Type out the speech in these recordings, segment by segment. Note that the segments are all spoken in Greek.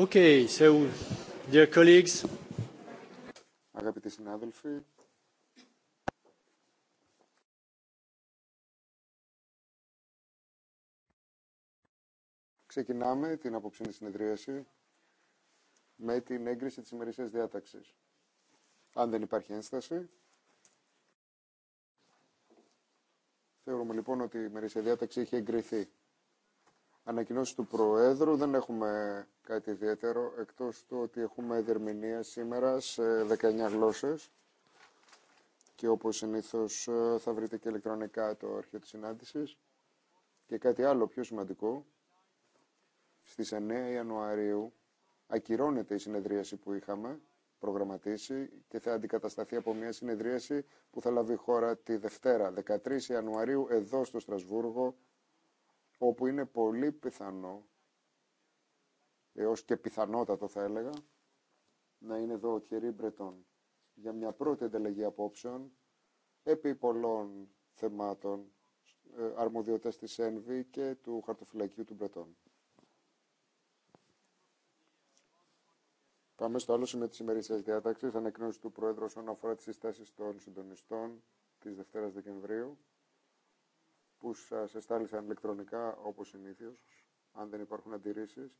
Okay, so, dear colleagues. Αγαπητοί συνάδελφοι, ξεκινάμε την απόψινη συνεδρίαση με την έγκριση της ημερησίας διάταξης. Αν δεν υπάρχει ένσταση, θεωρούμε λοιπόν ότι η ημερησία διάταξη έχει εγκριθεί. Ανακοινώσει του Προέδρου δεν έχουμε κάτι ιδιαίτερο, εκτός του ότι έχουμε διερμηνία σήμερα σε 19 γλώσσες και όπως συνήθως ε, θα βρείτε και ηλεκτρονικά το αρχείο της συνάντησης. Και κάτι άλλο πιο σημαντικό, στις 9 Ιανουαρίου ακυρώνεται η συνεδρίαση που είχαμε προγραμματίσει και θα αντικατασταθεί από μια συνεδρίαση που θα λάβει η χώρα τη Δευτέρα, 13 Ιανουαρίου, εδώ στο Στρασβούργο, όπου είναι πολύ πιθανό έως και πιθανότατο θα έλεγα να είναι εδώ ο Τιερή Μπρετών για μια πρώτη ενταλλαγή απόψεων επί πολλών θεμάτων ε, αρμοδιότητας της ΕΝΒΗ και του χαρτοφυλακίου του Μπρετών. Πάμε στο άλλο σημείο τη ημερήσια διάταξη, ανακοίνωση του Πρόεδρου όσον αφορά τις συστάσεις των συντονιστών τη Δευτέρα Δεκεμβρίου που σας εστάλησαν ηλεκτρονικά όπως συνήθως, αν δεν υπάρχουν αντιρρήσεις,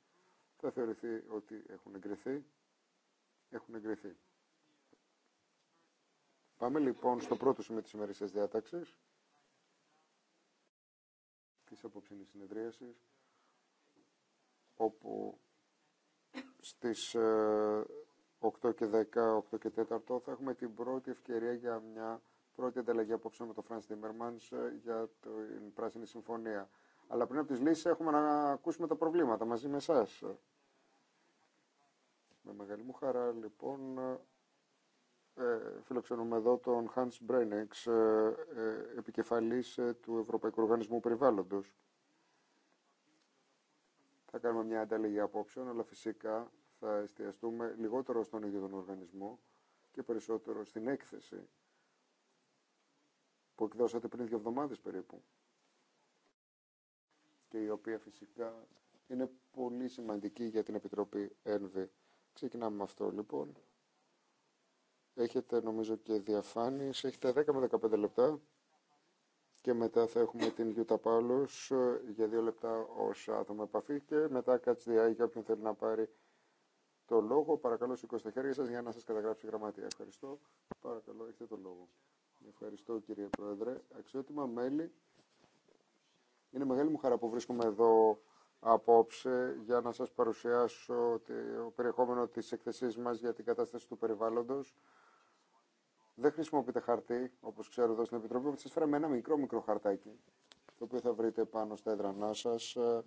θα θεωρηθεί ότι έχουν εγκριθεί. Έχουν εγκριθεί. Πάμε λοιπόν στο πρώτο σημείο της ημερήσια διάταξης της απόψινης συνεδρίασης όπου στις 8 ε, και 10, 8 και 4 θα έχουμε την πρώτη ευκαιρία για μια πρώτη ανταλλαγή απόψε με τον Φραν Τίμερμαν για την Πράσινη Συμφωνία. Αλλά πριν από τι λύσει, έχουμε να ακούσουμε τα προβλήματα μαζί με εσά. Με μεγάλη μου χαρά, λοιπόν, ε, φιλοξενούμε εδώ τον Hans Μπρένεξ, ε, επικεφαλής ε, του Ευρωπαϊκού Οργανισμού Περιβάλλοντος. Θα κάνουμε μια ανταλλαγή απόψεων, αλλά φυσικά θα εστιαστούμε λιγότερο στον ίδιο τον οργανισμό και περισσότερο στην έκθεση που εκδώσατε πριν δύο εβδομάδες περίπου και η οποία φυσικά είναι πολύ σημαντική για την Επιτροπή ΕΝΒΗ. Ξεκινάμε με αυτό λοιπόν. Έχετε νομίζω και διαφάνειες, έχετε 10 με 15 λεπτά και μετά θα έχουμε την Γιούτα ε, για δύο λεπτά ως άτομο επαφή και μετά κάτσε για όποιον θέλει να πάρει το λόγο. Παρακαλώ σηκώστε χέρια σας για να σας καταγράψει η γραμματεία. Ευχαριστώ. Παρακαλώ έχετε το λόγο. Ευχαριστώ κύριε Πρόεδρε. Αξιότιμα μέλη, είναι μεγάλη μου χαρά που βρίσκομαι εδώ απόψε για να σας παρουσιάσω το περιεχόμενο της εκθεσής μας για την κατάσταση του περιβάλλοντος. Δεν χρησιμοποιείται χαρτί, όπως ξέρω εδώ στην Επιτροπή, σας φέραμε ένα μικρό μικρό χαρτάκι, το οποίο θα βρείτε πάνω στα έδρανά σας ε,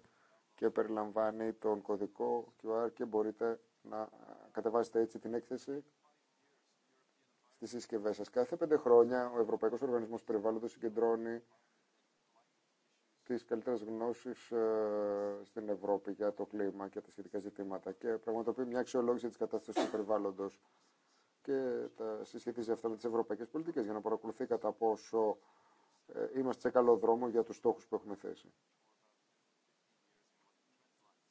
και περιλαμβάνει τον κωδικό QR και μπορείτε να κατεβάσετε έτσι την έκθεση στι συσκευές σας. Κάθε πέντε χρόνια ο Ευρωπαϊκό Οργανισμό Περιβάλλοντος συγκεντρώνει τις καλύτερες γνώσεις ε, στην Ευρώπη για το κλίμα και τα σχετικά ζητήματα και πραγματοποιεί μια αξιολόγηση τη κατάσταση του περιβάλλοντο και τα συσχετίζει αυτά με τις ευρωπαϊκές πολιτικές για να παρακολουθεί κατά πόσο ε, είμαστε σε καλό δρόμο για του στόχου που έχουμε θέσει.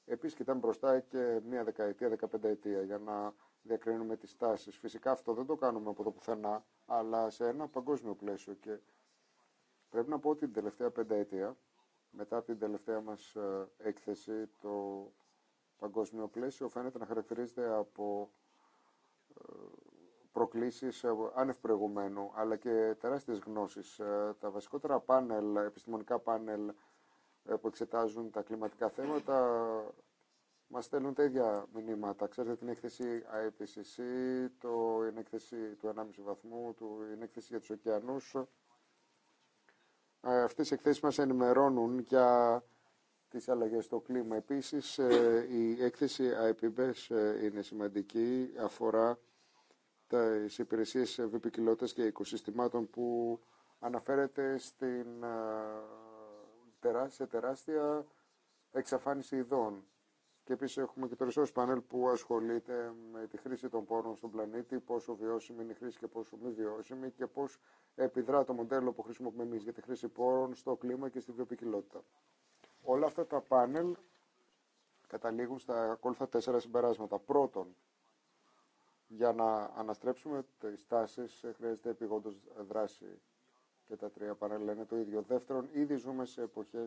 Επίσης κοιτάμε μπροστά και μία δεκαετία, δεκαπενταετία για να διακρίνουμε τις τάσεις. Φυσικά αυτό δεν το κάνουμε από το πουθενά, αλλά σε ένα παγκόσμιο πλαίσιο και πρέπει να πω ότι την τελευταία πενταετία, μετά την τελευταία μας ε, έκθεση, το παγκόσμιο πλαίσιο φαίνεται να χαρακτηρίζεται από ε, προκλήσεις ε, άνευ αλλά και τεράστιες γνώσεις. Τα βασικότερα πάνελ, επιστημονικά πάνελ που εξετάζουν τα κλιματικά θέματα Μα στέλνουν τέτοια μηνύματα. Ξέρετε την έκθεση IPCC, το, την έκθεση του 1,5 βαθμού, του, την έκθεση για τους ωκεανούς. Ε, αυτές οι εκθέσει μας ενημερώνουν για τις αλλαγές στο κλίμα. Επίσης, ε, η έκθεση IPBES ε, είναι σημαντική, αφορά τι υπηρεσίε βιπικιλότητα και οικοσυστημάτων που αναφέρεται στην, σε τεράστια εξαφάνιση ειδών και επίση έχουμε και το Resource Panel που ασχολείται με τη χρήση των πόρων στον πλανήτη, πόσο βιώσιμη είναι η χρήση και πόσο μη βιώσιμη και πώ επιδρά το μοντέλο που χρησιμοποιούμε εμεί για τη χρήση πόρων στο κλίμα και στη βιοπικιλότητα. Όλα αυτά τα πάνελ καταλήγουν στα ακόλουθα τέσσερα συμπεράσματα. Πρώτον, για να αναστρέψουμε τι τάσει ε, χρειάζεται επιγόντω δράση. Και τα τρία πάνελ λένε το ίδιο. Δεύτερον, ήδη ζούμε σε εποχέ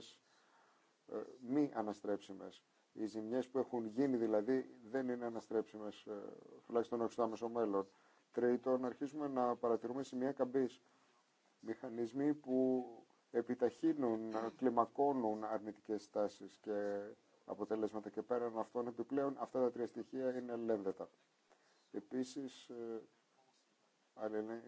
ε, μη αναστρέψιμες οι ζημιέ που έχουν γίνει δηλαδή δεν είναι αναστρέψιμε ε, τουλάχιστον όχι στο άμεσο μέλλον. Τρίτον, αρχίζουμε να παρατηρούμε σημεία καμπής. Μηχανισμοί που επιταχύνουν, κλιμακώνουν αρνητικές τάσει και αποτελέσματα και πέραν αυτών επιπλέον αυτά τα τρία στοιχεία είναι αλληλένδετα. Επίσης, ε,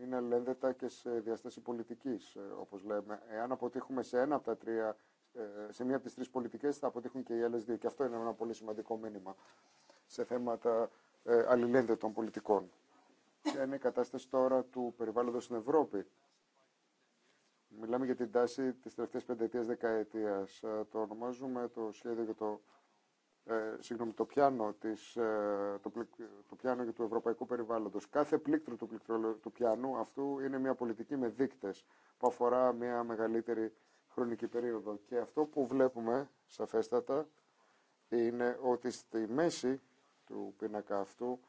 είναι αλληλένδετα και σε διαστάση πολιτική, ε, όπω λέμε. Εάν αποτύχουμε σε ένα από τα τρία ε, σε μία από τι τρει πολιτικέ θα αποτύχουν και οι άλλε δύο. Και αυτό είναι ένα πολύ σημαντικό μήνυμα σε θέματα ε, αλληλένδετων πολιτικών. Ποια είναι η κατάσταση τώρα του περιβάλλοντο στην Ευρώπη. Μιλάμε για την τάση τη τελευταία πενταετία δεκαετία. Ε, το ονομάζουμε το σχέδιο για το, ε, συγγνώμη, το πιάνο, της, ε, το, πλη, το, πιάνο για ευρωπαϊκού Περιβάλλοντο. Κάθε πλήκτρο του, πληκτρο, του πιάνου αυτού είναι μια πολιτική με δείκτε που αφορά μια μεγαλύτερη χρονική περίοδο. Και αυτό που βλέπουμε σαφέστατα είναι ότι στη μέση του πίνακα αυτού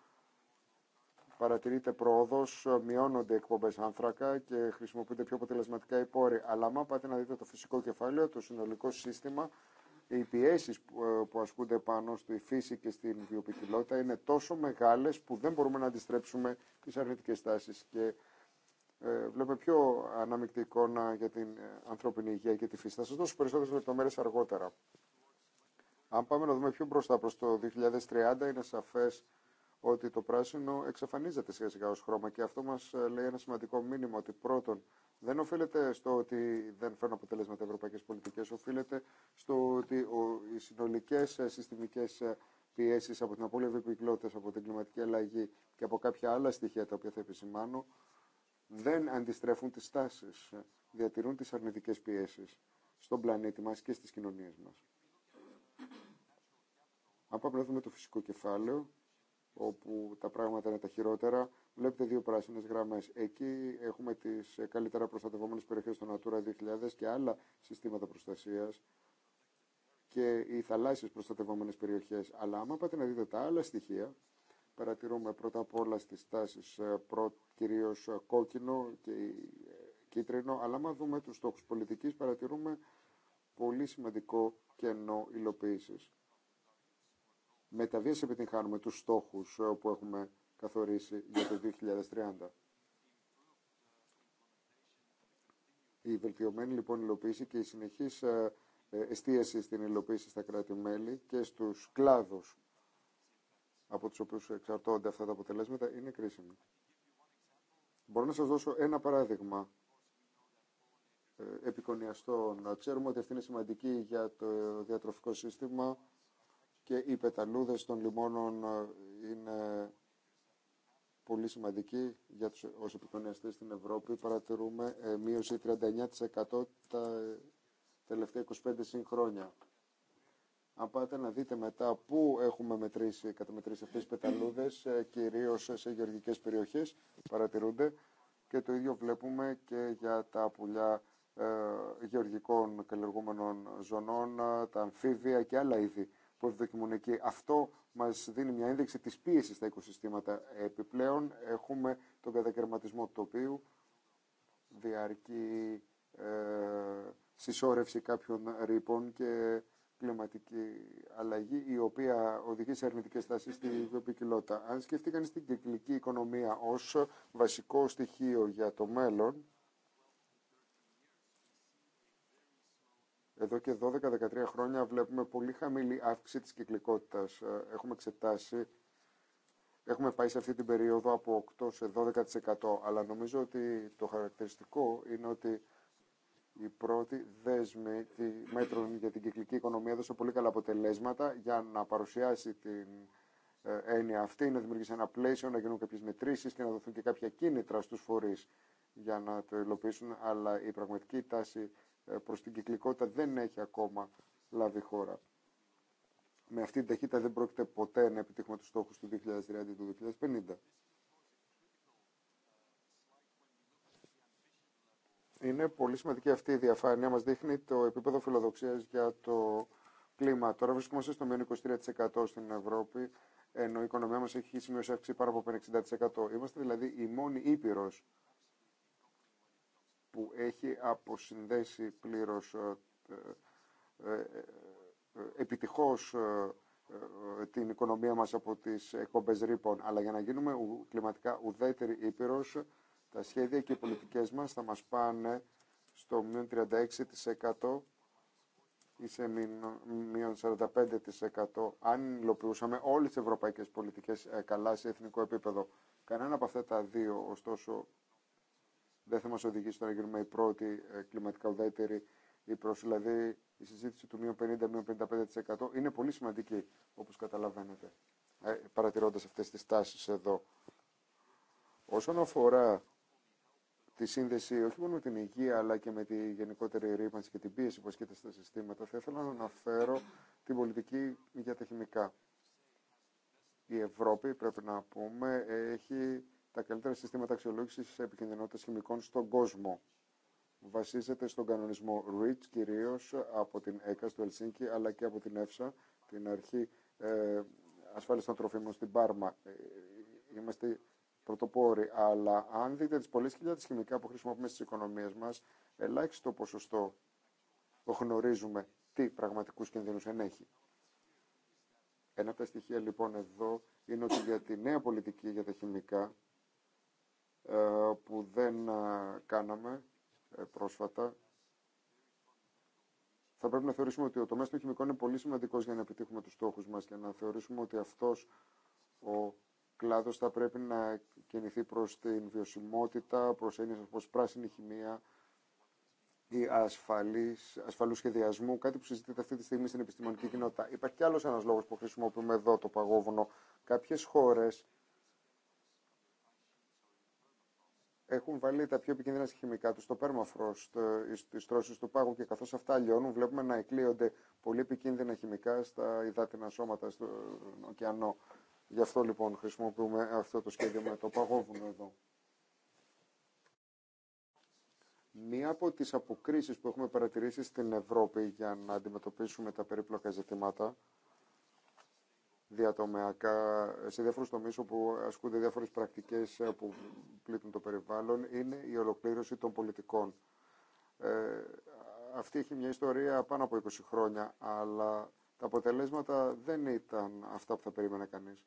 παρατηρείται πρόοδος, μειώνονται οι εκπομπές άνθρακα και χρησιμοποιούνται πιο αποτελεσματικά οι πόροι. Αλλά άμα πάτε να δείτε το φυσικό κεφάλαιο, το συνολικό σύστημα, οι πιέσει ε, που ασκούνται πάνω στη φύση και στην βιοποικιλότητα είναι τόσο μεγάλες που δεν μπορούμε να αντιστρέψουμε τις αρνητικές τάσει. Ε, βλέπουμε πιο αναμεικτή εικόνα για την ε, ανθρώπινη υγεία και τη φύση. Θα σα δώσω περισσότερε λεπτομέρειε αργότερα. Αν πάμε να δούμε πιο μπροστά προ το 2030 είναι σαφέ ότι το πράσινο εξαφανίζεται σιγά σιγά ως χρώμα και αυτό μας ε, λέει ένα σημαντικό μήνυμα ότι πρώτον δεν οφείλεται στο ότι δεν φέρνουν αποτελέσματα ευρωπαϊκές πολιτικές, οφείλεται στο ότι οι συνολικές συστημικές πιέσεις από την απώλεια πυκλότητα, από την κλιματική αλλαγή και από κάποια άλλα στοιχεία τα οποία θα επισημάνω δεν αντιστρέφουν τις τάσεις, διατηρούν τις αρνητικές πιέσεις στον πλανήτη μας και στις κοινωνίες μας. Αν πάμε δούμε το φυσικό κεφάλαιο, όπου τα πράγματα είναι τα χειρότερα, βλέπετε δύο πράσινες γραμμές. Εκεί έχουμε τις ε, καλύτερα προστατευόμενες περιοχές του Natura 2000 και άλλα συστήματα προστασίας και οι θαλάσσιες προστατευόμενες περιοχές. Αλλά άμα πάτε να δείτε τα άλλα στοιχεία, παρατηρούμε πρώτα απ' όλα στις τάσεις πρώτη ε, κυρίως ε, κόκκινο και ε, κίτρινο, αλλά άμα δούμε τους στόχους πολιτικής παρατηρούμε πολύ σημαντικό κενό υλοποίηση. Με τα βίας επιτυγχάνουμε τους στόχους ε, που έχουμε καθορίσει για το 2030. Η βελτιωμένη λοιπόν υλοποίηση και η συνεχής εστίαση στην υλοποίηση στα κράτη-μέλη και στους κλάδους από τους οποίους εξαρτώνται αυτά τα αποτελέσματα είναι κρίσιμη. Μπορώ να σας δώσω ένα παράδειγμα ε, επικονιαστών. Ξέρουμε ότι αυτή είναι σημαντική για το διατροφικό σύστημα και οι πεταλούδες των λιμόνων ε, είναι πολύ σημαντική για τους ως επικονιαστές στην Ευρώπη. Παρατηρούμε ε, μείωση 39% τα τελευταία 25 χρόνια. Αν πάτε να δείτε μετά πού έχουμε μετρήσει, καταμετρήσει αυτές τις πεταλούδες, ε, κυρίως σε γεωργικές περιοχές παρατηρούνται και το ίδιο βλέπουμε και για τα πουλιά ε, γεωργικών καλλιεργούμενων ζωνών, ε, τα αμφίβια και άλλα είδη που ευδοκιμούν εκεί. Αυτό μας δίνει μια ένδειξη της πίεσης στα οικοσυστήματα. Επιπλέον έχουμε τον κατακαιρματισμό του τοπίου, διαρκή συσσόρευση κάποιων ρήπων και κλιματική αλλαγή η οποία οδηγεί σε αρνητικές τάσεις στη βιοποικιλότητα. Αν σκεφτεί στην την κυκλική οικονομία ως βασικό στοιχείο για το μέλλον, εδώ και 12-13 χρόνια βλέπουμε πολύ χαμηλή αύξηση της κυκλικότητας. Ε, έχουμε εξετάσει, έχουμε πάει σε αυτή την περίοδο από 8 σε 12%, αλλά νομίζω ότι το χαρακτηριστικό είναι ότι η πρώτη δέσμη μέτρων για την κυκλική οικονομία έδωσε πολύ καλά αποτελέσματα για να παρουσιάσει την ε, έννοια αυτή, να δημιουργήσει ένα πλαίσιο, να γίνουν κάποιε μετρήσει και να δοθούν και κάποια κίνητρα στου φορεί για να το υλοποιήσουν. Αλλά η πραγματική τάση ε, προ την κυκλικότητα δεν έχει ακόμα λάβει χώρα. Με αυτή την ταχύτητα δεν πρόκειται ποτέ να επιτύχουμε του στόχου του 2030 ή του 2050. Είναι πολύ σημαντική αυτή η διαφάνεια. Μας δείχνει το επίπεδο φιλοδοξίας για το κλίμα. Τώρα βρισκόμαστε στο μείον 23% στην Ευρώπη, ενώ η οικονομία μας έχει σημειώσει αύξηση πάνω από 50%. Είμαστε δηλαδή η μόνη ήπειρο που έχει αποσυνδέσει πλήρως ε, ε, ε, επιτυχώς την οικονομία μας από τις εκπομπές ρήπων. Αλλά για να γίνουμε κλιματικά ουδέτερη ήπειρος, τα σχέδια και οι πολιτικές μας θα μας πάνε στο μείον 36% ή σε μείον 45% αν υλοποιούσαμε όλες τις ευρωπαϊκές πολιτικές ε, καλά σε εθνικό επίπεδο. Κανένα από αυτά τα δύο, ωστόσο, δεν θα μας οδηγήσει να γίνουμε η πρώτη ε, κλιματικά ουδέτερη η δηλαδή η συζήτηση του μείον 50, 55% είναι πολύ σημαντική, όπως καταλαβαίνετε, ε, παρατηρώντας αυτές τις τάσεις εδώ. Όσον αφορά τη σύνδεση όχι μόνο με την υγεία αλλά και με τη γενικότερη ρήμανση και την πίεση που ασκείται στα συστήματα, θα ήθελα να αναφέρω την πολιτική για τα χημικά. Η Ευρώπη, πρέπει να πούμε, έχει τα καλύτερα συστήματα αξιολόγηση επικινδυνότητα χημικών στον κόσμο. Βασίζεται στον κανονισμό REACH κυρίω από την ΕΚΑ στο Ελσίνκι αλλά και από την ΕΦΣΑ, την αρχή ε, ασφάλεια των τροφίμων στην Πάρμα. Ε, είμαστε πρωτοπόροι. Αλλά αν δείτε τι πολλέ χιλιάδε χημικά που χρησιμοποιούμε στις οικονομίες μας, ελάχιστο ποσοστό το γνωρίζουμε τι πραγματικού κινδύνου ενέχει. Ένα από τα στοιχεία λοιπόν εδώ είναι ότι για τη νέα πολιτική για τα χημικά ε, που δεν ε, κάναμε ε, πρόσφατα θα πρέπει να θεωρήσουμε ότι ο τομέας των χημικών είναι πολύ σημαντικός για να επιτύχουμε τους στόχους μας και να θεωρήσουμε ότι αυτός ο κλάδος θα πρέπει να κινηθεί προς την βιωσιμότητα, προς έννοιε όπως πράσινη χημεία ή ασφαλής, ασφαλού σχεδιασμού, κάτι που συζητείται αυτή τη στιγμή στην επιστημονική κοινότητα. Υπάρχει κι άλλος ένας λόγος που χρησιμοποιούμε εδώ το παγόβουνο. Κάποιες χώρες έχουν βάλει τα πιο επικίνδυνα χημικά του στο πέρμαφροστ, στι τρώσει του πάγου και καθώ αυτά λιώνουν, βλέπουμε να εκλείονται πολύ επικίνδυνα χημικά στα υδάτινα σώματα, στον ωκεανό. Γι' αυτό λοιπόν χρησιμοποιούμε αυτό το σχέδιο με το παγόβουνο εδώ. Μία από τις αποκρίσεις που έχουμε παρατηρήσει στην Ευρώπη για να αντιμετωπίσουμε τα περίπλοκα ζητήματα διατομεακά, σε διάφορους τομείς όπου ασκούνται διάφορες πρακτικές που πλήττουν το περιβάλλον, είναι η ολοκλήρωση των πολιτικών. Ε, αυτή έχει μια ιστορία πάνω από 20 χρόνια, αλλά τα αποτελέσματα δεν ήταν αυτά που θα περίμενε κανείς.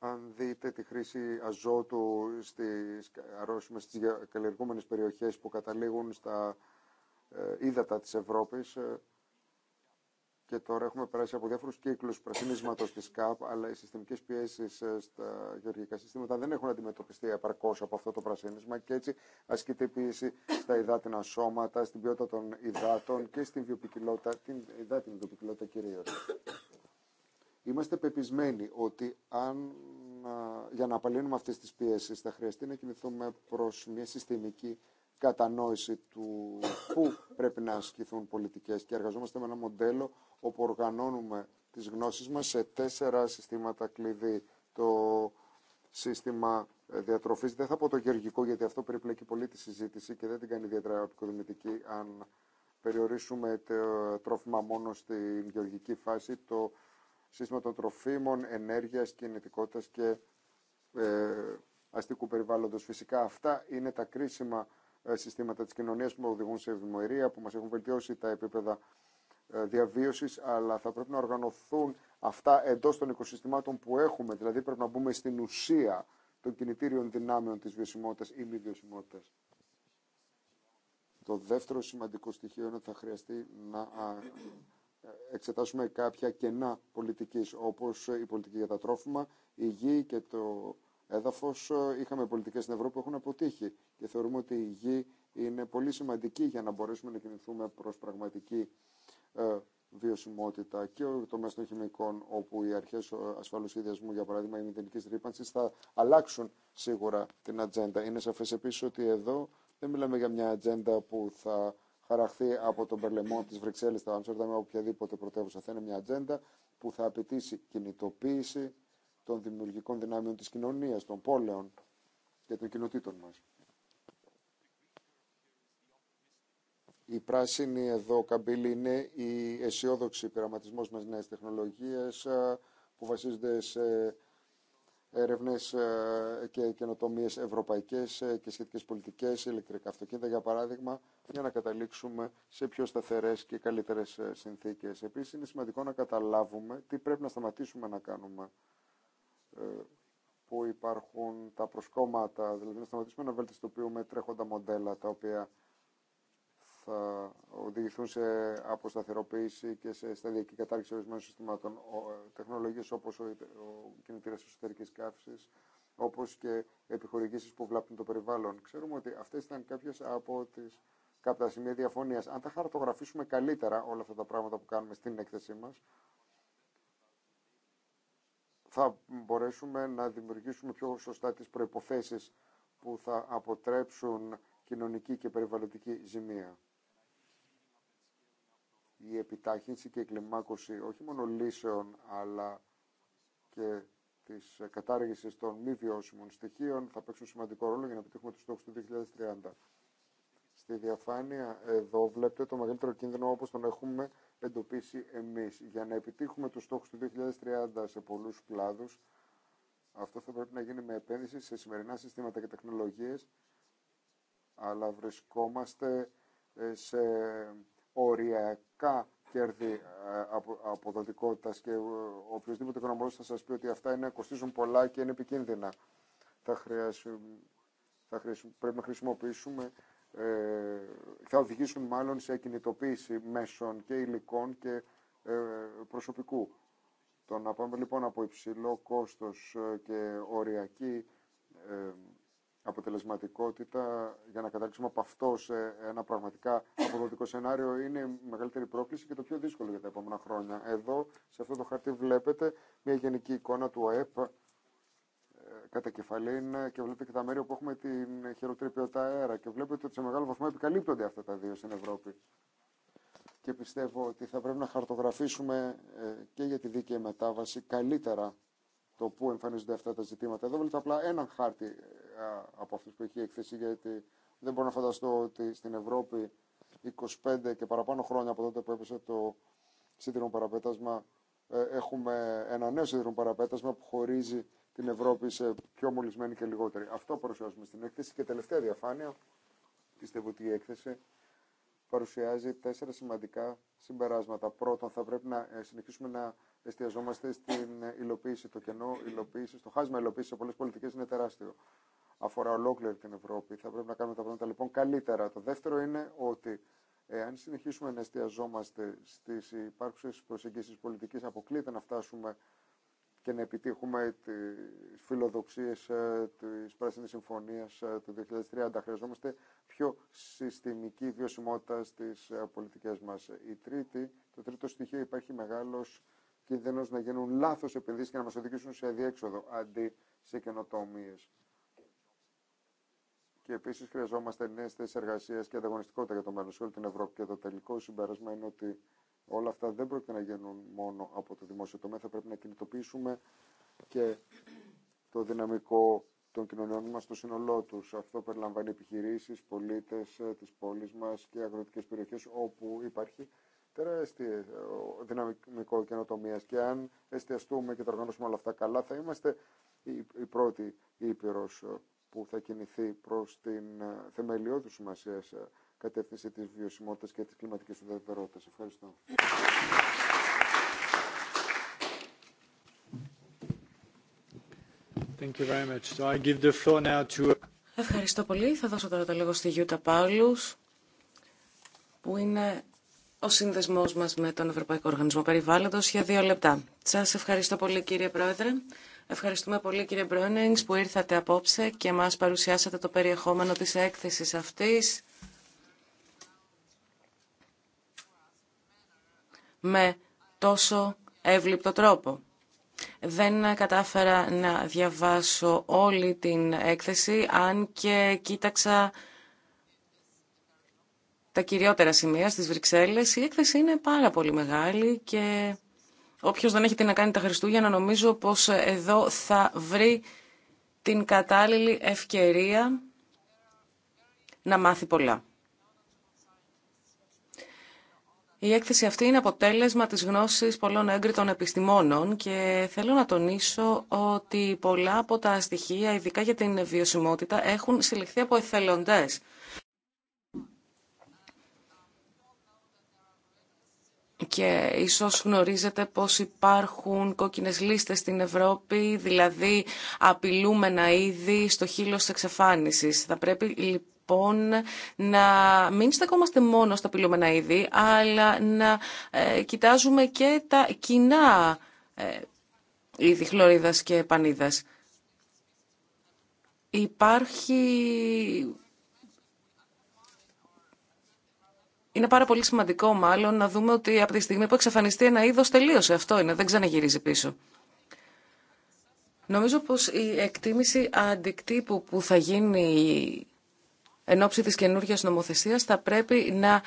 Αν δείτε τη χρήση αζότου στις αρρώσιμες, στις καλλιεργούμενες περιοχές που καταλήγουν στα ε, ύδατα της Ευρώπης, ε, και τώρα έχουμε περάσει από διάφορου κύκλους πρασινίσματο τη ΚΑΠ, αλλά οι συστημικέ πιέσει ε, στα γεωργικά συστήματα δεν έχουν αντιμετωπιστεί επαρκώ από αυτό το πρασίνισμα και έτσι ασκείται πίεση στα υδάτινα σώματα, στην ποιότητα των υδάτων και στην βιοπικιλότητα, την υδάτινη βιοποικιλότητα κυρίω. Είμαστε πεπισμένοι ότι αν, για να απαλύνουμε αυτέ τι πιέσει, θα χρειαστεί να κινηθούμε προ μια συστημική κατανόηση του πού πρέπει να ασκηθούν πολιτικέ και εργαζόμαστε με ένα μοντέλο όπου οργανώνουμε τι γνώσει μα σε τέσσερα συστήματα κλειδί. Το σύστημα ε, διατροφή. δεν θα πω το γεωργικό γιατί αυτό περιπλέκει πολύ τη συζήτηση και δεν την κάνει ιδιαίτερα επικοδομητική αν περιορίσουμε το τρόφιμα μόνο στην γεωργική φάση, το σύστημα των τροφίμων, ενέργειας, κινητικότητας και ε, αστικού περιβάλλοντος. Φυσικά αυτά είναι τα κρίσιμα ε, συστήματα της κοινωνίας που οδηγούν σε ευημερία, που μας έχουν βελτιώσει τα επίπεδα ε, διαβίωσης, αλλά θα πρέπει να οργανωθούν αυτά εντός των οικοσυστημάτων που έχουμε, δηλαδή πρέπει να μπούμε στην ουσία των κινητήριων δυνάμεων της βιωσιμότητας ή μη βιωσιμότητας. Το δεύτερο σημαντικό στοιχείο είναι ότι θα χρειαστεί να εξετάσουμε κάποια κενά πολιτικής, όπως η πολιτική για τα τρόφιμα, η γη και το έδαφος. Είχαμε πολιτικές στην Ευρώπη που έχουν αποτύχει και θεωρούμε ότι η γη είναι πολύ σημαντική για να μπορέσουμε να κινηθούμε προς πραγματική ε, βιωσιμότητα και το τομέα των χημικών, όπου οι αρχέ ασφαλού σχεδιασμού για παράδειγμα, η μηδενική ρήπανση, θα αλλάξουν σίγουρα την ατζέντα. Είναι σαφέ επίση ότι εδώ δεν μιλάμε για μια ατζέντα που θα χαραχθεί από τον Περλεμό τη Βρυξέλλη, τα Άμστερνταμ, οποιαδήποτε πρωτεύουσα. Θα είναι μια ατζέντα που θα απαιτήσει κινητοποίηση των δημιουργικών δυνάμεων τη κοινωνία, των πόλεων και των κοινοτήτων μα. Η πράσινη εδώ καμπύλη είναι η αισιόδοξη πειραματισμό με νέε τεχνολογίε που βασίζονται σε έρευνε ε, και καινοτομίε ευρωπαϊκέ ε, και σχετικέ πολιτικέ, ηλεκτρικά αυτοκίνητα για παράδειγμα, για να καταλήξουμε σε πιο σταθερέ και καλύτερε συνθήκε. Επίση, είναι σημαντικό να καταλάβουμε τι πρέπει να σταματήσουμε να κάνουμε ε, που υπάρχουν τα προσκόμματα, δηλαδή να σταματήσουμε να βελτιστοποιούμε τρέχοντα μοντέλα τα οποία θα οδηγηθούν σε αποσταθεροποίηση και σε σταδιακή κατάρριξη ορισμένων συστημάτων. Τεχνολογίε όπω ο, ε, ο ε, κινητήρα εσωτερική καύση, όπω και επιχορηγήσει που βλάπτουν το περιβάλλον. Ξέρουμε ότι αυτέ ήταν κάποιε από τι κάποια σημεία διαφωνία. Αν τα χαρτογραφήσουμε καλύτερα όλα αυτά τα πράγματα που κάνουμε στην έκθεσή μα, θα μπορέσουμε να δημιουργήσουμε πιο σωστά τι προποθέσει που θα αποτρέψουν κοινωνική και περιβαλλοντική ζημία η επιτάχυνση και η κλιμάκωση όχι μόνο λύσεων αλλά και τη ε, κατάργηση των μη βιώσιμων στοιχείων θα παίξουν σημαντικό ρόλο για να επιτύχουμε του στόχου του 2030. Στη διαφάνεια εδώ βλέπετε το μεγαλύτερο κίνδυνο όπω τον έχουμε εντοπίσει εμεί. Για να επιτύχουμε του στόχου του 2030 σε πολλού κλάδου, αυτό θα πρέπει να γίνει με επένδυση σε σημερινά συστήματα και τεχνολογίε, αλλά βρισκόμαστε ε, σε οριακά κέρδη ε, αποδοτικότητα και ε, οποιοδήποτε οικονομολόγο θα σα πει ότι αυτά είναι, κοστίζουν πολλά και είναι επικίνδυνα. Θα, θα πρέπει να χρησιμοποιήσουμε, ε, θα οδηγήσουν μάλλον σε κινητοποίηση μέσων και υλικών και προσωπικού. Το να πάμε λοιπόν από υψηλό κόστος και οριακή αποτελεσματικότητα για να καταλήξουμε από αυτό σε ένα πραγματικά αποδοτικό σενάριο είναι η μεγαλύτερη πρόκληση και το πιο δύσκολο για τα επόμενα χρόνια. Εδώ, σε αυτό το χαρτί, βλέπετε μια γενική εικόνα του ΟΕΠ ε, κατά κεφαλήν και βλέπετε και τα μέρη όπου έχουμε την χειρότερη ποιότητα αέρα και βλέπετε ότι σε μεγάλο βαθμό επικαλύπτονται αυτά τα δύο στην Ευρώπη. Και πιστεύω ότι θα πρέπει να χαρτογραφήσουμε ε, και για τη δίκαιη μετάβαση καλύτερα το πού εμφανίζονται αυτά τα ζητήματα. Εδώ βλέπετε απλά έναν χάρτη ε, από αυτούς που έχει η έκθεση γιατί δεν μπορώ να φανταστώ ότι στην Ευρώπη 25 και παραπάνω χρόνια από τότε που έπεσε το σύνδρομο παραπέτασμα ε, έχουμε ένα νέο σύνδρομο παραπέτασμα που χωρίζει την Ευρώπη σε πιο μολυσμένη και λιγότερη. Αυτό παρουσιάζουμε στην έκθεση και τελευταία διαφάνεια πιστεύω ότι η έκθεση παρουσιάζει τέσσερα σημαντικά συμπεράσματα. Πρώτον, θα πρέπει να ε, συνεχίσουμε να εστιαζόμαστε στην υλοποίηση. Το κενό υλοποίηση, το χάσμα υλοποίηση σε πολλέ πολιτικέ είναι τεράστιο αφορά ολόκληρη την Ευρώπη. Θα πρέπει να κάνουμε τα πράγματα λοιπόν καλύτερα. Το δεύτερο είναι ότι ε, αν συνεχίσουμε να εστιαζόμαστε στι υπάρχουσες προσεγγίσει πολιτική αποκλείται να φτάσουμε και να επιτύχουμε τις φιλοδοξίες ε, της Πράσινης Συμφωνίας ε, του 2030. Χρειαζόμαστε πιο συστημική βιωσιμότητα στις πολιτικέ μα. το τρίτο στοιχείο υπάρχει μεγάλο κίνδυνο να γίνουν λάθο επενδύσει και να μα οδηγήσουν σε αδιέξοδο αντί σε καινοτομίε. Και επίση χρειαζόμαστε νέε θέσει εργασία και ανταγωνιστικότητα για το μέλλον σε όλη την Ευρώπη. Και το τελικό συμπέρασμα είναι ότι όλα αυτά δεν πρόκειται να γίνουν μόνο από το δημόσιο τομέα. Θα πρέπει να κινητοποιήσουμε και το δυναμικό των κοινωνιών μα στο σύνολό του. Αυτό περιλαμβάνει επιχειρήσει, πολίτε ε, τη πόλη μα και αγροτικέ περιοχέ όπου υπάρχει τεράστιο ε, δυναμικό καινοτομία. Και αν εστιαστούμε και τα οργανώσουμε όλα αυτά καλά, θα είμαστε η πρώτη ήπειρο ε, που θα κινηθεί προς την ε, θεμελιώδη σημασία ε, κατεύθυνση της βιωσιμότητας και της κλιματικής ουδετερότητας. Ευχαριστώ. Ευχαριστώ πολύ. Θα δώσω τώρα το λόγο στη Γιούτα Πάουλους, που είναι ο σύνδεσμός μας με τον Ευρωπαϊκό Οργανισμό Περιβάλλοντος για δύο λεπτά. Σας ευχαριστώ πολύ κύριε Πρόεδρε. Ευχαριστούμε πολύ κύριε Μπρόνινγκς που ήρθατε απόψε και μας παρουσιάσατε το περιεχόμενο της έκθεσης αυτής με τόσο εύληπτο τρόπο. Δεν κατάφερα να διαβάσω όλη την έκθεση, αν και κοίταξα τα κυριότερα σημεία στις Βρυξέλλες. Η έκθεση είναι πάρα πολύ μεγάλη και Όποιος δεν έχει τι να κάνει τα Χριστούγεννα νομίζω πως εδώ θα βρει την κατάλληλη ευκαιρία να μάθει πολλά. Η έκθεση αυτή είναι αποτέλεσμα της γνώσης πολλών έγκριτων επιστημόνων και θέλω να τονίσω ότι πολλά από τα στοιχεία, ειδικά για την βιωσιμότητα, έχουν συλληφθεί από εθελοντές. και ίσως γνωρίζετε πως υπάρχουν κόκκινες λίστες στην Ευρώπη, δηλαδή απειλούμενα είδη στο χείλος της εξαφάνισης. Θα πρέπει λοιπόν να μην στεκόμαστε μόνο στα απειλούμενα είδη, αλλά να ε, κοιτάζουμε και τα κοινά ε, είδη χλωρίδας και πανίδας. Υπάρχει Είναι πάρα πολύ σημαντικό μάλλον να δούμε ότι από τη στιγμή που εξαφανιστεί ένα είδο τελείωσε. Αυτό είναι, δεν ξαναγυρίζει πίσω. Νομίζω πως η εκτίμηση αντικτύπου που θα γίνει εν ώψη της καινούργιας νομοθεσίας θα πρέπει να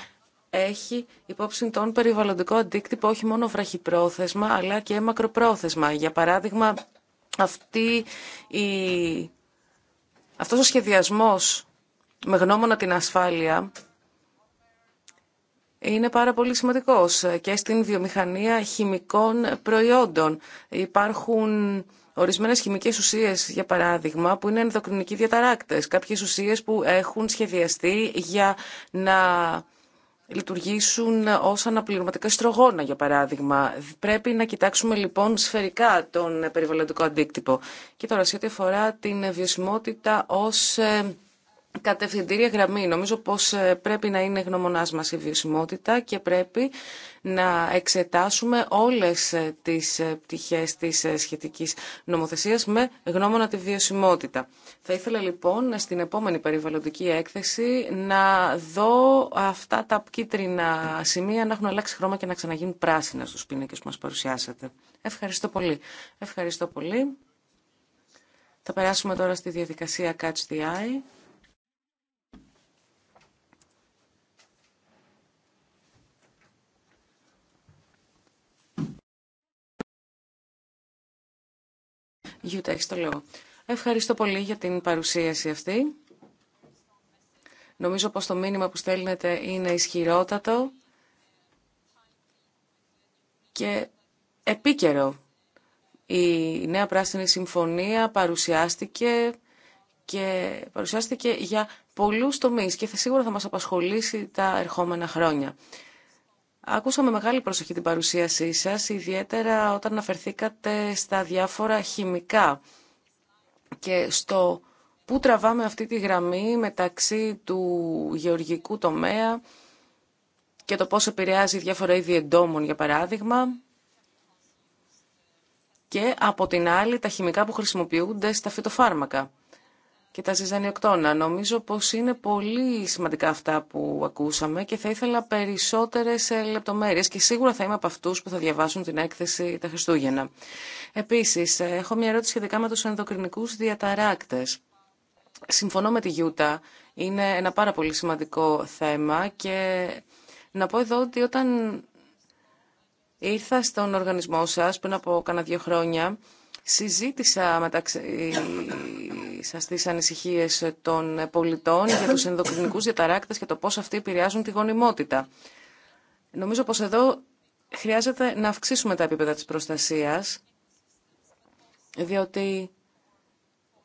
έχει υπόψη τον περιβαλλοντικό αντίκτυπο όχι μόνο βραχυπρόθεσμα αλλά και μακροπρόθεσμα. Για παράδειγμα, αυτή η... αυτός ο σχεδιασμός με γνώμονα την ασφάλεια είναι πάρα πολύ σημαντικός και στην βιομηχανία χημικών προϊόντων. Υπάρχουν ορισμένες χημικές ουσίες, για παράδειγμα, που είναι ενδοκρινικοί διαταράκτες. Κάποιες ουσίες που έχουν σχεδιαστεί για να λειτουργήσουν ως αναπληρωματικά στρογόνα, για παράδειγμα. Πρέπει να κοιτάξουμε λοιπόν σφαιρικά τον περιβαλλοντικό αντίκτυπο. Και τώρα, σε ό,τι αφορά την βιωσιμότητα ως ε, κατευθυντήρια γραμμή. Νομίζω πως ε, πρέπει να είναι γνωμονάς μας η βιωσιμότητα και πρέπει να εξετάσουμε όλες ε, τις ε, πτυχές της σχετικής νομοθεσίας με γνώμονα τη βιωσιμότητα. Θα ήθελα λοιπόν στην επόμενη περιβαλλοντική έκθεση να δω αυτά τα κίτρινα σημεία να έχουν αλλάξει χρώμα και να ξαναγίνουν πράσινα στους πίνακες που μας παρουσιάσατε. Ευχαριστώ πολύ. Ευχαριστώ πολύ. Θα περάσουμε τώρα στη διαδικασία Catch the Eye. Γιούτα, το λόγο. Ευχαριστώ πολύ για την παρουσίαση αυτή. Νομίζω πως το μήνυμα που στέλνετε είναι ισχυρότατο και επίκαιρο. Η Νέα Πράσινη Συμφωνία παρουσιάστηκε και παρουσιάστηκε για πολλούς τομείς και θα σίγουρα θα μας απασχολήσει τα ερχόμενα χρόνια. Ακούσαμε μεγάλη προσοχή την παρουσίασή σας, ιδιαίτερα όταν αναφερθήκατε στα διάφορα χημικά και στο πού τραβάμε αυτή τη γραμμή μεταξύ του γεωργικού τομέα και το πώς επηρεάζει διάφορα είδη εντόμων, για παράδειγμα, και από την άλλη τα χημικά που χρησιμοποιούνται στα φυτοφάρμακα και τα ζυζανιοκτώνα. Νομίζω πως είναι πολύ σημαντικά αυτά που ακούσαμε και θα ήθελα περισσότερες ε, λεπτομέρειες και σίγουρα θα είμαι από αυτούς που θα διαβάσουν την έκθεση τα Χριστούγεννα. Επίσης, ε, έχω μια ερώτηση σχετικά με τους ενδοκρινικούς διαταράκτες. Συμφωνώ με τη Γιούτα, είναι ένα πάρα πολύ σημαντικό θέμα και να πω εδώ ότι όταν ήρθα στον οργανισμό σας πριν από κάνα δύο χρόνια, Συζήτησα μεταξύ ε, σας τι ανησυχίε των πολιτών για τους ενδοκρινικούς διαταράκτες και το πώς αυτοί επηρεάζουν τη γονιμότητα. Νομίζω πως εδώ νομιζω πω εδω χρειαζεται να αυξήσουμε τα επίπεδα της προστασίας, διότι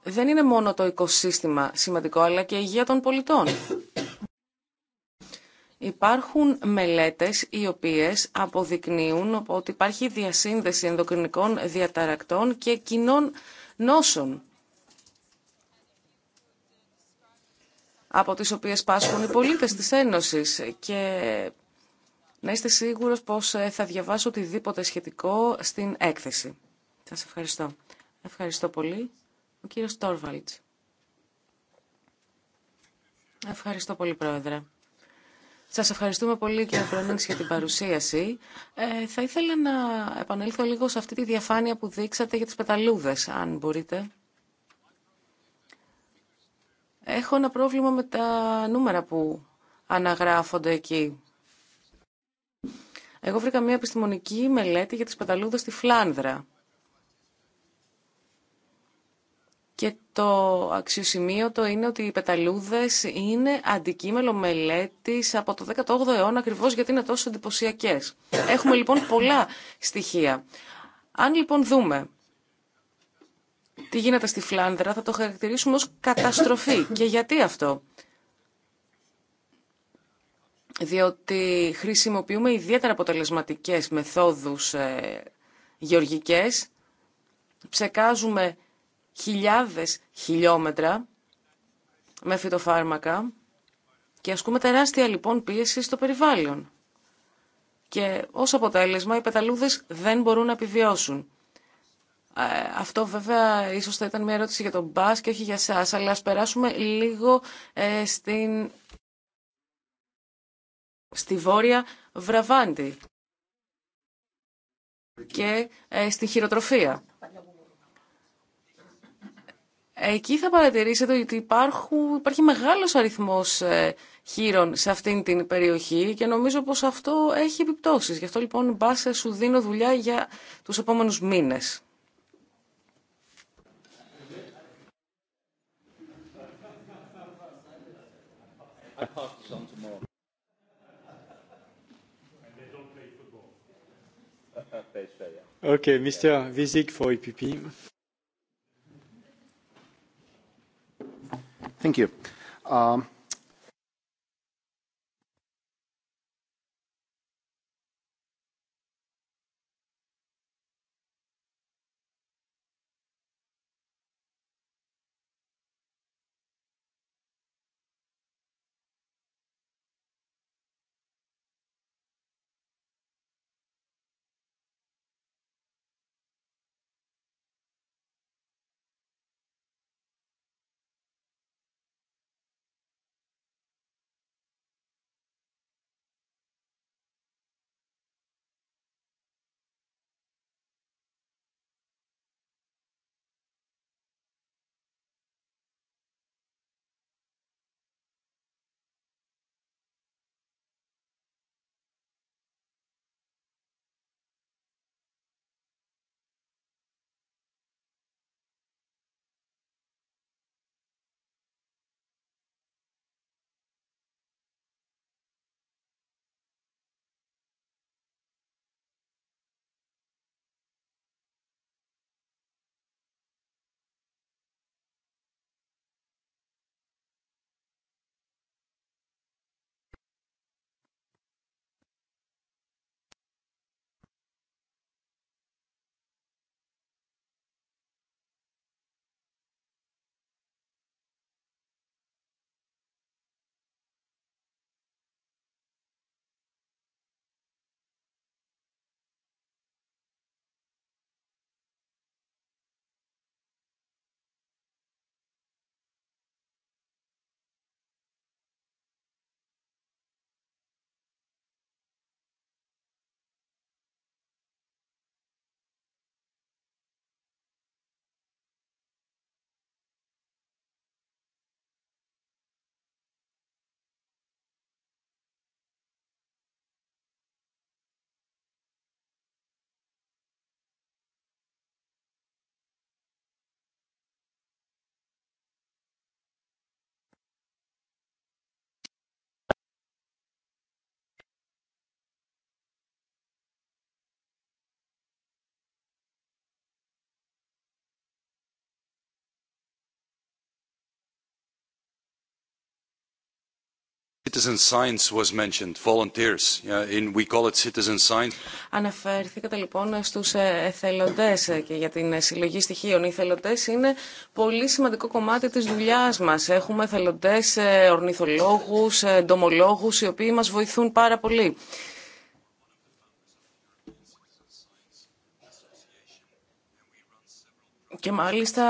δεν είναι μόνο το οικοσύστημα σημαντικό, αλλά και η υγεία των πολιτών. Υπάρχουν μελέτες οι οποίες αποδεικνύουν ότι υπάρχει διασύνδεση ενδοκρινικών διαταρακτών και κοινών νόσων, από τις οποίες πάσχουν οι πολίτες της Ένωσης. Και να είστε σίγουρος πως ε, θα διαβάσω οτιδήποτε σχετικό στην έκθεση. Σας ευχαριστώ. Ευχαριστώ πολύ. Ο κύριος Τόρβαλτς. Ευχαριστώ πολύ, Πρόεδρε. Σας ευχαριστούμε πολύ κύριε Φρόνιξ για την παρουσίαση. Ε, θα ήθελα να επανέλθω λίγο σε αυτή τη διαφάνεια που δείξατε για τι πεταλούδε, αν μπορείτε. Έχω ένα πρόβλημα με τα νούμερα που αναγράφονται εκεί. Εγώ βρήκα μια επιστημονική μελέτη για τις πεταλούδες στη Φλάνδρα. Και το αξιοσημείωτο είναι ότι οι πεταλούδες είναι αντικείμενο μελέτης από το 18ο αιώνα ακριβώς γιατί είναι τόσο εντυπωσιακέ. Έχουμε λοιπόν πολλά στοιχεία. Αν λοιπόν δούμε τι γίνεται στη Φλάνδρα θα το χαρακτηρίσουμε ως καταστροφή. Και γιατί αυτό. Διότι χρησιμοποιούμε ιδιαίτερα αποτελεσματικές μεθόδους ε, γεωργικές, ψεκάζουμε χιλιάδες χιλιόμετρα με φυτοφάρμακα και ασκούμε τεράστια λοιπόν πίεση στο περιβάλλον. Και ως αποτέλεσμα οι πεταλούδες δεν μπορούν να επιβιώσουν. Ε, αυτό βέβαια ίσως θα ήταν μια ερώτηση για τον Μπάς και όχι για σας, αλλά ας περάσουμε λίγο ε, στην... στη βόρεια Βραβάντη και ε, στη χειροτροφία. Εκεί θα παρατηρήσετε ότι υπάρχουν, υπάρχει μεγάλος αριθμός ε, χείρων σε αυτήν την περιοχή και νομίζω πως αυτό έχει επιπτώσεις. Γι' αυτό λοιπόν μπάσε σου δίνω δουλειά για τους επόμενους μήνες. Okay, Mr. for EPP. Thank you. Um, Citizen science was mentioned, volunteers. In, we call it citizen science. Αναφερθήκατε λοιπόν στους ε, εθελοντές ε, και για την ε, συλλογή στοιχείων. Οι εθελοντές είναι πολύ σημαντικό κομμάτι της δουλειάς μας. Έχουμε εθελοντές, ορνηθολόγους, εντομολόγους, οι οποίοι μας βοηθούν πάρα πολύ. Και μάλιστα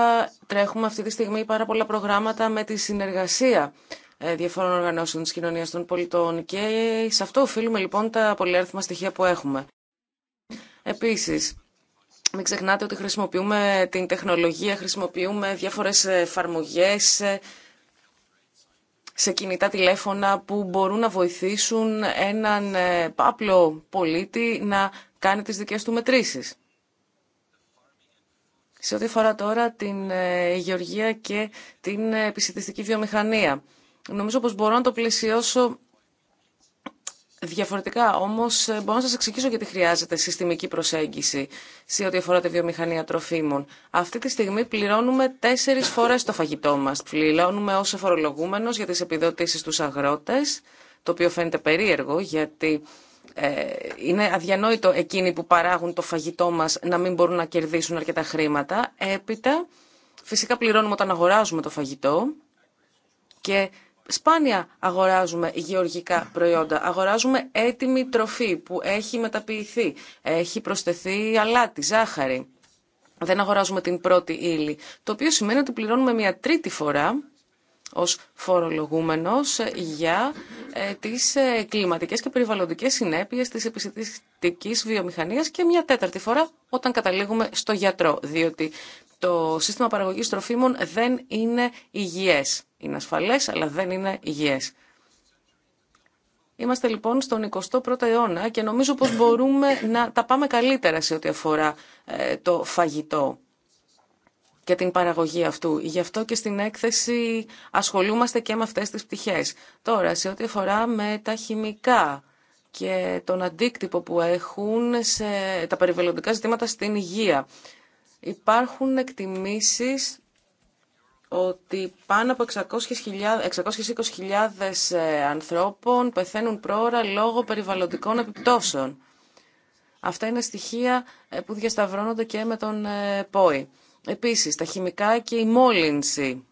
τρέχουμε αυτή τη στιγμή πάρα πολλά προγράμματα με τη συνεργασία ε, διαφόρων οργανώσεων της κοινωνίας των πολιτών και σε αυτό οφείλουμε λοιπόν τα πολυάριθμα στοιχεία που έχουμε. Επίσης, μην ξεχνάτε ότι χρησιμοποιούμε την τεχνολογία, χρησιμοποιούμε διάφορες εφαρμογέ ε, σε κινητά τηλέφωνα που μπορούν να βοηθήσουν έναν απλό ε, πολίτη να κάνει τις δικές του μετρήσεις. Σε ό,τι αφορά τώρα την γεωργία και την επισητιστική βιομηχανία. Νομίζω πως μπορώ να το πλαισιώσω διαφορετικά. Όμως ε, μπορώ να σας εξηγήσω γιατί χρειάζεται συστημική προσέγγιση σε ό,τι αφορά τη βιομηχανία τροφίμων. Αυτή τη στιγμή πληρώνουμε τέσσερις φορές το φαγητό μας. Πληρώνουμε ως αφορολογούμενος για τις επιδοτήσεις στους αγρότες, το οποίο φαίνεται περίεργο γιατί ε, είναι αδιανόητο εκείνοι που παράγουν το φαγητό μας να μην μπορούν να κερδίσουν αρκετά χρήματα. Έπειτα, φυσικά πληρώνουμε όταν αγοράζουμε το φαγητό και σπάνια αγοράζουμε γεωργικά προϊόντα. Αγοράζουμε έτοιμη τροφή που έχει μεταποιηθεί, έχει προσθεθεί αλάτι, ζάχαρη. Δεν αγοράζουμε την πρώτη ύλη, το οποίο σημαίνει ότι πληρώνουμε μια τρίτη φορά ως φορολογούμενος για ε, τις ε, κλιματικές και περιβαλλοντικές συνέπειες της επιστημιστικής βιομηχανίας και μια τέταρτη φορά όταν καταλήγουμε στο γιατρό, διότι το σύστημα παραγωγής τροφίμων δεν είναι υγιές είναι ασφαλές αλλά δεν είναι υγιές. Είμαστε λοιπόν στον 21ο αιώνα και νομίζω πως μπορούμε να τα πάμε καλύτερα σε ό,τι αφορά ε, το φαγητό και την παραγωγή αυτού. Γι' αυτό και στην έκθεση ασχολούμαστε και με αυτές τις πτυχές. Τώρα, σε ό,τι αφορά με τα χημικά και τον αντίκτυπο που έχουν σε τα περιβαλλοντικά ζητήματα στην υγεία. Υπάρχουν εκτιμήσεις ότι πάνω από 620.000 ε, ανθρώπων πεθαίνουν πρόωρα λόγω περιβαλλοντικών επιπτώσεων. Αυτά είναι στοιχεία ε, που διασταυρώνονται και με τον ε, ΠΟΗ. Επίσης, τα χημικά και η μόλυνση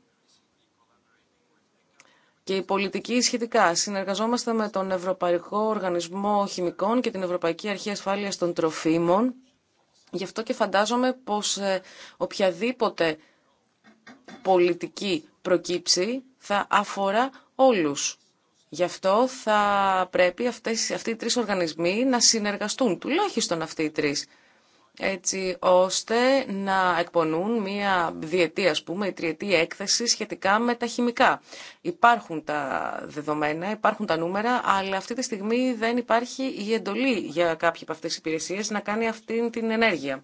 και η πολιτική σχετικά. Συνεργαζόμαστε με τον Ευρωπαϊκό Οργανισμό Χημικών και την Ευρωπαϊκή Αρχή Ασφάλειας των Τροφίμων. Γι' αυτό και φαντάζομαι πως οποιαδήποτε πολιτική προκύψει θα αφορά όλους. Γι' αυτό θα πρέπει αυτοί οι τρεις οργανισμοί να συνεργαστούν, τουλάχιστον αυτοί οι τρεις, έτσι ώστε να εκπονούν μία διετή, ας πούμε, η τριετή έκθεση σχετικά με τα χημικά. Υπάρχουν τα δεδομένα, υπάρχουν τα νούμερα, αλλά αυτή τη στιγμή δεν υπάρχει η εντολή για κάποια από αυτές τις υπηρεσίες να κάνει αυτή την ενέργεια.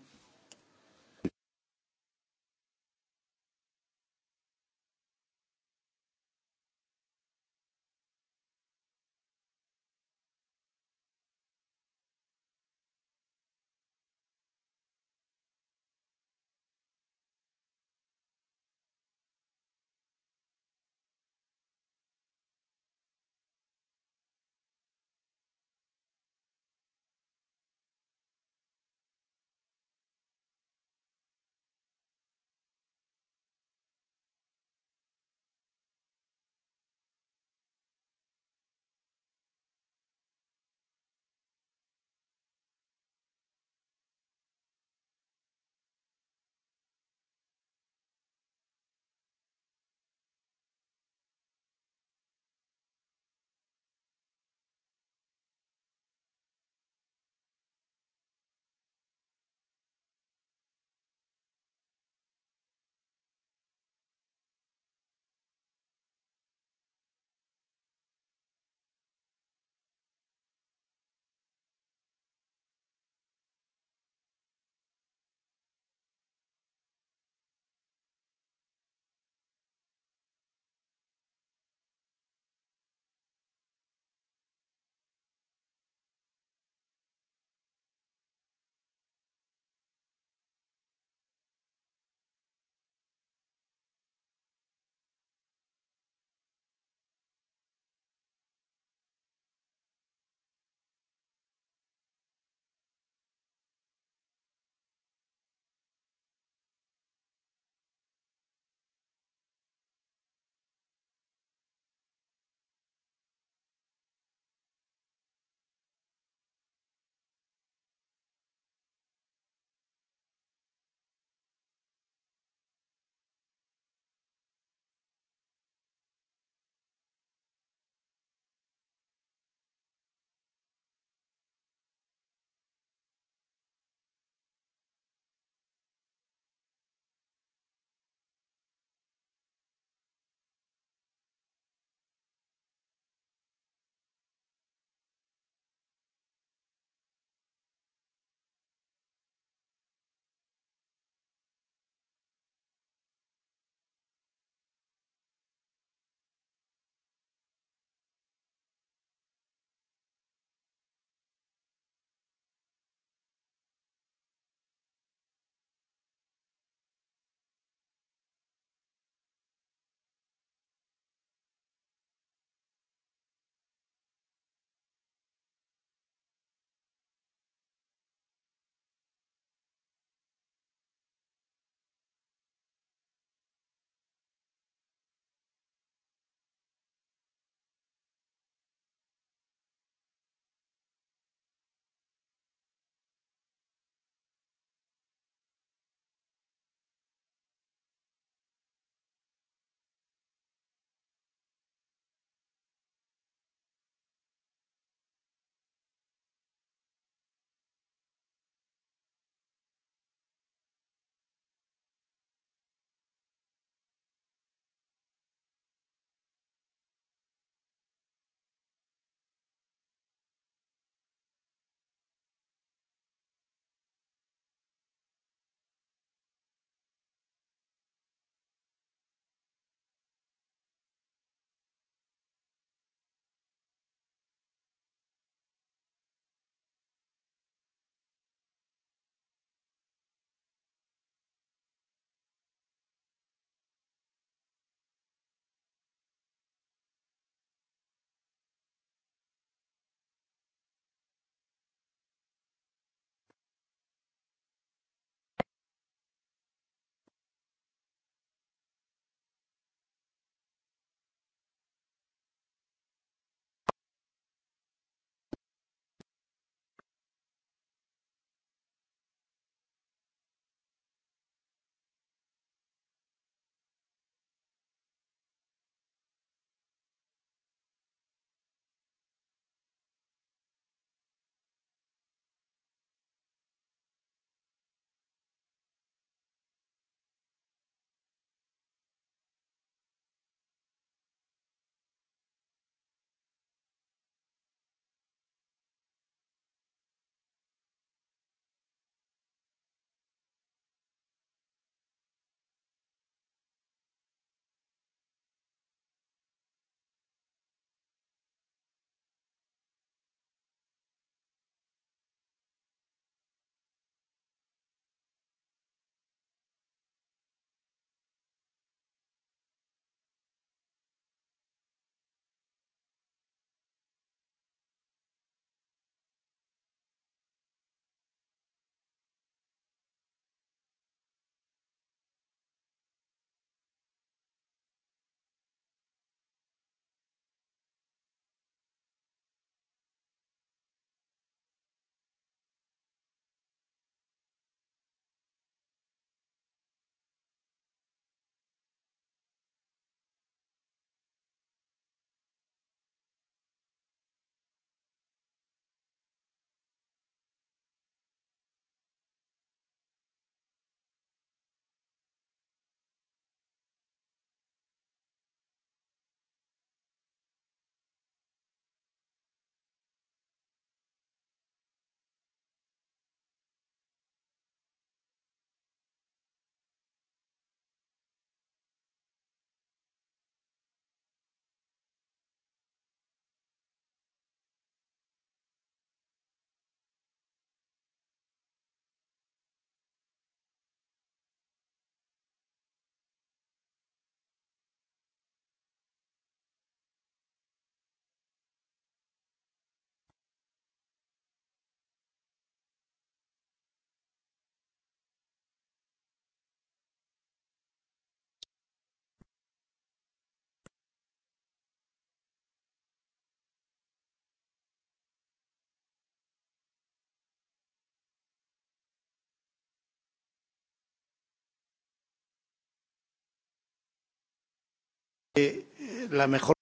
la mejor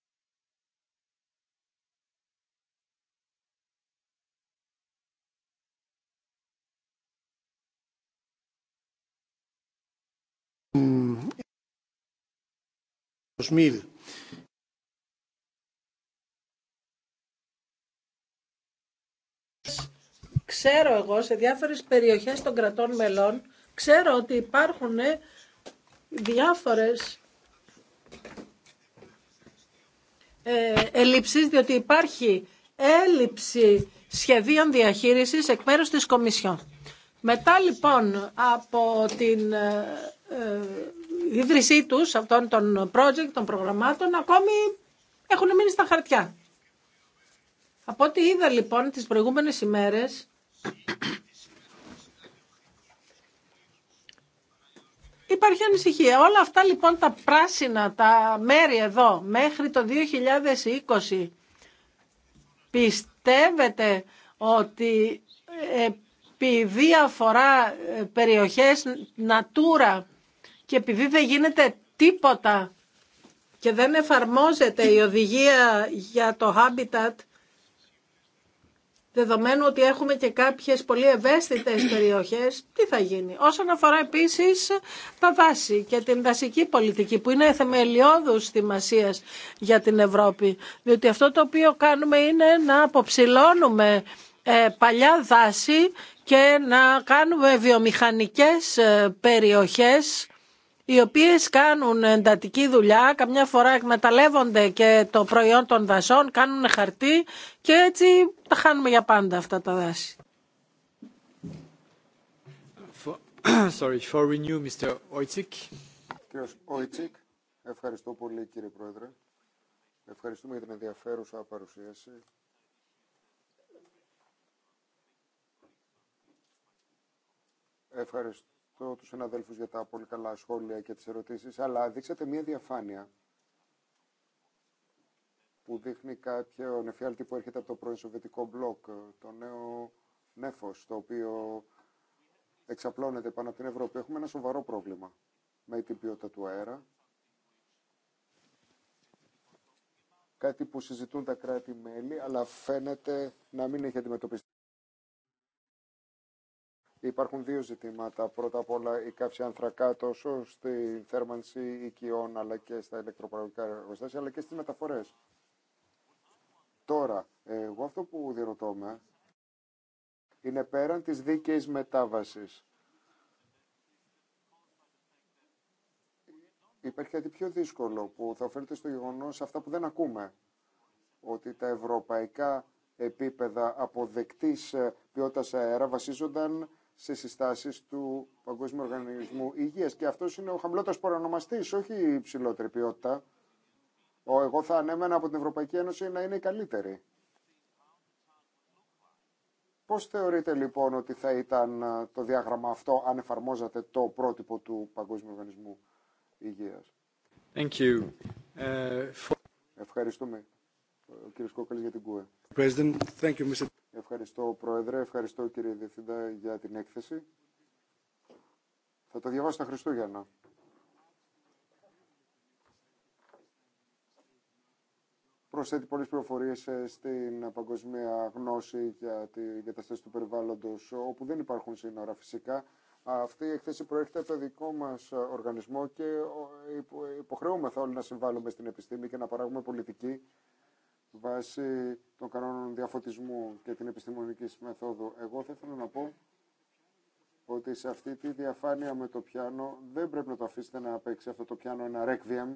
ξέρω εγώ σε διάφορες περιοχές των κρατών μελών ξέρω ότι υπάρχουν ε, διάφορες ε, ελλείψεις, διότι υπάρχει έλλειψη σχεδίων διαχείρισης εκ μέρους της Κομισιόν. Μετά λοιπόν από την ε, ε, ίδρυσή τους αυτών των project, των προγραμμάτων, ακόμη έχουν μείνει στα χαρτιά. Από ό,τι είδα λοιπόν τις προηγούμενες ημέρες, Υπάρχει ανησυχία. Όλα αυτά λοιπόν τα πράσινα, τα μέρη εδώ, μέχρι το 2020, πιστεύετε ότι επειδή αφορά ε, περιοχές Natura και επειδή δεν γίνεται τίποτα και δεν εφαρμόζεται η οδηγία για το Habitat, δεδομένου ότι έχουμε και κάποιες πολύ ευαίσθητες περιοχές, τι θα γίνει. Όσον αφορά επίσης τα δάση και την δασική πολιτική που είναι θεμελιώδους μασίας για την Ευρώπη, διότι αυτό το οποίο κάνουμε είναι να αποψηλώνουμε ε, παλιά δάση και να κάνουμε βιομηχανικές ε, περιοχές οι οποίες κάνουν εντατική δουλειά, καμιά φορά εκμεταλλεύονται και το προϊόν των δασών, κάνουν χαρτί και έτσι τα χάνουμε για πάντα αυτά τα δάση. Sorry, for renew, Mr. ευχαριστώ πολύ κύριε Πρόεδρε. Ευχαριστούμε για την ενδιαφέρουσα παρουσίαση. Ευχαριστώ ευχαριστώ τους συναδέλφους για τα πολύ καλά σχόλια και τις ερωτήσεις, αλλά δείξατε μία διαφάνεια που δείχνει κάποιο νεφιάλτη που έρχεται από το πρώην Σοβιετικό μπλοκ, το νέο νέφος, το οποίο εξαπλώνεται πάνω από την Ευρώπη. Έχουμε ένα σοβαρό πρόβλημα με την ποιότητα του αέρα. Κάτι που συζητούν τα κράτη-μέλη, αλλά φαίνεται να μην έχει αντιμετωπιστεί. Υπάρχουν δύο ζητήματα. Πρώτα απ' όλα η καύση ανθρακά τόσο στη θέρμανση οικειών αλλά και στα ηλεκτροπαραγωγικά εργοστάσια αλλά και στις μεταφορές. Τώρα, εγώ αυτό που διερωτώ με είναι πέραν της δίκαιης μετάβασης. Υπάρχει κάτι πιο δύσκολο που θα οφέρεται στο γεγονός αυτά που δεν ακούμε. Ότι τα ευρωπαϊκά επίπεδα αποδεκτής ε, ποιότητας αέρα βασίζονταν σε συστάσει του Παγκόσμιου Οργανισμού Υγεία. Και αυτό είναι ο χαμηλότερο παρονομαστή, όχι η υψηλότερη ποιότητα. Ο, εγώ θα ανέμενα από την Ευρωπαϊκή Ένωση να είναι η καλύτερη. Πώς θεωρείτε λοιπόν ότι θα ήταν ε, το διάγραμμα αυτό αν εφαρμόζατε το πρότυπο του Παγκόσμιου Οργανισμού Υγεία. Thank you. Ε, Ευχαριστούμε, κύριε Σκόκαλη, για την ΚΟΕ. thank you, Mr. Ευχαριστώ Πρόεδρε, ευχαριστώ κύριε Διευθυντά για την έκθεση. Θα το διαβάσω τα Χριστούγεννα. Προσθέτει πολλές πληροφορίες ε, στην παγκοσμία γνώση για την καταστάση του περιβάλλοντος, όπου δεν υπάρχουν σύνορα φυσικά. Αυτή η εκθέση προέρχεται από το δικό μας οργανισμό και υποχρεούμεθα όλοι να συμβάλλουμε στην επιστήμη και να παράγουμε πολιτική βάσει των κανόνων διαφωτισμού και την επιστημονική μεθόδου. Εγώ θα ήθελα να πω ότι σε αυτή τη διαφάνεια με το πιάνο δεν πρέπει να το αφήσετε να παίξει αυτό το πιάνο ένα ρεκδιέμ,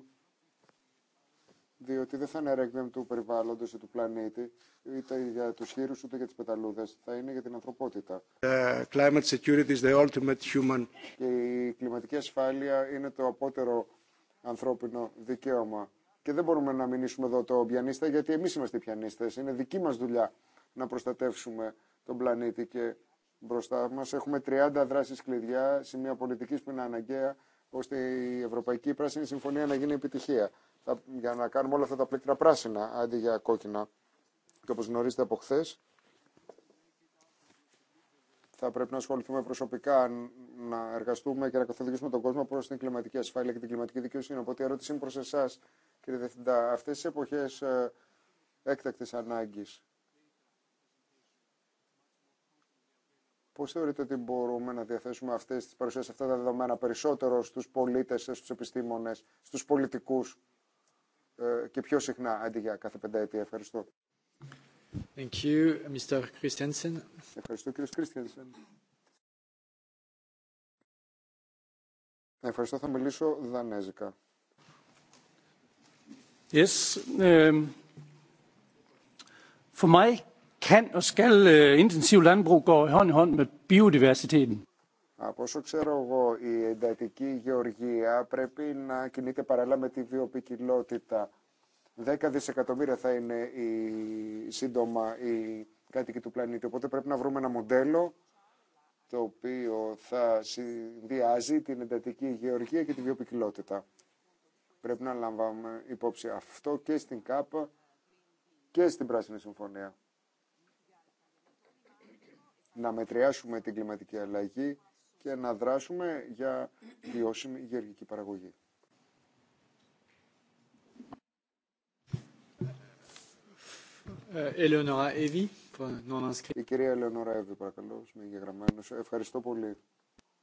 διότι δεν θα είναι ρεκδιέμ του περιβάλλοντος ή του πλανήτη, είτε για τους χείρους είτε για τις πεταλούδες, θα είναι για την ανθρωπότητα. Ε, climate security is the ultimate human. Και η κλιματική ασφάλεια είναι το απότερο ανθρώπινο δικαίωμα και δεν μπορούμε να μηνύσουμε εδώ το πιανίστα, γιατί εμεί είμαστε οι πιανίστε. Είναι δική μα δουλειά να προστατεύσουμε τον πλανήτη και μπροστά μα. Έχουμε 30 δράσει κλειδιά, σημεία πολιτική που είναι αναγκαία, ώστε η Ευρωπαϊκή Πράσινη Συμφωνία να γίνει επιτυχία. για να κάνουμε όλα αυτά τα πλήκτρα πράσινα, αντί για κόκκινα. Και όπω γνωρίζετε από χθε, θα πρέπει να ασχοληθούμε προσωπικά, να εργαστούμε και να καθοδηγήσουμε τον κόσμο προ την κλιματική ασφάλεια και την κλιματική δικαιοσύνη. Οπότε η ερώτησή μου προ εσά κύριε Δευθυντά, αυτές τις εποχές ε, έκτακτης ανάγκης. Πώς θεωρείτε ότι μπορούμε να διαθέσουμε αυτές τις παρουσίες, αυτά τα δεδομένα περισσότερο στους πολίτες, στους επιστήμονες, στους πολιτικούς ε, και πιο συχνά αντί για κάθε πενταετία. Ευχαριστώ. Thank you, Mr. Christensen. Ευχαριστώ κύριε Κρίστιανσεν. Ευχαριστώ, θα μιλήσω δανέζικα. Yes. For mig kan og skal øh, intensiv landbrug gå hånd i hånd Από όσο ξέρω εγώ, η εντατική γεωργία πρέπει να κινείται παράλληλα με τη βιοπικιλότητα. Δέκα δισεκατομμύρια θα είναι η, σύντομα η κάτοικοι του πλανήτη. Οπότε πρέπει να βρούμε ένα μοντέλο το οποίο θα συνδυάζει την εντατική γεωργία και τη βιοπικιλότητα. Πρέπει να λαμβάνουμε υπόψη αυτό και στην ΚΑΠΑ και στην Πράσινη Συμφωνία. Να μετριάσουμε την κλιματική αλλαγή και να δράσουμε για βιώσιμη γεωργική παραγωγή. Ε, Η κυρία Ελεονόρα Εύη, παρακαλώ, είμαι εγγεγραμμένος. Ευχαριστώ πολύ.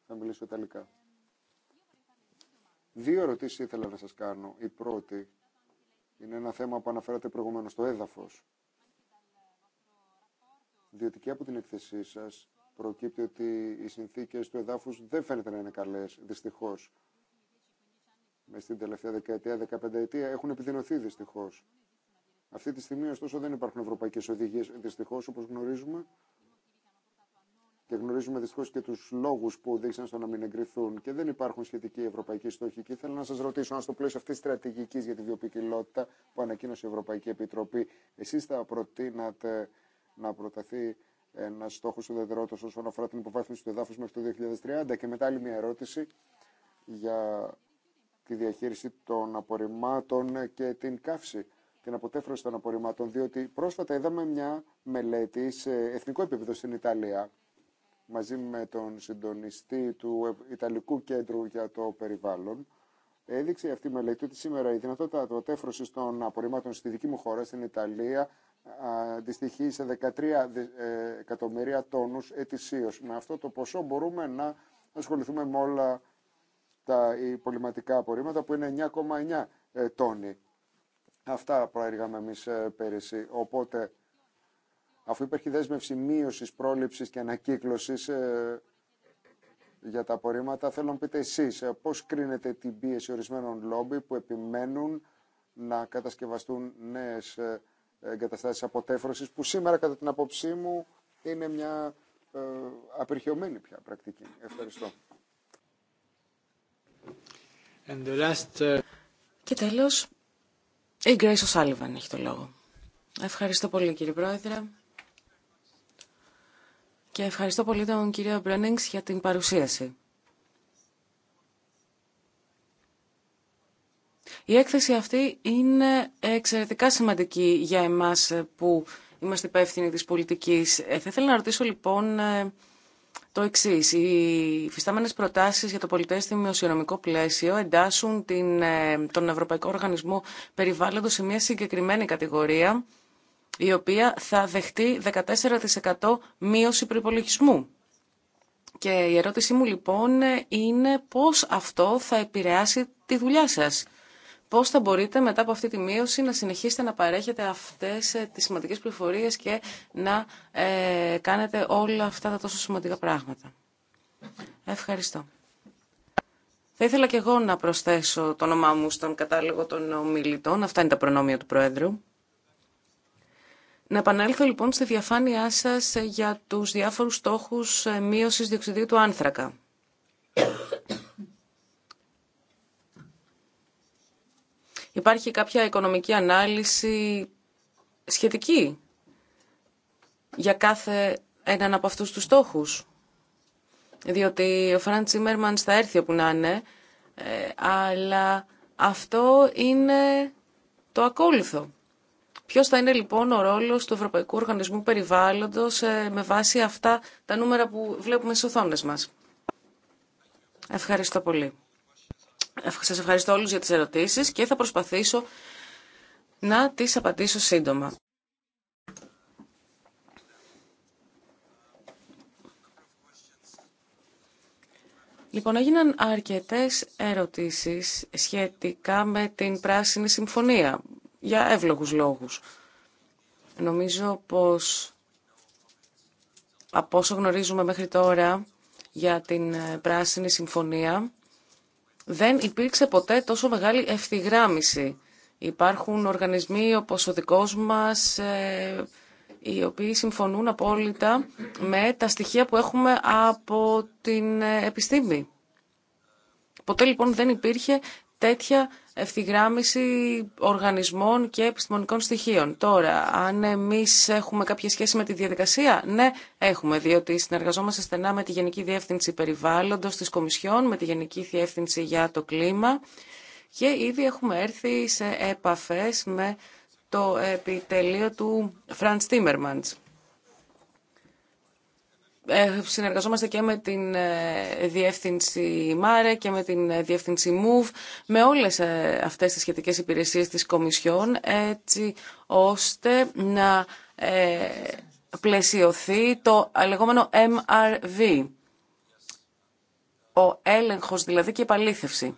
Θα μιλήσω ιταλικά. Δύο ερωτήσεις ήθελα να σας κάνω. Η πρώτη είναι ένα θέμα που αναφέρατε προηγουμένως στο έδαφος. Διότι και από την εκθεσή σας προκύπτει ότι οι συνθήκες του εδάφους δεν φαίνεται να είναι καλές, δυστυχώς. Με στην τελευταία δεκαετία, δεκαπενταετία, έχουν επιδεινωθεί δυστυχώς. Αυτή τη στιγμή, ωστόσο, δεν υπάρχουν ευρωπαϊκές οδηγίες, δυστυχώς, όπως γνωρίζουμε. Και γνωρίζουμε δυστυχώ και του λόγου που οδήγησαν στο να μην εγκριθούν και δεν υπάρχουν σχετικοί ευρωπαϊκοί στόχοι. Και ήθελα να σα ρωτήσω αν στο πλαίσιο αυτή τη στρατηγική για τη βιοπικιλότητα που ανακοίνωσε η Ευρωπαϊκή Επιτροπή, εσεί θα προτείνατε να προταθεί ένα στόχο ουδετερότητα όσον αφορά την υποβάθμιση του εδάφου μέχρι το 2030. Και μετά άλλη μια ερώτηση για τη διαχείριση των απορριμμάτων και την καύση, την αποτέφρωση των απορριμμάτων, διότι πρόσφατα είδαμε μια μελέτη σε εθνικό επίπεδο στην Ιταλία μαζί με τον συντονιστή του Ιταλικού Κέντρου για το Περιβάλλον, έδειξε αυτή η μελέτη ότι σήμερα η δυνατότητα αποτέφρωση των απορρίμματων στη δική μου χώρα, στην Ιταλία, αντιστοιχεί σε 13 ε, εκατομμύρια τόνους ετησίως. Με αυτό το ποσό μπορούμε να ασχοληθούμε με όλα τα υπολοιματικά απορρίμματα που είναι 9,9 ε, τόνοι. Αυτά προέργαμε εμείς ε, πέρυσι. Οπότε αφού υπάρχει δέσμευση μείωση, πρόληψη και ανακύκλωση ε, για τα απορρίμματα, θέλω να πείτε εσεί ε, πώ κρίνετε την πίεση ορισμένων λόμπι που επιμένουν να κατασκευαστούν νέε εγκαταστάσει αποτέφρωση που σήμερα, κατά την άποψή μου, είναι μια ε, απερχαιωμένη πια πρακτική. Ευχαριστώ. And the last... Ε, και τέλος, η Grace O'Sullivan έχει το λόγο. Ευχαριστώ πολύ κύριε Πρόεδρε. Και ευχαριστώ πολύ τον κύριο Μπρένιγκς για την παρουσίαση. Η έκθεση αυτή είναι εξαιρετικά σημαντική για εμάς που είμαστε υπεύθυνοι της πολιτικής. Ε, θα ήθελα να ρωτήσω λοιπόν ε, το εξή. Οι φυστάμενες προτάσεις για το πολιτέστημιο ουσιονομικό πλαίσιο εντάσσουν την, ε, τον Ευρωπαϊκό Οργανισμό Περιβάλλοντος σε μια συγκεκριμένη κατηγορία η οποία θα δεχτεί 14% μείωση προϋπολογισμού. Και η ερώτησή μου λοιπόν είναι πώς αυτό θα επηρεάσει τη δουλειά σας. Πώς θα μπορείτε μετά από αυτή τη μείωση να συνεχίσετε να παρέχετε αυτές ε, τις σημαντικές πληροφορίες και να ε, κάνετε όλα αυτά τα τόσο σημαντικά πράγματα. Ευχαριστώ. Θα ήθελα και εγώ να προσθέσω το όνομά μου στον κατάλογο των ομιλητών. Αυτά είναι τα προνόμια του Πρόεδρου. Να επανέλθω λοιπόν στη διαφάνειά σας για τους διάφορους στόχους ε, μείωσης διοξιδίου του άνθρακα. Υπάρχει κάποια οικονομική ανάλυση σχετική για κάθε έναν από αυτούς τους στόχους. Διότι ο Φραντ Τσίμερμαν θα έρθει όπου να είναι, ε, αλλά αυτό είναι το ακόλουθο. Ποιος θα είναι λοιπόν ο ρόλος του Ευρωπαϊκού Οργανισμού Περιβάλλοντος ε, με βάση αυτά τα νούμερα που βλέπουμε στις οθόνες μας. Ευχαριστώ πολύ. Σας ευχαριστώ όλους για τις ερωτήσεις και θα προσπαθήσω να τις απαντήσω σύντομα. Λοιπόν, έγιναν αρκετές ερωτήσεις σχετικά με την Πράσινη Συμφωνία για εύλογους λόγους. Νομίζω πως από όσο γνωρίζουμε μέχρι τώρα για την ε, Πράσινη Συμφωνία δεν υπήρξε ποτέ τόσο μεγάλη ευθυγράμμιση. Υπάρχουν οργανισμοί όπως ο δικός μας ε, οι οποίοι συμφωνούν απόλυτα με τα στοιχεία που έχουμε από την ε, επιστήμη. Ποτέ λοιπόν δεν υπήρχε τέτοια ευθυγράμμιση οργανισμών και επιστημονικών στοιχείων. Τώρα, αν εμεί έχουμε κάποια σχέση με τη διαδικασία, ναι, έχουμε, διότι συνεργαζόμαστε στενά με τη Γενική Διεύθυνση Περιβάλλοντος της Κομισιόν, με τη Γενική Διεύθυνση για το Κλίμα και ήδη έχουμε έρθει σε επαφές με το επιτελείο του Φραντ Τίμερμαντς. Ε, συνεργαζόμαστε και με την ε, διεύθυνση ΜΑΡΕ και με την ε, διεύθυνση MOVE, με όλες αυτές τις σχετικές υπηρεσίες της Κομισιόν, έτσι ώστε να πλαισιωθεί το λεγόμενο MRV, ο έλεγχος δηλαδή και η επαλήθευση.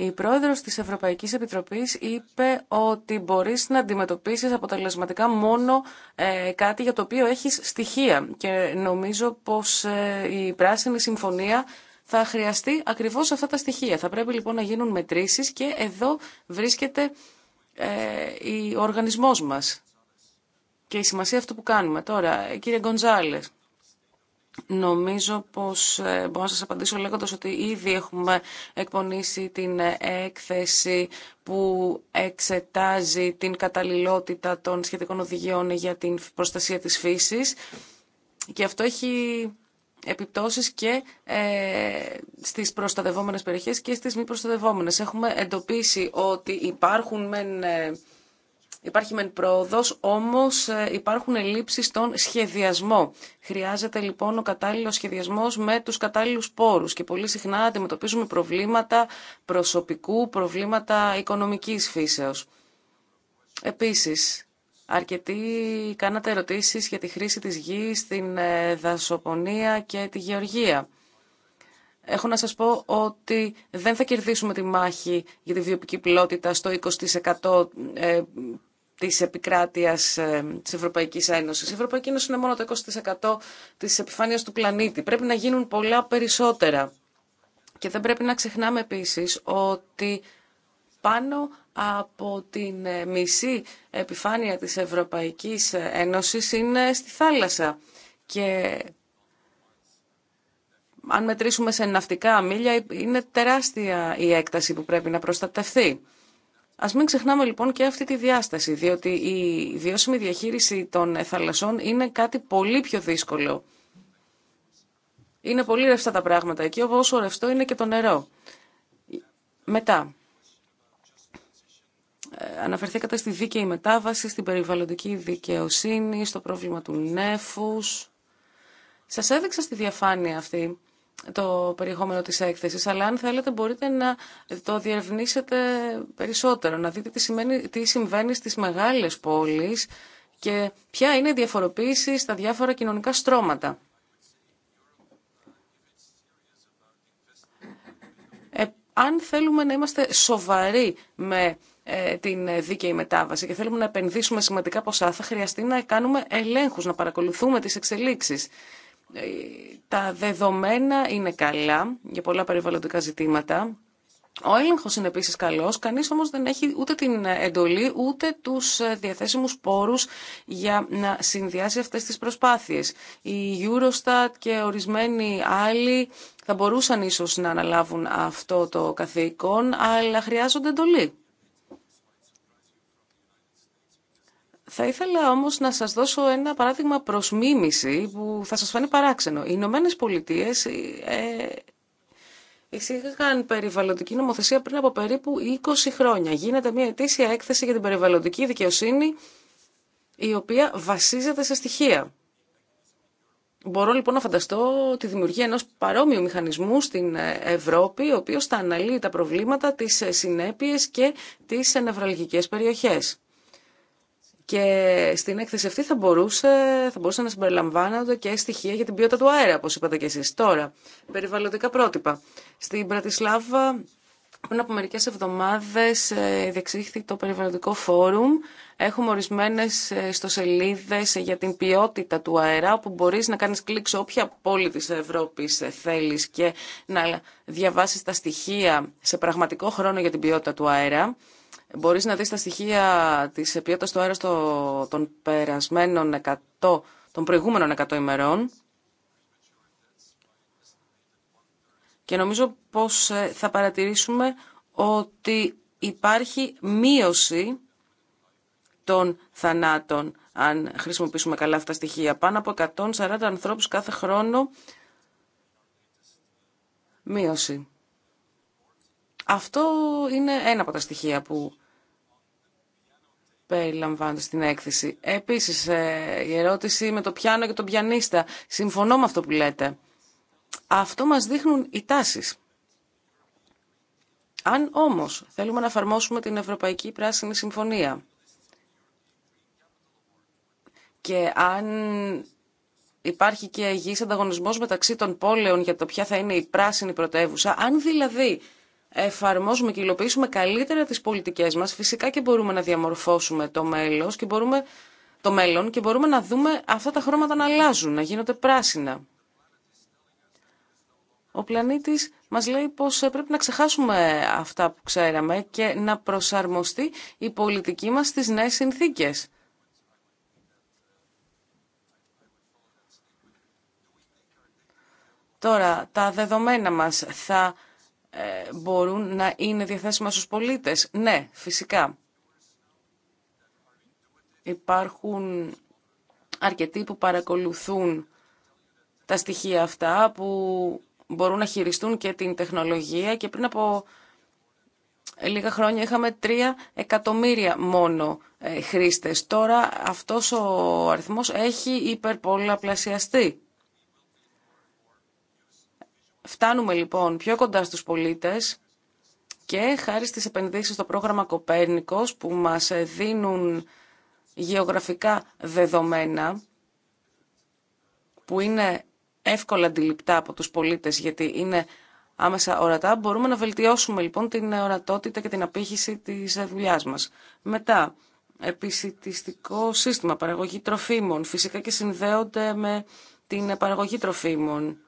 Η πρόεδρος της Ευρωπαϊκής Επιτροπής είπε ότι μπορείς να αντιμετωπίσεις αποτελεσματικά μόνο ε, κάτι για το οποίο έχεις στοιχεία. Και νομίζω πως ε, η Πράσινη Συμφωνία θα χρειαστεί ακριβώς αυτά τα στοιχεία. Θα πρέπει λοιπόν να γίνουν μετρήσεις και εδώ βρίσκεται ε, ο οργανισμός μας και η σημασία αυτού που κάνουμε. Τώρα, κύριε Γκοντζάλες, Νομίζω πως ε, μπορώ να σας απαντήσω λέγοντας ότι ήδη έχουμε εκπονήσει την ε, έκθεση που εξετάζει την καταλληλότητα των σχετικών οδηγιών για την προστασία της φύσης και αυτό έχει επιπτώσεις και ε, στις προστατευόμενες περιοχές και στις μη προστατευόμενες. Έχουμε εντοπίσει ότι υπάρχουν μεν Υπάρχει μεν πρόοδο, όμως ε, υπάρχουν ελλείψεις στον σχεδιασμό. Χρειάζεται λοιπόν ο κατάλληλος σχεδιασμός με τους κατάλληλους πόρους και πολύ συχνά αντιμετωπίζουμε προβλήματα προσωπικού, προβλήματα οικονομικής φύσεως. Επίσης, αρκετοί κάνατε ερωτήσεις για τη χρήση της γης στην ε, δασοπονία και τη γεωργία. Έχω να σας πω ότι δεν θα κερδίσουμε τη μάχη για τη πλότητα στο 20% της επικράτειας ε, τη Ευρωπαϊκή Ένωση. Η Ευρωπαϊκή Ένωση είναι μόνο το 20% της επιφάνειας του πλανήτη. Πρέπει να γίνουν πολλά περισσότερα. Και δεν πρέπει να ξεχνάμε επίσης ότι πάνω από την ε, μισή επιφάνεια της Ευρωπαϊκής ε, Ένωσης είναι στη θάλασσα. Και αν μετρήσουμε σε ναυτικά μίλια, είναι τεράστια η έκταση που πρέπει να προστατευθεί. Α μην ξεχνάμε λοιπόν και αυτή τη διάσταση, διότι η βιώσιμη διαχείριση των θαλασσών είναι κάτι πολύ πιο δύσκολο. Είναι πολύ ρευστά τα πράγματα εκεί, όσο ρευστό είναι και το νερό. Μετά, ε, αναφερθήκατε στη δίκαιη μετάβαση, στην περιβαλλοντική δικαιοσύνη, στο πρόβλημα του νέφους. Σας έδειξα στη διαφάνεια αυτή το περιεχόμενο της έκθεσης, αλλά αν θέλετε μπορείτε να το διερευνήσετε περισσότερο, να δείτε τι, σημαίνει, τι συμβαίνει στις μεγάλες πόλεις και ποια είναι η διαφοροποίηση στα διάφορα κοινωνικά στρώματα. Ε, αν θέλουμε να είμαστε σοβαροί με ε, την δίκαιη μετάβαση και θέλουμε να επενδύσουμε σημαντικά ποσά, θα χρειαστεί να κάνουμε ελέγχους, να παρακολουθούμε τις εξελίξεις. Ε, τα δεδομένα είναι καλά για πολλά περιβαλλοντικά ζητήματα. Ο έλεγχο είναι επίση καλός, κανεί όμω δεν έχει ούτε την εντολή ούτε του ε, διαθέσιμου πόρους για να συνδυάσει αυτέ τι προσπάθειες. Η Eurostat και ορισμένοι άλλοι θα μπορούσαν ίσω να αναλάβουν αυτό το καθήκον, αλλά χρειάζονται εντολή. Θα ήθελα όμως να σας δώσω ένα παράδειγμα προς μίμηση που θα σας φανεί παράξενο. Οι Ηνωμένε Πολιτείε ε, εισήγαγαν περιβαλλοντική νομοθεσία πριν από περίπου 20 χρόνια. Γίνεται μια ετήσια έκθεση για την περιβαλλοντική δικαιοσύνη η οποία βασίζεται σε στοιχεία. Μπορώ λοιπόν να φανταστώ τη δημιουργία ενός παρόμοιου μηχανισμού στην Ευρώπη, ο οποίος θα αναλύει τα προβλήματα, τις συνέπειες και τις νευραλγικές περιοχές. Και στην έκθεση αυτή θα, μπορούσε, θα μπορούσε να συμπεριλαμβάνονται και στοιχεία για την ποιότητα του αέρα, όπως είπατε και εσείς. Τώρα, περιβαλλοντικά πρότυπα. Στην Πρατισλάβα πριν από μερικές εβδομάδες ε, διεξήχθη το περιβαλλοντικό φόρουμ. Έχουμε ορισμένε ιστοσελίδε για την ποιότητα του αέρα όπου μπορεί να κάνει κλικ σε όποια πόλη τη Ευρώπη ε, θέλει και να διαβάσει τα στοιχεία σε πραγματικό χρόνο για την ποιότητα του αέρα. Μπορείς να δεις τα στοιχεία της ποιότητας του αέρα των περασμένων 100, των προηγούμενων 100 ημερών. Και νομίζω πως ε, θα παρατηρήσουμε ότι υπάρχει μείωση των θανάτων, αν χρησιμοποιήσουμε καλά αυτά τα στοιχεία. Πάνω από 140 ανθρώπους κάθε χρόνο μείωση. Αυτό είναι ένα από τα στοιχεία που περιλαμβάνονται στην έκθεση. Επίσης, ε, η ερώτηση με το πιάνο και τον πιανίστα. Συμφωνώ με αυτό που λέτε. Αυτό μας δείχνουν οι τάσεις. Αν όμως θέλουμε να εφαρμόσουμε την Ευρωπαϊκή Πράσινη Συμφωνία και αν υπάρχει και υγιής ανταγωνισμός μεταξύ των πόλεων για το ποια θα είναι η πράσινη πρωτεύουσα, αν δηλαδή εφαρμόσουμε και υλοποιήσουμε καλύτερα τις πολιτικές μας, φυσικά και μπορούμε να διαμορφώσουμε το μέλλον και μπορούμε, το μέλλον και μπορούμε να δούμε αυτά τα χρώματα να αλλάζουν, να γίνονται πράσινα. Ο πλανήτης μας λέει πως ε, πρέπει να ξεχάσουμε αυτά που ξέραμε και να προσαρμοστεί η πολιτική μας στις νέες συνθήκες. Τώρα, τα δεδομένα μας θα ε, μπορούν να είναι διαθέσιμα στους πολίτες. Ναι, φυσικά. Υπάρχουν αρκετοί που παρακολουθούν τα στοιχεία αυτά, που μπορούν να χειριστούν και την τεχνολογία και πριν από ε, λίγα χρόνια είχαμε τρία εκατομμύρια μόνο ε, χρήστες. Τώρα αυτός ο αριθμός έχει υπερπολαπλασιαστεί. Φτάνουμε λοιπόν πιο κοντά στους πολίτες και χάρη στις επενδύσεις στο πρόγραμμα Κοπέρνικος που μας δίνουν γεωγραφικά δεδομένα που είναι εύκολα αντιληπτά από τους πολίτες γιατί είναι άμεσα ορατά, μπορούμε να βελτιώσουμε λοιπόν την ορατότητα και την απήχηση της δουλειά μας. Μετά, επισητιστικό σύστημα, παραγωγή τροφίμων, φυσικά και συνδέονται με την παραγωγή τροφίμων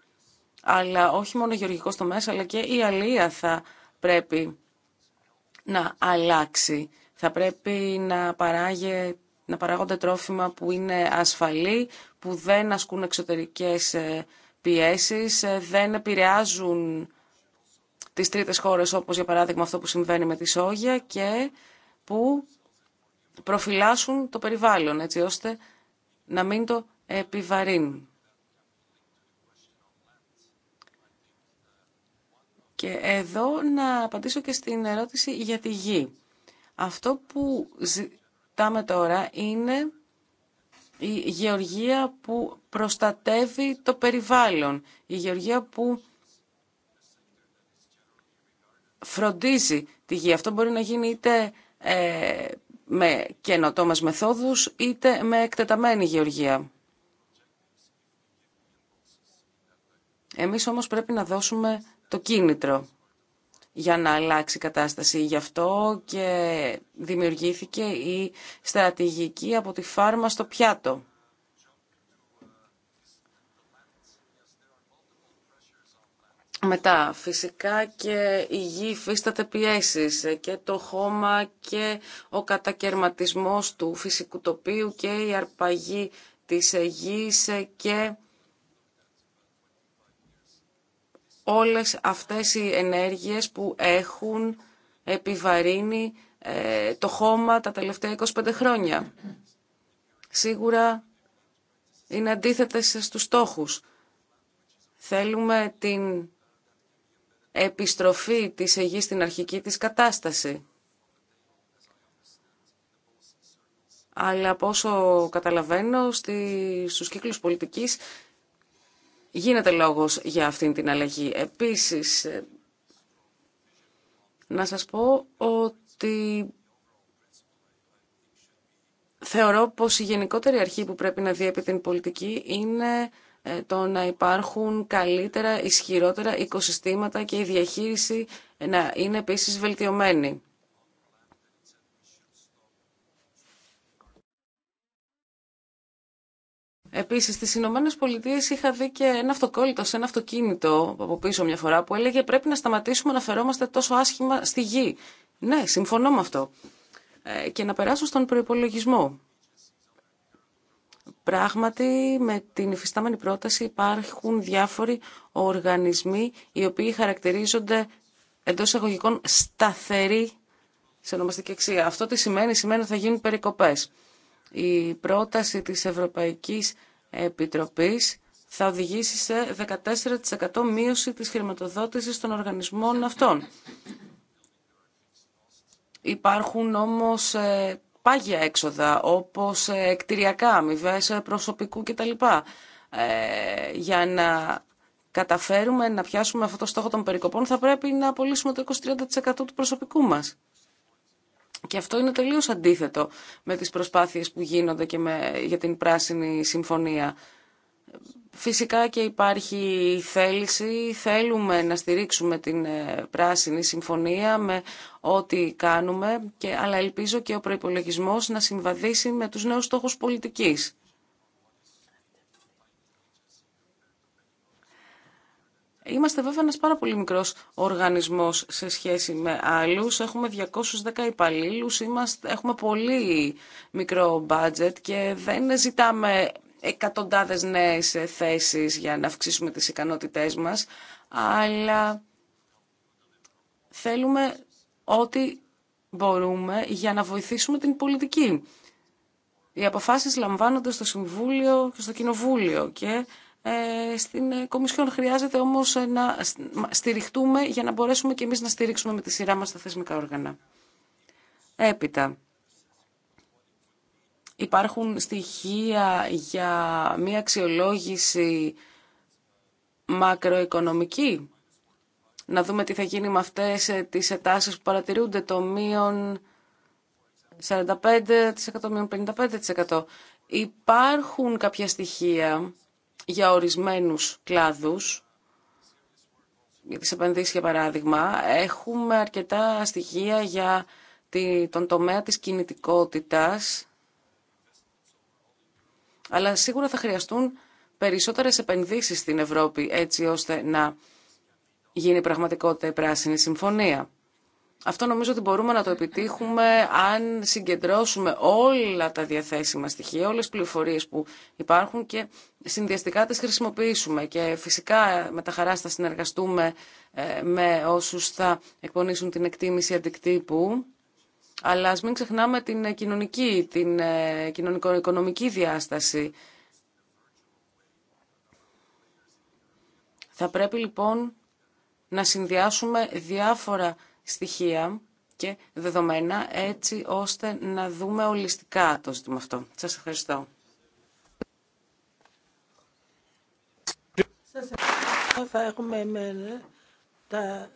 αλλά όχι μόνο ο γεωργικός τομέας, αλλά και η αλία θα πρέπει να αλλάξει. Θα πρέπει να, παράγει, να παράγονται τρόφιμα που είναι ασφαλή, που δεν ασκούν εξωτερικές ε, πιέσεις, ε, δεν επηρεάζουν τις τρίτες χώρες, όπως για παράδειγμα αυτό που συμβαίνει με τη Σόγια και που προφυλάσσουν το περιβάλλον, έτσι ώστε να μην το επιβαρύνουν. Και εδώ να απαντήσω και στην ερώτηση για τη γη. Αυτό που ζητάμε τώρα είναι η γεωργία που προστατεύει το περιβάλλον, η γεωργία που φροντίζει τη γη. Αυτό μπορεί να γίνει είτε ε, με καινοτόμες μεθόδους, είτε με εκτεταμένη γεωργία. Εμείς όμως πρέπει να δώσουμε το κίνητρο για να αλλάξει η κατάσταση. Γι' αυτό και δημιουργήθηκε η στρατηγική από τη φάρμα στο πιάτο. Μετά, φυσικά και η γη υφίσταται πιέσεις και το χώμα και ο κατακαιρματισμός του φυσικού τοπίου και η αρπαγή της γης και όλες αυτές οι ενέργειες που έχουν επιβαρύνει ε, το χώμα τα τελευταία 25 χρόνια. Σίγουρα είναι αντίθετες στους στόχους. Θέλουμε την επιστροφή της Αιγής στην αρχική της κατάσταση. Αλλά από όσο καταλαβαίνω, στους κύκλους πολιτικής γίνεται λόγος για αυτήν την αλλαγή. Επίσης, ε, να σας πω ότι θεωρώ πως η γενικότερη αρχή που πρέπει να διέπει την πολιτική είναι ε, το να υπάρχουν καλύτερα, ισχυρότερα οικοσυστήματα και η διαχείριση να είναι επίσης βελτιωμένη. Επίσης, στις Ηνωμένες Πολιτείες είχα δει και ένα αυτοκόλλητο σε ένα αυτοκίνητο από πίσω μια φορά που έλεγε πρέπει να σταματήσουμε να φερόμαστε τόσο άσχημα στη γη. Ναι, συμφωνώ με αυτό. Ε, και να περάσω στον προϋπολογισμό. Πράγματι, με την υφιστάμενη πρόταση υπάρχουν διάφοροι οργανισμοί οι οποίοι χαρακτηρίζονται εντό εισαγωγικών σταθεροί σε ονομαστική αξία. Αυτό τι σημαίνει, σημαίνει ότι θα γίνουν περικοπές η πρόταση της Ευρωπαϊκής Επιτροπής θα οδηγήσει σε 14% μείωση της χρηματοδότησης των οργανισμών αυτών. Υπάρχουν όμως ε, πάγια έξοδα, όπως ε, εκτηριακά, αμοιβέ ε, προσωπικού κτλ. για να καταφέρουμε να πιάσουμε αυτό το στόχο των περικοπών θα πρέπει να απολύσουμε το 20 του προσωπικού μας. Και αυτό είναι τελείως αντίθετο με τις προσπάθειες που γίνονται και με, για την Πράσινη Συμφωνία. Φυσικά και υπάρχει θέληση, θέλουμε να στηρίξουμε την ε, Πράσινη Συμφωνία με ό,τι κάνουμε, και, αλλά ελπίζω και ο προϋπολογισμός να συμβαδίσει με τους νέους στόχους πολιτικής. Είμαστε βέβαια ένας πάρα πολύ μικρός οργανισμός σε σχέση με άλλους. Έχουμε 210 υπαλλήλους, είμαστε, έχουμε πολύ μικρό budget και δεν ζητάμε εκατοντάδες νέες θέσεις για να αυξήσουμε τις ικανότητές μας, αλλά θέλουμε ό,τι μπορούμε για να βοηθήσουμε την πολιτική. Οι αποφάσεις λαμβάνονται στο Συμβούλιο και στο Κοινοβούλιο και ε, στην ε, Κομισιόν. Χρειάζεται όμως να στηριχτούμε για να μπορέσουμε και εμείς να στηρίξουμε με τη σειρά μας τα θεσμικά όργανα. Έπειτα, υπάρχουν στοιχεία για μία αξιολόγηση μακροοικονομική. Να δούμε τι θα γίνει με αυτές ε, τις ετάσεις που παρατηρούνται το μείον 45%, μείον 55%. Υπάρχουν κάποια στοιχεία για ορισμένους κλάδους, για τις επενδύσεις για παράδειγμα, έχουμε αρκετά στοιχεία για τον τομέα της κινητικότητας, αλλά σίγουρα θα χρειαστούν περισσότερες επενδύσεις στην Ευρώπη έτσι ώστε να γίνει πραγματικότητα η Πράσινη Συμφωνία. Αυτό νομίζω ότι μπορούμε να το επιτύχουμε αν συγκεντρώσουμε όλα τα διαθέσιμα στοιχεία, όλες τις πληροφορίες που υπάρχουν και συνδυαστικά τις χρησιμοποιήσουμε. Και φυσικά με τα χαράς θα συνεργαστούμε ε, με όσους θα εκπονήσουν την εκτίμηση αντικτύπου. Αλλά ας μην ξεχνάμε την κοινωνική, την ε, κοινωνικο-οικονομική διάσταση. Θα πρέπει λοιπόν να συνδυάσουμε διάφορα στοιχεία και δεδομένα έτσι ώστε να δούμε ολιστικά το ζήτημα αυτό. Σας ευχαριστώ. Σας ευχαριστώ. Θα έχουμε εμένα τα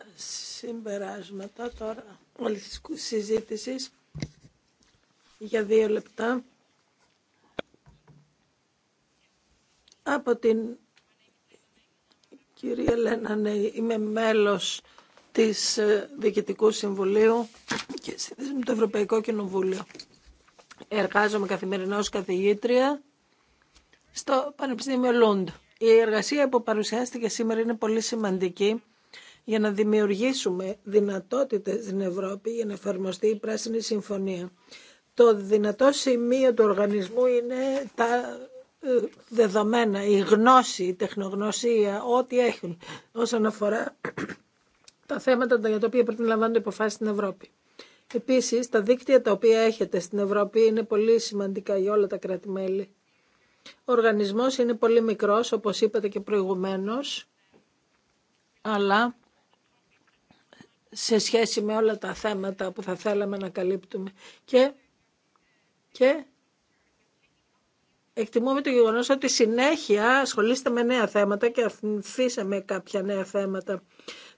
συμπεράσματα τώρα όλη συζήτησης συζήτηση για δύο λεπτά από την κυρία Λένα, ναι, είμαι μέλος της ε, Διοικητικού Συμβουλίου και σύνδεση με το Ευρωπαϊκό Κοινοβούλιο. Εργάζομαι καθημερινά ως καθηγήτρια στο Πανεπιστήμιο Λούντ. Η εργασία που παρουσιάστηκε σήμερα είναι πολύ σημαντική για να δημιουργήσουμε δυνατότητες στην Ευρώπη για να εφαρμοστεί η Πράσινη Συμφωνία. Το δυνατό σημείο του οργανισμού είναι τα ε, δεδομένα, η γνώση, η τεχνογνωσία, ό,τι έχουν όσον αφορά τα θέματα για τα οποία πρέπει να λαμβάνονται υποφάσει στην Ευρώπη. Επίσης, τα δίκτυα τα οποία έχετε στην Ευρώπη είναι πολύ σημαντικά για όλα τα κράτη-μέλη. Ο οργανισμός είναι πολύ μικρός, όπως είπατε και προηγουμένως, αλλά σε σχέση με όλα τα θέματα που θα θέλαμε να καλύπτουμε. Και, και εκτιμούμε το γεγονός ότι συνέχεια ασχολείστε με νέα θέματα και αφήσαμε κάποια νέα θέματα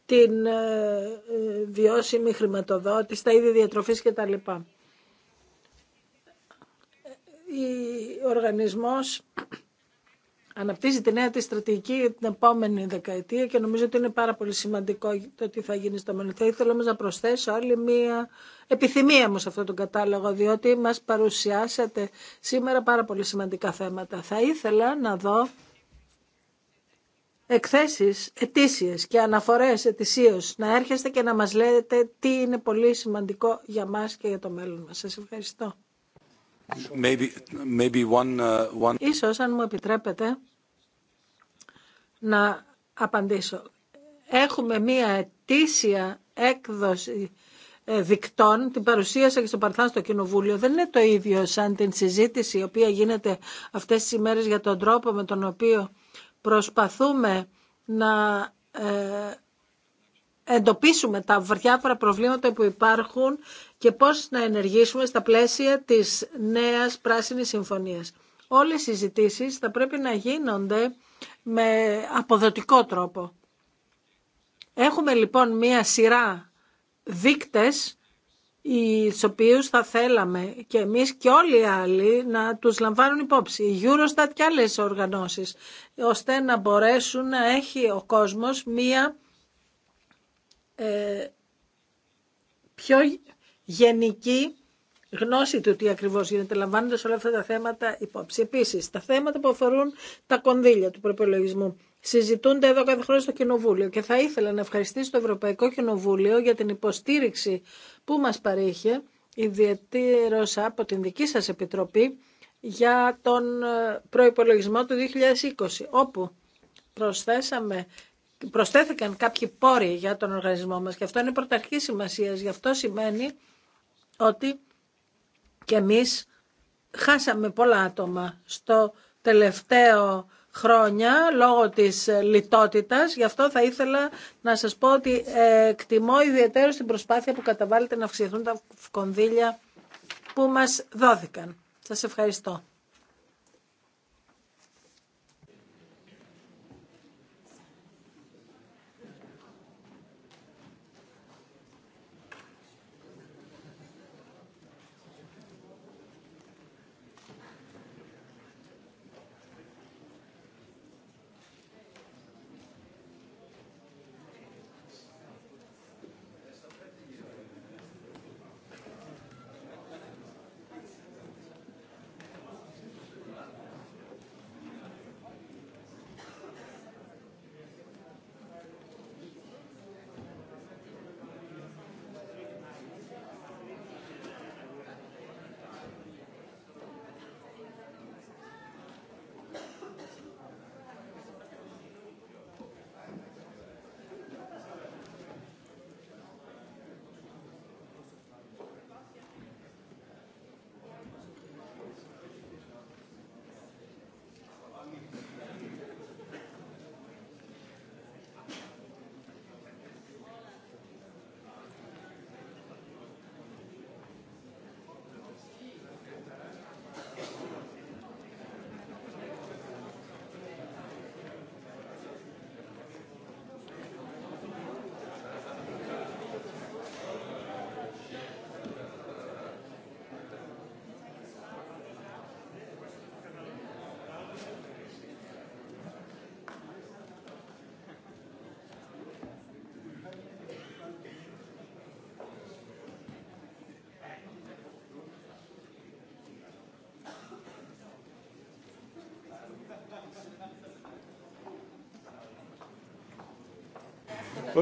την ε, ε, βιώσιμη χρηματοδότηση, τα είδη διατροφής λοιπά Ο ε, οργανισμός αναπτύσσει τη νέα τη στρατηγική για την επόμενη δεκαετία και νομίζω ότι είναι πάρα πολύ σημαντικό το τι θα γίνει στο μέλλον. Θα ήθελα όμως να προσθέσω άλλη μία επιθυμία μου σε αυτόν τον κατάλογο, διότι μας παρουσιάσατε σήμερα πάρα πολύ σημαντικά θέματα. Θα ήθελα να δω εκθέσεις ετήσιες και αναφορές ετησίως να έρχεστε και να μας λέτε τι είναι πολύ σημαντικό για μας και για το μέλλον μας. Σας ευχαριστώ. Maybe, uh, Ίσως αν μου επιτρέπετε να απαντήσω. Έχουμε μία ετήσια έκδοση ε, δικτών, την παρουσίασα και στο Παρθάν στο Κοινοβούλιο. Δεν είναι το ίδιο σαν την συζήτηση η οποία γίνεται αυτές τις ημέρες για τον τρόπο με τον οποίο Προσπαθούμε να ε, εντοπίσουμε τα διάφορα προβλήματα που υπάρχουν και πώς να ενεργήσουμε στα πλαίσια της νέας πράσινης συμφωνίας. Όλες οι συζητήσεις θα πρέπει να γίνονται με αποδοτικό τρόπο. Έχουμε λοιπόν μία σειρά δείκτες οι οποίους θα θέλαμε και εμείς και όλοι οι άλλοι να τους λαμβάνουν υπόψη, η Eurostat και άλλες οργανώσεις, ώστε να μπορέσουν να έχει ο κόσμος μία ε, πιο γενική γνώση του τι ακριβώς γίνεται, λαμβάνοντας όλα αυτά τα θέματα υπόψη. Επίσης, τα θέματα που αφορούν τα κονδύλια του προπολογισμού συζητούνται εδώ κάθε χρόνο στο Κοινοβούλιο και θα ήθελα να ευχαριστήσω το Ευρωπαϊκό Κοινοβούλιο για την υποστήριξη που μας παρήχε ιδιαίτερος από την δική σας Επιτροπή για τον ε, προϋπολογισμό του 2020 όπου προσθέσαμε προσθέθηκαν κάποιοι πόροι για τον οργανισμό μας και αυτό είναι πρωταρχή σημασία. Γι' αυτό σημαίνει ότι και εμείς χάσαμε πολλά άτομα στο τελευταίο χρόνια λόγω της ε, λιτότητας. Γι' αυτό θα ήθελα να σας πω ότι ε, εκτιμώ ιδιαίτερο την προσπάθεια που καταβάλλεται να αυξηθούν τα κονδύλια που μας δόθηκαν. Σας ευχαριστώ.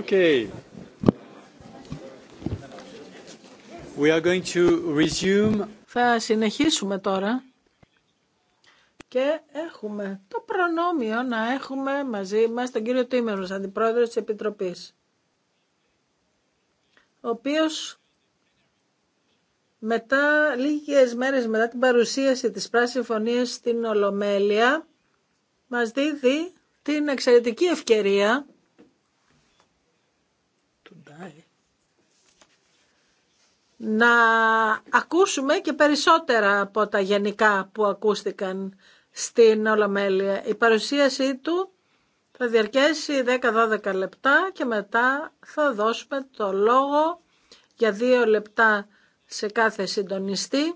Okay. We are going to resume. Θα συνεχίσουμε τώρα και έχουμε το προνόμιο να έχουμε μαζί μας τον κύριο Τίμερος, αντιπρόεδρος της Επιτροπής, ο οποίος μετά, λίγες μέρες μετά την παρουσίαση της Πράσινης Συμφωνίας στην Ολομέλεια, μας δίδει την εξαιρετική ευκαιρία να ακούσουμε και περισσότερα από τα γενικά που ακούστηκαν στην Ολομέλεια. Η παρουσίασή του θα διαρκέσει 10-12 λεπτά και μετά θα δώσουμε το λόγο για 2 λεπτά σε κάθε συντονιστή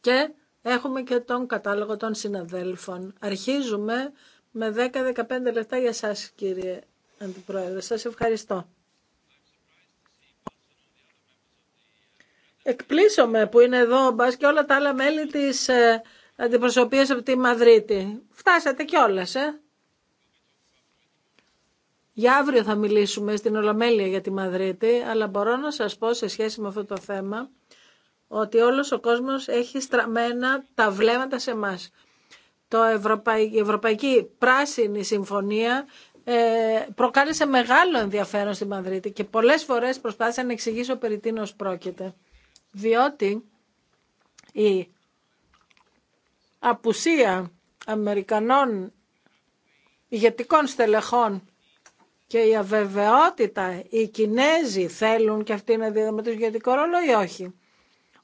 και έχουμε και τον κατάλογο των συναδέλφων. Αρχίζουμε με 10-15 λεπτά για σας κύριε Αντιπρόεδρε. Σας ευχαριστώ. με που είναι εδώ ο και όλα τα άλλα μέλη της ε, αντιπροσωπείας από τη Μαδρίτη. Φτάσατε κιόλας, ε. Για αύριο θα μιλήσουμε στην Ολομέλεια για τη Μαδρίτη, αλλά μπορώ να σας πω σε σχέση με αυτό το θέμα ότι όλος ο κόσμος έχει στραμμένα τα βλέμματα σε εμά. Το Ευρωπαϊ... Η Ευρωπαϊκή Πράσινη Συμφωνία ε, προκάλεσε μεγάλο ενδιαφέρον στη Μαδρίτη και πολλές φορές προσπάθησα να εξηγήσω περί τίνος πρόκειται διότι η απουσία Αμερικανών ηγετικών στελεχών και η αβεβαιότητα οι Κινέζοι θέλουν και αυτοί να διαδραματίζουν ηγετικό ρόλο ή όχι.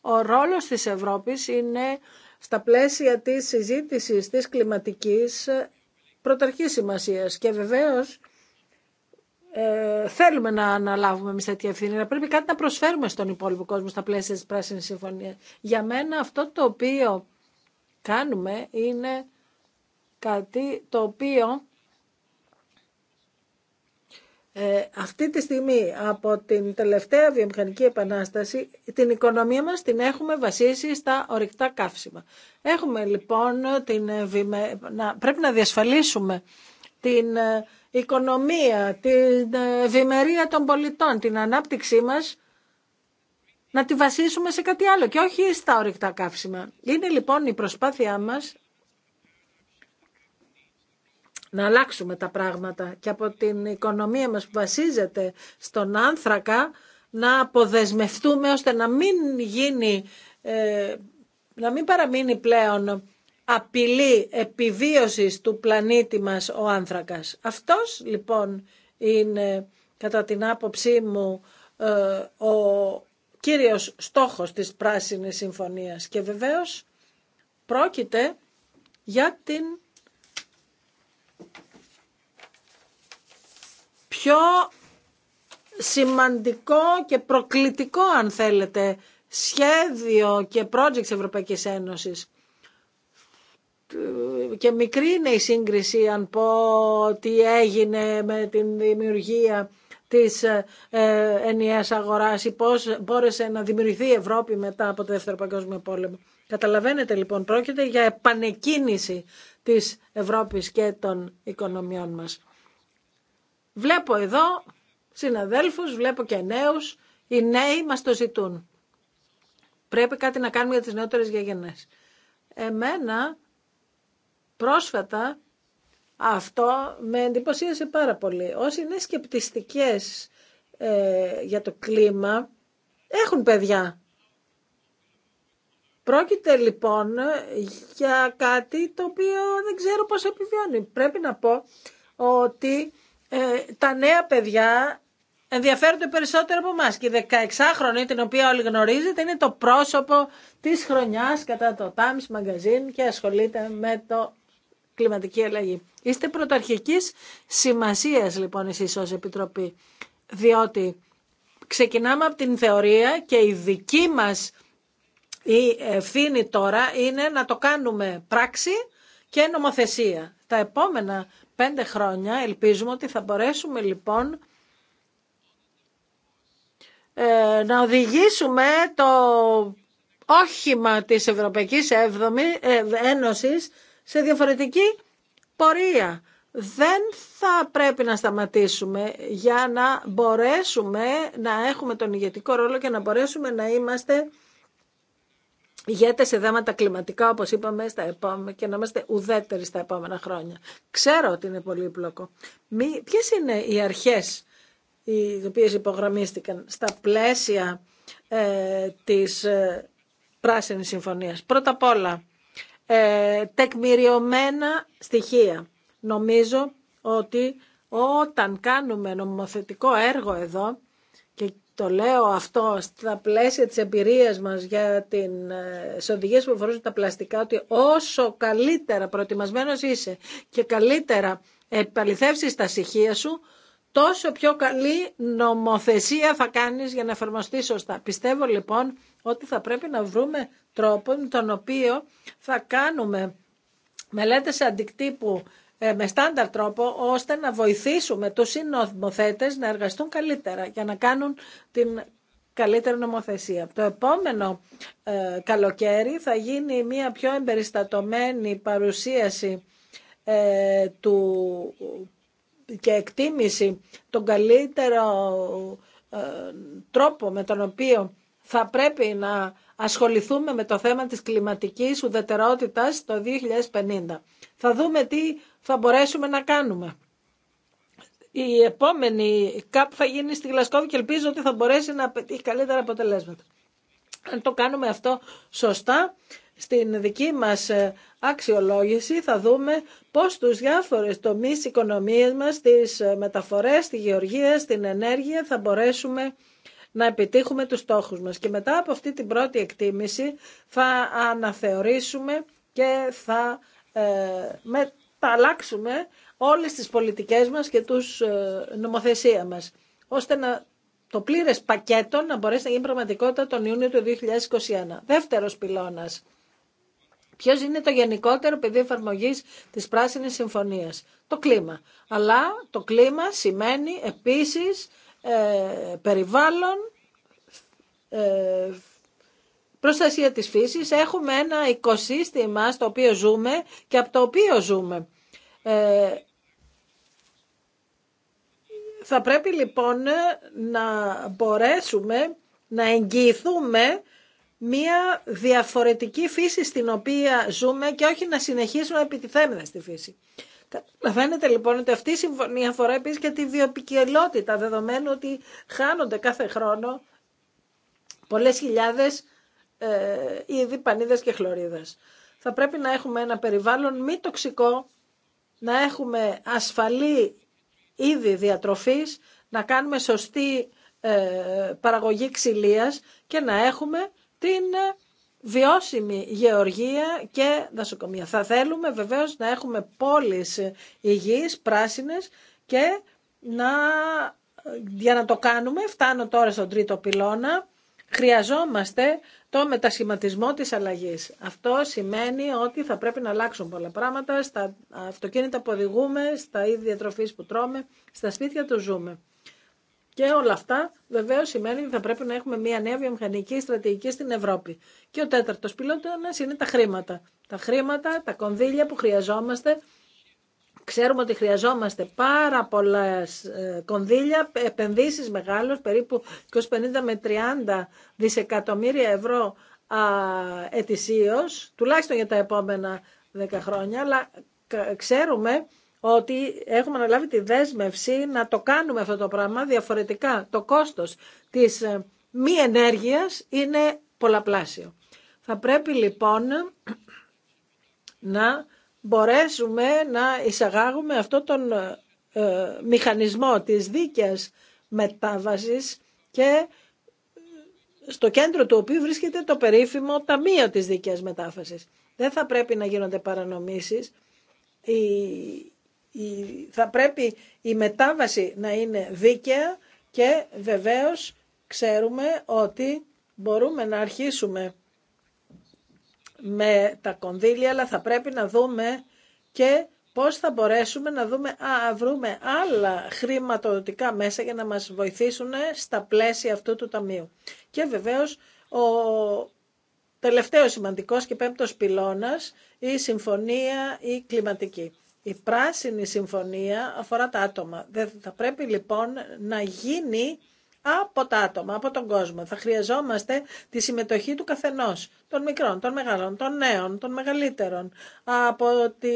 Ο ρόλος της Ευρώπης είναι στα πλαίσια της συζήτησης της κλιματικής πρωταρχής σημασίας και βεβαίως ε, θέλουμε να αναλάβουμε εμεί τέτοια ευθύνη, να πρέπει κάτι να προσφέρουμε στον υπόλοιπο κόσμο στα πλαίσια τη Πράσινη Συμφωνία. Για μένα αυτό το οποίο κάνουμε είναι κάτι το οποίο ε, αυτή τη στιγμή από την τελευταία βιομηχανική επανάσταση την οικονομία μας την έχουμε βασίσει στα ορυκτά καύσιμα. Έχουμε λοιπόν την, ε, να, πρέπει να διασφαλίσουμε την ε, οικονομία, την ε, ευημερία των πολιτών, την ανάπτυξή μας, να τη βασίσουμε σε κάτι άλλο και όχι στα ορυκτά καύσιμα. Είναι λοιπόν η προσπάθειά μας να αλλάξουμε τα πράγματα και από την οικονομία μας που βασίζεται στον άνθρακα να αποδεσμευτούμε ώστε να μην γίνει, ε, να μην παραμείνει πλέον απειλή επιβίωσης του πλανήτη μας ο άνθρακας. Αυτός λοιπόν είναι κατά την άποψή μου ε, ο κύριος στόχος της Πράσινης Συμφωνίας και βεβαίως πρόκειται για την πιο σημαντικό και προκλητικό αν θέλετε σχέδιο και project Ευρωπαϊκής Ένωσης και μικρή είναι η σύγκριση αν πω τι έγινε με την δημιουργία της ε, ενιαίας αγοράς ή πώς μπόρεσε να δημιουργηθεί η Ευρώπη μετά από το Δεύτερο Παγκόσμιο Πόλεμο. Καταλαβαίνετε λοιπόν, πρόκειται για επανεκκίνηση της Ευρώπης και των οικονομιών μας. Βλέπω εδώ συναδέλφους, βλέπω και νέους, οι νέοι μας το ζητούν. Πρέπει κάτι να κάνουμε για τις νεότερες γεγενές. Εμένα Πρόσφατα αυτό με εντυπωσίασε πάρα πολύ. Όσοι είναι σκεπτιστικές ε, για το κλίμα έχουν παιδιά. Πρόκειται λοιπόν για κάτι το οποίο δεν ξέρω πώς επιβιώνει. Πρέπει να πω ότι ε, τα νέα παιδιά ενδιαφέρονται περισσότερο από εμά. Και η 16χρονη, την οποία όλοι γνωρίζετε, είναι το πρόσωπο της χρονιάς κατά το Times Magazine και ασχολείται με το κλιματική αλλαγή. Είστε πρωταρχικής σημασίας λοιπόν εσείς ως Επιτροπή, διότι ξεκινάμε από την θεωρία και η δική μας ευθύνη τώρα είναι να το κάνουμε πράξη και νομοθεσία. Τα επόμενα πέντε χρόνια ελπίζουμε ότι θα μπορέσουμε λοιπόν ε, να οδηγήσουμε το όχημα της Ευρωπαϊκής ε, Ένωσης σε διαφορετική πορεία. Δεν θα πρέπει να σταματήσουμε για να μπορέσουμε να έχουμε τον ηγετικό ρόλο και να μπορέσουμε να είμαστε ηγέτες σε θέματα κλιματικά, όπως είπαμε, στα επόμενα, και να είμαστε ουδέτεροι στα επόμενα χρόνια. Ξέρω ότι είναι πολύπλοκο. Μη, ποιες είναι οι αρχές οι οποίες υπογραμμίστηκαν στα πλαίσια ε, της ε, Πράσινης Συμφωνίας. Πρώτα απ' όλα, ε, τεκμηριωμένα στοιχεία. Νομίζω ότι όταν κάνουμε νομοθετικό έργο εδώ, και το λέω αυτό στα πλαίσια της εμπειρίας μας για την, οδηγίε οδηγίες που αφορούν τα πλαστικά, ότι όσο καλύτερα προετοιμασμένος είσαι και καλύτερα επαληθεύσεις τα στοιχεία σου, τόσο πιο καλή νομοθεσία θα κάνεις για να εφαρμοστεί σωστά. Πιστεύω λοιπόν ότι θα πρέπει να βρούμε τρόπο με τον οποίο θα κάνουμε μελέτες αντικτύπου ε, με στάνταρ τρόπο, ώστε να βοηθήσουμε τους συνομοθέτες να εργαστούν καλύτερα για να κάνουν την καλύτερη νομοθεσία. Το επόμενο ε, καλοκαίρι θα γίνει μια πιο εμπεριστατωμένη παρουσίαση ε, του και εκτίμηση τον καλύτερο τρόπο με τον οποίο θα πρέπει να ασχοληθούμε με το θέμα της κλιματικής ουδετερότητας το 2050. Θα δούμε τι θα μπορέσουμε να κάνουμε. Η επόμενη ΚΑΠ θα γίνει στη Γλασκόβη και ελπίζω ότι θα μπορέσει να πετύχει καλύτερα αποτελέσματα. Αν το κάνουμε αυτό σωστά, στην δική μας ε, αξιολόγηση θα δούμε πώς τους διάφορες τομείς οικονομίας μας, τις ε, μεταφορές, τη γεωργία, την ενέργεια θα μπορέσουμε να επιτύχουμε τους στόχους μας. Και μετά από αυτή την πρώτη εκτίμηση θα αναθεωρήσουμε και θα ε, μεταλλάξουμε όλες τις πολιτικές μας και τους ε, νομοθεσία μας, ώστε να το πλήρες πακέτο να μπορέσει να γίνει πραγματικότητα τον Ιούνιο του 2021. Δεύτερος πυλώνας. Ποιο είναι το γενικότερο πεδίο εφαρμογή τη Πράσινη Συμφωνία. Το κλίμα. Αλλά το κλίμα σημαίνει επίση ε, περιβάλλον, ε, προστασία της φύσης. Έχουμε ένα οικοσύστημα στο οποίο ζούμε και από το οποίο ζούμε. Ε, θα πρέπει λοιπόν να μπορέσουμε να εγγυηθούμε μία διαφορετική φύση στην οποία ζούμε και όχι να συνεχίσουμε επιτιθέμενα στη φύση. Καταλαβαίνετε λοιπόν ότι αυτή η συμφωνία αφορά επίση και τη βιοπικιλότητα, δεδομένου ότι χάνονται κάθε χρόνο πολλέ χιλιάδε ε, είδη πανίδε και χλωρίδες. Θα πρέπει να έχουμε ένα περιβάλλον μη τοξικό, να έχουμε ασφαλή είδη διατροφής, να κάνουμε σωστή ε, παραγωγή ξυλίας και να έχουμε την ε, βιώσιμη γεωργία και δασοκομεία. Θα θέλουμε βεβαίως να έχουμε πόλεις υγιείς, πράσινες και να, για να το κάνουμε, φτάνω τώρα στον τρίτο πυλώνα, χρειαζόμαστε το μετασχηματισμό της αλλαγής. Αυτό σημαίνει ότι θα πρέπει να αλλάξουν πολλά πράγματα στα αυτοκίνητα που οδηγούμε, στα ίδια τροφής που τρώμε, στα σπίτια του ζούμε. Και όλα αυτά βεβαίω σημαίνει ότι θα πρέπει να έχουμε μια νέα βιομηχανική στρατηγική στην Ευρώπη. Και ο τέταρτο πυλώνα είναι τα χρήματα. Τα χρήματα, τα κονδύλια που χρειαζόμαστε. Ξέρουμε ότι χρειαζόμαστε πάρα πολλά ε, κονδύλια, επενδύσεις μεγάλες, 250 με 30 δισεκατομμύρια ευρώ ετησίως, τουλάχιστον για τα επόμενα 10 χρόνια, αλλά ξέρουμε ότι έχουμε αναλάβει τη δέσμευση να το κάνουμε αυτό το πράγμα διαφορετικά. Το κόστος της ε, μη ενέργειας είναι πολλαπλάσιο. Θα πρέπει λοιπόν να μπορέσουμε να εισαγάγουμε αυτό τον ε, ε, μηχανισμό της δίκαιας μετάβασης και στο κέντρο του οποίου βρίσκεται το περίφημο Ταμείο της Δίκαιας Μετάφασης. Δεν θα πρέπει να γίνονται παρανομήσεις. Η θα πρέπει η μετάβαση να είναι δίκαια και βεβαίως ξέρουμε ότι μπορούμε να αρχίσουμε με τα κονδύλια, αλλά θα πρέπει να δούμε και πώς θα μπορέσουμε να δούμε, α, βρούμε άλλα χρηματοδοτικά μέσα για να μας βοηθήσουν στα πλαίσια αυτού του ταμείου. Και βεβαίως ο τελευταίος σημαντικός και πέμπτος πυλώνας, η συμφωνία η κλιματική. Η πράσινη συμφωνία αφορά τα άτομα. Δεν θα πρέπει λοιπόν να γίνει από τα άτομα, από τον κόσμο. Θα χρειαζόμαστε τη συμμετοχή του καθενός, των μικρών, των μεγάλων, των νέων, των μεγαλύτερων, από τη,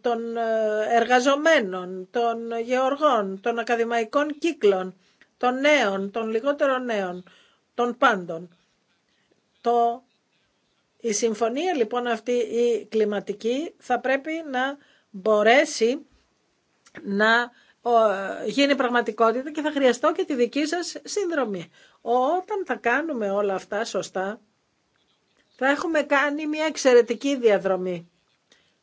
των ε, εργαζομένων, των γεωργών, των ακαδημαϊκών κύκλων, των νέων, των λιγότερων νέων, των πάντων. Το, η συμφωνία λοιπόν αυτή η κλιματική θα πρέπει να μπορέσει να γίνει πραγματικότητα και θα χρειαστώ και τη δική σας σύνδρομη. Όταν θα κάνουμε όλα αυτά σωστά, θα έχουμε κάνει μια εξαιρετική διαδρομή.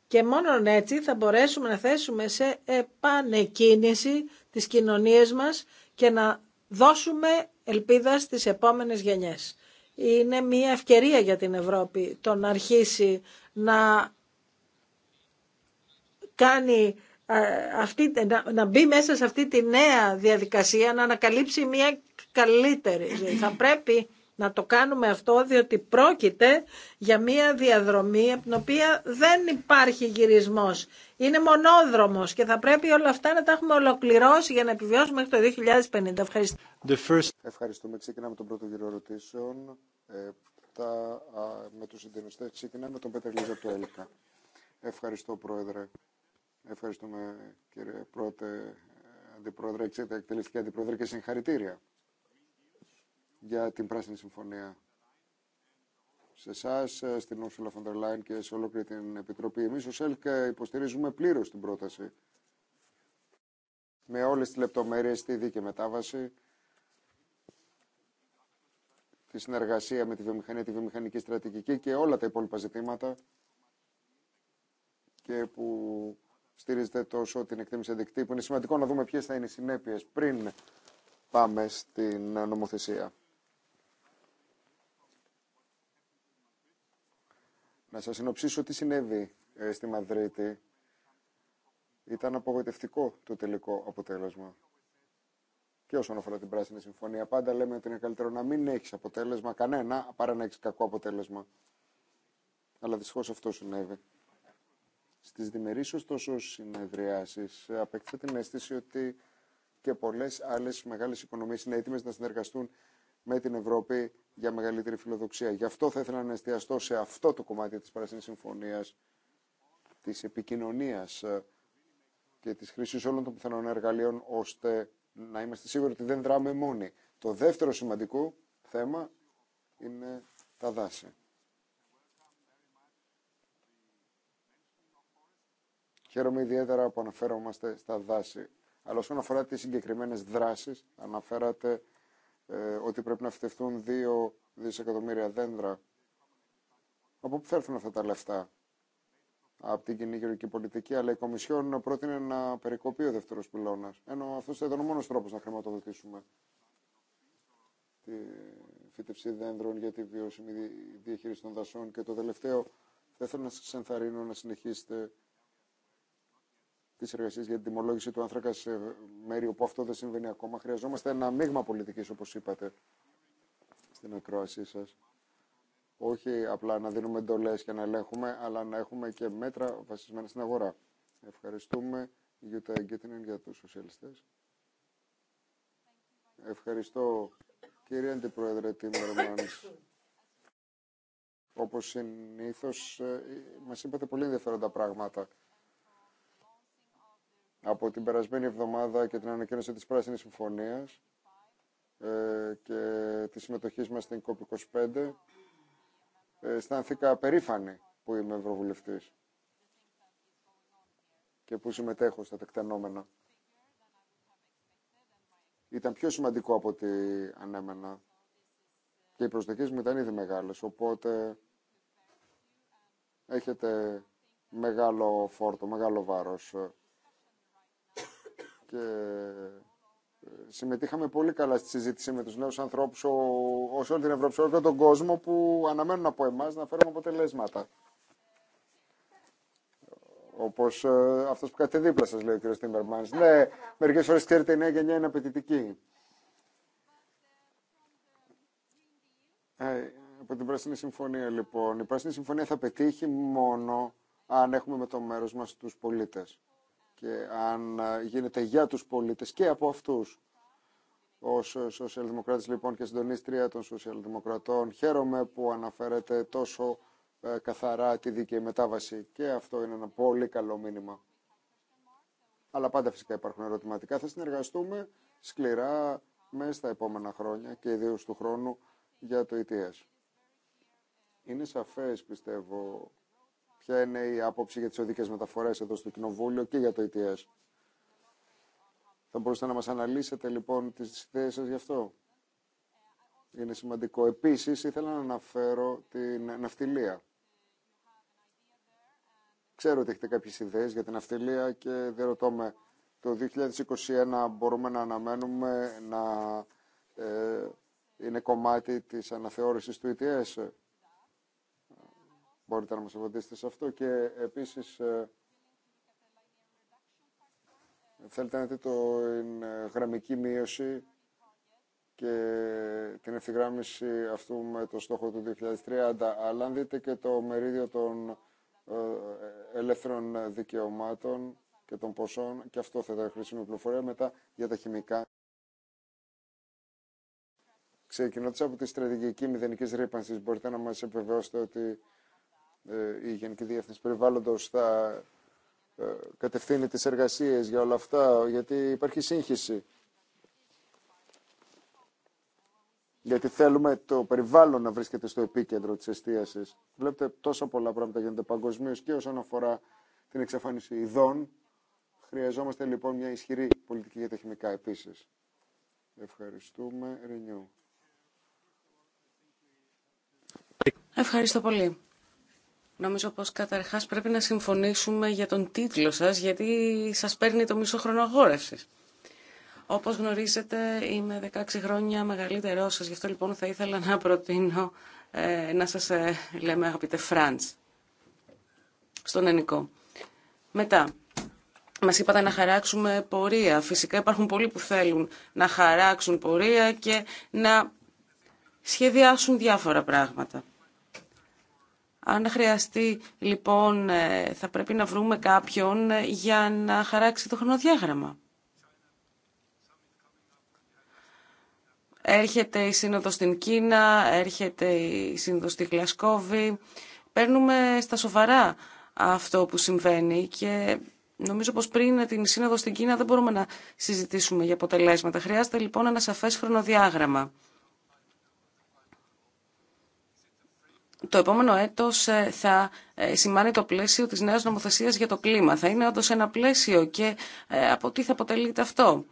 Και μόνον έτσι θα μπορέσουμε να θέσουμε σε επανεκκίνηση τις κοινωνίες μας και να δώσουμε ελπίδα στις επόμενες γενιές. Είναι μια ευκαιρία για την Ευρώπη το να αρχίσει να κάνει ε, αυτή, να, μπει μέσα σε αυτή τη νέα διαδικασία, να ανακαλύψει μια καλύτερη Θα πρέπει να το κάνουμε αυτό, διότι πρόκειται για μια διαδρομή από την οποία δεν υπάρχει γυρισμός. Είναι μονόδρομος και θα πρέπει όλα αυτά να τα έχουμε ολοκληρώσει για να επιβιώσουμε μέχρι το 2050. Ευχαριστώ. first... Ευχαριστούμε. Ξεκινάμε τον πρώτο γύρο ερωτήσεων. Ε, τα, α, με τους συντονιστές ξεκινάμε τον Πέτερ Λίζα του ΕΛΚΑ. Ευχαριστώ, Πρόεδρε. Ευχαριστούμε κύριε Πρώτε Αντιπρόεδρε, ξέρετε εκτελεστική Αντιπρόεδρε και συγχαρητήρια για την Πράσινη Συμφωνία. Σε εσά, στην Ursula Φοντερ Λάιν και σε ολόκληρη την Επιτροπή. Εμεί ω ΕΛΚ υποστηρίζουμε πλήρω την πρόταση. Με όλε τι λεπτομέρειε, τη δίκαιη μετάβαση, τη συνεργασία με τη βιομηχανία, τη βιομηχανική στρατηγική και όλα τα υπόλοιπα ζητήματα και που στηρίζεται τόσο την εκτίμηση που Είναι σημαντικό να δούμε ποιε θα είναι οι συνέπειε πριν πάμε στην νομοθεσία. Να σας συνοψίσω τι συνέβη ε, στη Μαδρίτη. Ήταν απογοητευτικό το τελικό αποτέλεσμα. Και όσον αφορά την Πράσινη Συμφωνία, πάντα λέμε ότι είναι καλύτερο να μην έχει αποτέλεσμα κανένα παρά να έχει κακό αποτέλεσμα. Αλλά δυστυχώ αυτό συνέβη. Στις διμερείς ωστόσο συνεδριάσεις απέκτησα την αίσθηση ότι και πολλές άλλες μεγάλες οικονομίες είναι έτοιμες να συνεργαστούν με την Ευρώπη για μεγαλύτερη φιλοδοξία. Γι' αυτό θα ήθελα να εστιαστώ σε αυτό το κομμάτι της Παρασύνης Συμφωνίας, της επικοινωνίας ε, και της χρήσης όλων των πιθανών εργαλείων, ώστε να είμαστε σίγουροι ότι δεν δράμε μόνοι. Το δεύτερο σημαντικό θέμα είναι τα δάση. Χαίρομαι ιδιαίτερα που αναφέρομαστε στα δάση. Αλλά όσον αφορά τι συγκεκριμένε δράσει, αναφέρατε ε, ότι πρέπει να φυτευτούν 2 δισεκατομμύρια δέντρα. Από πού θα έρθουν αυτά τα λεφτά από την κοινή γεωργική πολιτική, αλλά η Κομισιόν πρότεινε να περικοπεί ο δεύτερο πυλώνα. Ενώ αυτό ήταν ο μόνο τρόπο να χρηματοδοτήσουμε τη φύτευση δέντρων για τη βιώσιμη διαχείριση των δασών. Και το τελευταίο, δεν ήθελα να σα ενθαρρύνω να συνεχίσετε τη εργασία για την τιμολόγηση του άνθρακα σε μέρη όπου αυτό δεν συμβαίνει ακόμα. Χρειαζόμαστε ένα μείγμα πολιτική, όπω είπατε στην ακρόασή σα. Όχι απλά να δίνουμε εντολέ και να ελέγχουμε, αλλά να έχουμε και μέτρα βασισμένα στην αγορά. Ευχαριστούμε, Γιούτα Γκέτινεν, για του σοσιαλιστέ. Ευχαριστώ, κύριε Αντιπρόεδρε Τίμερμαν. Όπω συνήθω, ε, ε, μα είπατε πολύ ενδιαφέροντα πράγματα από την περασμένη εβδομάδα και την ανακοίνωση της Πράσινης Συμφωνίας ε, και τη συμμετοχή μας στην COP25 ε, αισθάνθηκα περήφανη που είμαι ευρωβουλευτής και που συμμετέχω στα τεκτενόμενα. Ήταν πιο σημαντικό από ό,τι ανέμενα και οι προσδοκίε μου ήταν ήδη μεγάλες, οπότε έχετε μεγάλο φόρτο, μεγάλο βάρος ε, και ε, συμμετείχαμε πολύ καλά στη συζήτηση με τους νέους ανθρώπους ως όλη την Ευρώπη, όλο τον κόσμο που αναμένουν από εμάς να φέρουμε αποτελέσματα. Όπω ε, αυτό που κάθεται δίπλα σα, λέει ο κ. Τίμπερμαν. Ναι, μερικέ φορέ ξέρετε η νέα γενιά είναι απαιτητική. Ε, από την Πράσινη Συμφωνία, λοιπόν. Η Πράσινη Συμφωνία θα πετύχει μόνο αν έχουμε με το μέρο μα του πολίτε και αν ε, γίνεται για τους πολίτες και από αυτούς. Ως ε, σοσιαλδημοκράτης λοιπόν και συντονίστρια των σοσιαλδημοκρατών χαίρομαι που αναφέρετε τόσο ε, καθαρά τη δίκαιη μετάβαση και αυτό είναι ένα πολύ καλό μήνυμα. Αλλά πάντα φυσικά υπάρχουν ερωτηματικά. Θα συνεργαστούμε σκληρά μέσα στα επόμενα χρόνια και ιδίω του χρόνου για το ETS. Είναι σαφές πιστεύω ποια είναι η άποψη για τις οδικές μεταφορές εδώ στο Κοινοβούλιο και για το ETS. Θα μπορούσατε να μας αναλύσετε λοιπόν τις ιδέες σας γι' αυτό. Είναι σημαντικό. Επίσης ήθελα να αναφέρω την ναυτιλία. Ξέρω ότι έχετε κάποιες ιδέες για την ναυτιλία και δεν ρωτώ με το 2021 μπορούμε να αναμένουμε να ε, είναι κομμάτι της αναθεώρησης του ETS. Μπορείτε να μας βοηθήσετε σε αυτό και επίσης ε, θέλετε να δείτε την ε, γραμμική μείωση και ε, την ευθυγράμμιση αυτού με το στόχο του 2030, αλλά αν δείτε και το μερίδιο των ελεύθερων δικαιωμάτων και των ποσών, και αυτό θα ήταν χρήσιμη πληροφορία μετά για τα χημικά. Ξεκινώντα από τη στρατηγική μηδενική ρήπανση, μπορείτε να μα επιβεβαιώσετε ότι ε, η Γενική Διεύθυνση Περιβάλλοντος θα ε, κατευθύνει τις εργασίες για όλα αυτά, γιατί υπάρχει σύγχυση. Γιατί θέλουμε το περιβάλλον να βρίσκεται στο επίκεντρο της εστίασης. Βλέπετε τόσο πολλά πράγματα γίνονται παγκοσμίω και όσον αφορά την εξαφάνιση ειδών. Χρειαζόμαστε λοιπόν μια ισχυρή πολιτική για τα χημικά επίσης. Ευχαριστούμε. Ρενιού. Ευχαριστώ πολύ. Νομίζω πως καταρχάς πρέπει να συμφωνήσουμε για τον τίτλο σας, γιατί σας παίρνει το μισό χρόνο Όπως γνωρίζετε είμαι 16 χρόνια μεγαλύτερό σας, γι' αυτό λοιπόν θα ήθελα να προτείνω ε, να σας ε, λέμε αγαπητέ Φραντς, στον ενικό. Μετά, μας είπατε να χαράξουμε πορεία. Φυσικά υπάρχουν πολλοί που θέλουν να χαράξουν πορεία και να σχεδιάσουν διάφορα πράγματα. Αν χρειαστεί, λοιπόν, ε, θα πρέπει να βρούμε κάποιον ε, για να χαράξει το χρονοδιάγραμμα. Έρχεται η σύνοδο στην Κίνα, έρχεται η σύνοδο στη Γλασκόβη. Παίρνουμε στα σοβαρά αυτό που συμβαίνει και νομίζω πως πριν την σύνοδο στην Κίνα δεν μπορούμε να συζητήσουμε για αποτελέσματα. Χρειάζεται λοιπόν ένα σαφές χρονοδιάγραμμα. το επόμενο έτος ε, θα ε, σημάνει το πλαίσιο της νέας νομοθεσίας για το κλίμα. Θα είναι όντως ένα πλαίσιο και ε, από τι θα αποτελείται αυτό.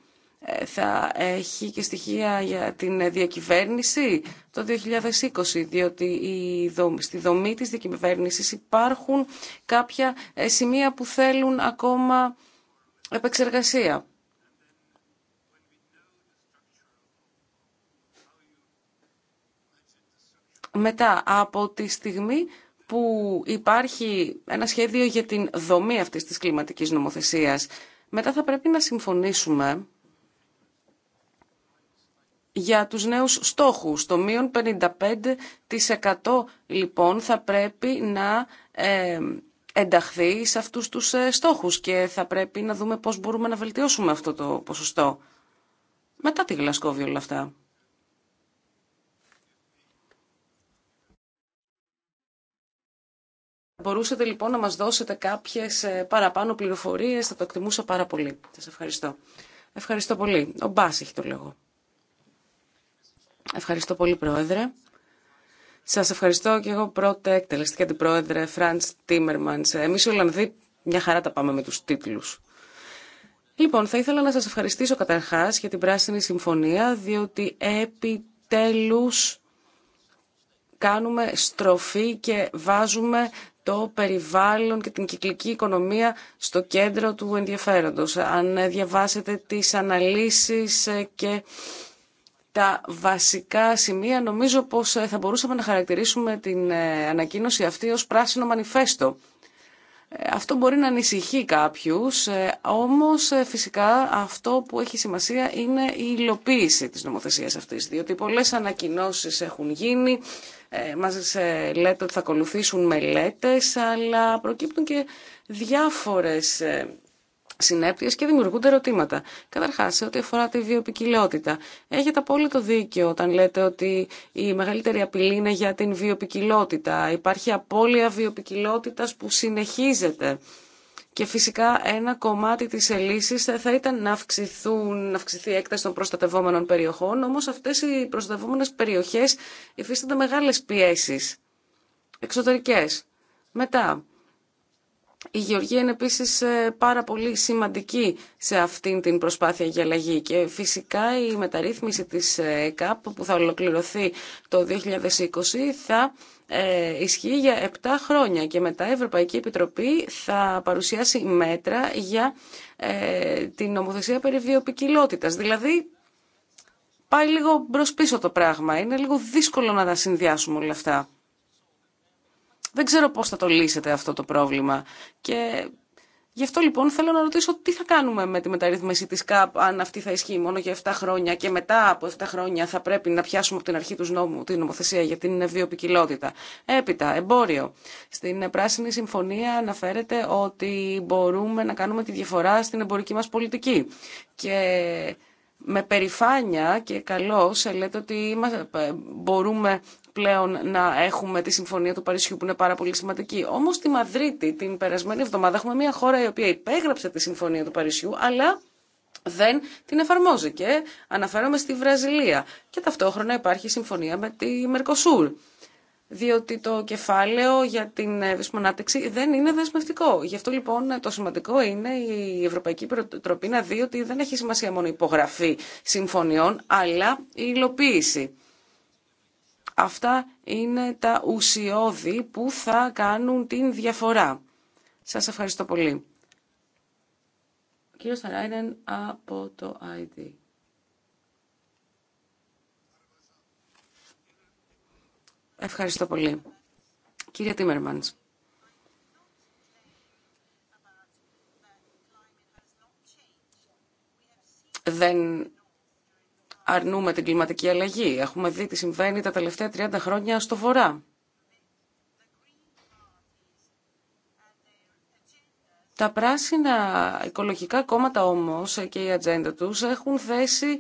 Θα έχει και στοιχεία για την διακυβέρνηση το 2020, διότι στη δομή της διακυβέρνησης υπάρχουν κάποια σημεία που θέλουν ακόμα επεξεργασία. Μετά, από τη στιγμή που υπάρχει ένα σχέδιο για την δομή αυτής της κλιματικής νομοθεσίας, μετά θα πρέπει να συμφωνήσουμε για τους νέους στόχους. Το μείον 55% λοιπόν θα πρέπει να ε, ενταχθεί σε αυτούς τους ε, στόχους και θα πρέπει να δούμε πώς μπορούμε να βελτιώσουμε αυτό το ποσοστό. Μετά τη Γλασκόβη όλα αυτά. μπορούσατε λοιπόν να μας δώσετε κάποιες ε, παραπάνω πληροφορίες, θα το εκτιμούσα πάρα πολύ. Σας ευχαριστώ. Ευχαριστώ πολύ. Ο Μπάς έχει το λόγο. Ευχαριστώ πολύ, Πρόεδρε. Σας ευχαριστώ και εγώ πρώτα εκτελεστικά την Πρόεδρε Φραντς Τίμερμανς. Εμείς οι Ολλανδοί μια χαρά τα πάμε με τους τίτλους. Λοιπόν, θα ήθελα να σας ευχαριστήσω καταρχάς για την Πράσινη Συμφωνία, διότι επιτέλους κάνουμε στροφή και βάζουμε το περιβάλλον και την κυκλική οικονομία στο κέντρο του ενδιαφέροντος. Αν διαβάσετε τις αναλύσεις ε, και τα βασικά σημεία, νομίζω πως ε, θα μπορούσαμε να χαρακτηρίσουμε την ε, ανακοίνωση αυτή ως πράσινο μανιφέστο ε, αυτό μπορεί να ανησυχεί κάποιους, ε, όμως ε, φυσικά αυτό που έχει σημασία είναι η υλοποίηση της νομοθεσίας αυτής, διότι πολλές ανακοινώσεις έχουν γίνει, μας λέτε ότι θα ακολουθήσουν μελέτες, αλλά προκύπτουν και διάφορες συνέπειε και δημιουργούνται ερωτήματα. Καταρχά, σε ό,τι αφορά τη βιοπικιλότητα, έχετε απόλυτο δίκιο όταν λέτε ότι η μεγαλύτερη απειλή είναι για την βιοπικιλότητα. Υπάρχει απώλεια βιοπικιλότητας που συνεχίζεται. Και φυσικά ένα κομμάτι της ελίσης θα ήταν να, αυξηθούν, να αυξηθεί η έκταση των προστατευόμενων περιοχών, όμως αυτές οι προστατευόμενες περιοχές υφίστανται μεγάλες πιέσεις εξωτερικές. Μετά, η Γεωργία είναι επίση ε, πάρα πολύ σημαντική σε αυτή την προσπάθεια για αλλαγή και φυσικά η μεταρρύθμιση της ε, ΕΚΑΠ που θα ολοκληρωθεί το 2020 θα ε, ισχύει για 7 χρόνια και μετά η Ευρωπαϊκή Επιτροπή θα παρουσιάσει μέτρα για την νομοθεσία περί βιοπικιλότητας. Δηλαδή πάει λίγο μπροσπίσω πίσω το πράγμα, είναι λίγο δύσκολο να τα συνδυάσουμε όλα αυτά. Δεν ξέρω πώς θα το λύσετε αυτό το πρόβλημα. Και γι' αυτό λοιπόν θέλω να ρωτήσω τι θα κάνουμε με τη μεταρρύθμιση της ΚΑΠ αν αυτή θα ισχύει μόνο για 7 χρόνια και μετά από 7 χρόνια θα πρέπει να πιάσουμε από την αρχή του νόμου την νομοθεσία για την βιοπικιλότητα. Έπειτα, εμπόριο. Στην Πράσινη Συμφωνία αναφέρεται ότι μπορούμε να κάνουμε τη διαφορά στην εμπορική μας πολιτική. Και με περηφάνεια και καλό σε λέτε ότι μπορούμε πλέον να έχουμε τη Συμφωνία του Παρισιού που είναι πάρα πολύ σημαντική. Όμω στη Μαδρίτη την περασμένη εβδομάδα έχουμε μια χώρα η οποία υπέγραψε τη Συμφωνία του Παρισιού αλλά δεν την εφαρμόζει και αναφέρομαι στη Βραζιλία και ταυτόχρονα υπάρχει συμφωνία με τη Μερκοσούρ διότι το κεφάλαιο για την ανάπτυξη δεν είναι δεσμευτικό. Γι' αυτό λοιπόν το σημαντικό είναι η Ευρωπαϊκή Προτροπή να δει ότι δεν έχει σημασία μόνο η υπογραφή συμφωνιών, αλλά η υλοποίηση. Αυτά είναι τα ουσιώδη που θα κάνουν την διαφορά. Σας ευχαριστώ πολύ. Κύριο κύριος από το ID. Ευχαριστώ πολύ. Κύριε Τίμερμαντς. Δεν αρνούμε την κλιματική αλλαγή. Έχουμε δει τι συμβαίνει τα τελευταία 30 χρόνια στο βορρά. Τα πράσινα οικολογικά κόμματα όμως και η ατζέντα τους έχουν θέσει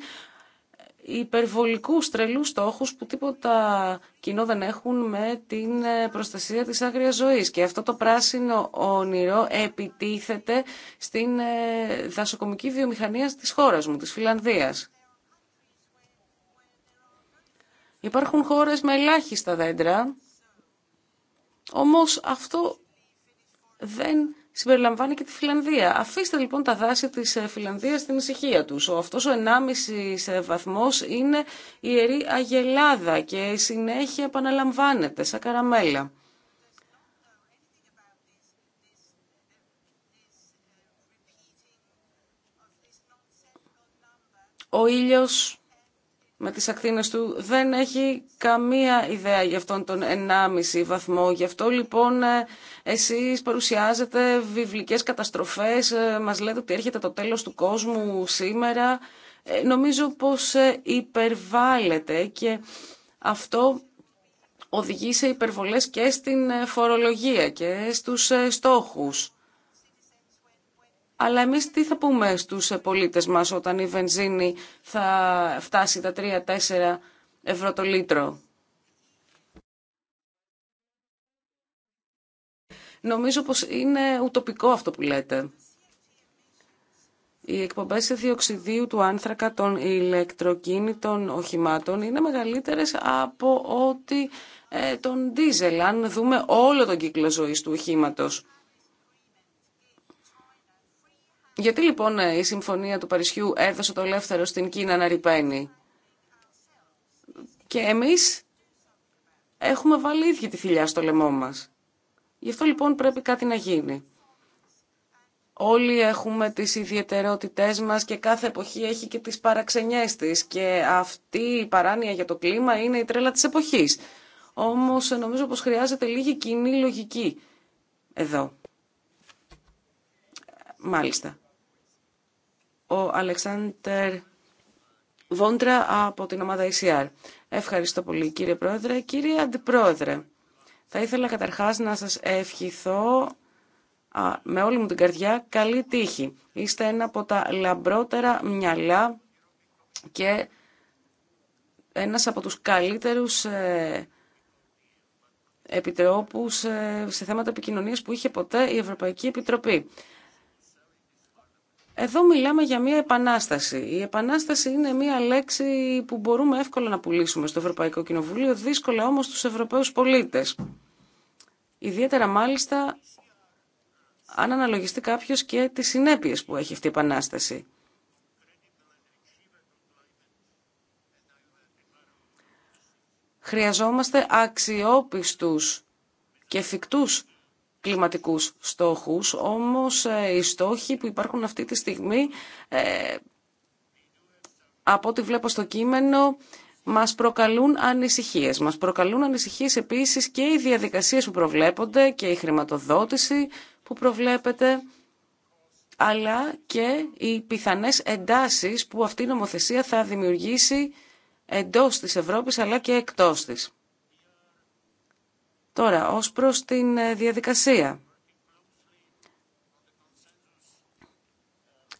υπερβολικούς τρελούς στόχους που τίποτα κοινό δεν έχουν με την ε, προστασία της άγριας ζωής. Και αυτό το πράσινο όνειρο επιτίθεται στην ε, δασοκομική βιομηχανία της χώρας μου, της Φιλανδίας. Υπάρχουν χώρες με ελάχιστα δέντρα, όμως αυτό δεν συμπεριλαμβάνει και τη Φιλανδία. Αφήστε λοιπόν τα δάση της ε, Φιλανδίας στην ησυχία τους. Ο αυτός ο 1,5 ε, βαθμός είναι η ιερή αγελάδα και συνέχεια επαναλαμβάνεται σαν καραμέλα. Ο ήλιος με τις ακτίνες του δεν έχει καμία ιδέα για αυτόν τον 1,5 βαθμό. Γι' αυτό λοιπόν ε, εσείς παρουσιάζετε βιβλικές καταστροφές, ε, μας λέτε ότι έρχεται το τέλος του κόσμου σήμερα. Ε, νομίζω πως υπερβάλλεται και αυτό οδηγεί σε υπερβολές και στην φορολογία και στους στόχους. Αλλά εμείς τι θα πούμε στους πολίτες μας όταν η βενζίνη θα φτάσει τα 3-4 ευρώ το λίτρο. Νομίζω πως είναι ουτοπικό αυτό που λέτε. Οι εκπομπές διοξιδίου του άνθρακα των ηλεκτροκίνητων οχημάτων είναι μεγαλύτερες από ό,τι ε, τον δίζελ, αν δούμε όλο τον κύκλο ζωής του οχήματος. Γιατί λοιπόν ε, η συμφωνία του Παρισιού έδωσε το ελεύθερο στην Κίνα να ρηπαίνει. Και εμείς έχουμε βάλει ίδια τη θηλιά στο λαιμό μας. Γι' αυτό λοιπόν πρέπει κάτι να γίνει. Όλοι έχουμε τις ιδιαιτερότητές μας και κάθε εποχή έχει και τις παραξενιές της και αυτή η παράνοια για το κλίμα είναι η τρέλα της εποχής. Όμως ε, νομίζω πως χρειάζεται λίγη κοινή λογική εδώ. Μάλιστα ο Αλεξάντερ Βόντρα από την ομάδα ECR. Ευχαριστώ πολύ κύριε Πρόεδρε. Κύριε Αντιπρόεδρε, θα ήθελα καταρχάς να σας ευχηθώ με όλη μου την καρδιά καλή τύχη. Είστε ένα από τα λαμπρότερα μυαλά και ένας από τους καλύτερους ε, επιτρόπους ε, σε θέματα επικοινωνίας που είχε ποτέ η Ευρωπαϊκή Επιτροπή. Εδώ μιλάμε για μια επανάσταση. Η επανάσταση είναι μια λέξη που μπορούμε εύκολα να πουλήσουμε στο Ευρωπαϊκό Κοινοβουλίο, δύσκολα όμως στους Ευρωπαίους πολίτες. Ιδιαίτερα μάλιστα αν αναλογιστεί κάποιο και τις συνέπειες που έχει αυτή η επανάσταση. Χρειαζόμαστε αξιόπιστους και εφικτούς κλιματικούς στόχους, όμως ε, οι στόχοι που υπάρχουν αυτή τη στιγμή, ε, από ό,τι βλέπω στο κείμενο, μας προκαλούν ανησυχίες. Μας προκαλούν ανησυχίες επίσης και οι διαδικασίες που προβλέπονται και η χρηματοδότηση που προβλέπεται, αλλά και οι πιθανές εντάσεις που αυτή η νομοθεσία θα δημιουργήσει εντός της Ευρώπης αλλά και εκτός της. Τώρα, ως προς την ε, διαδικασία.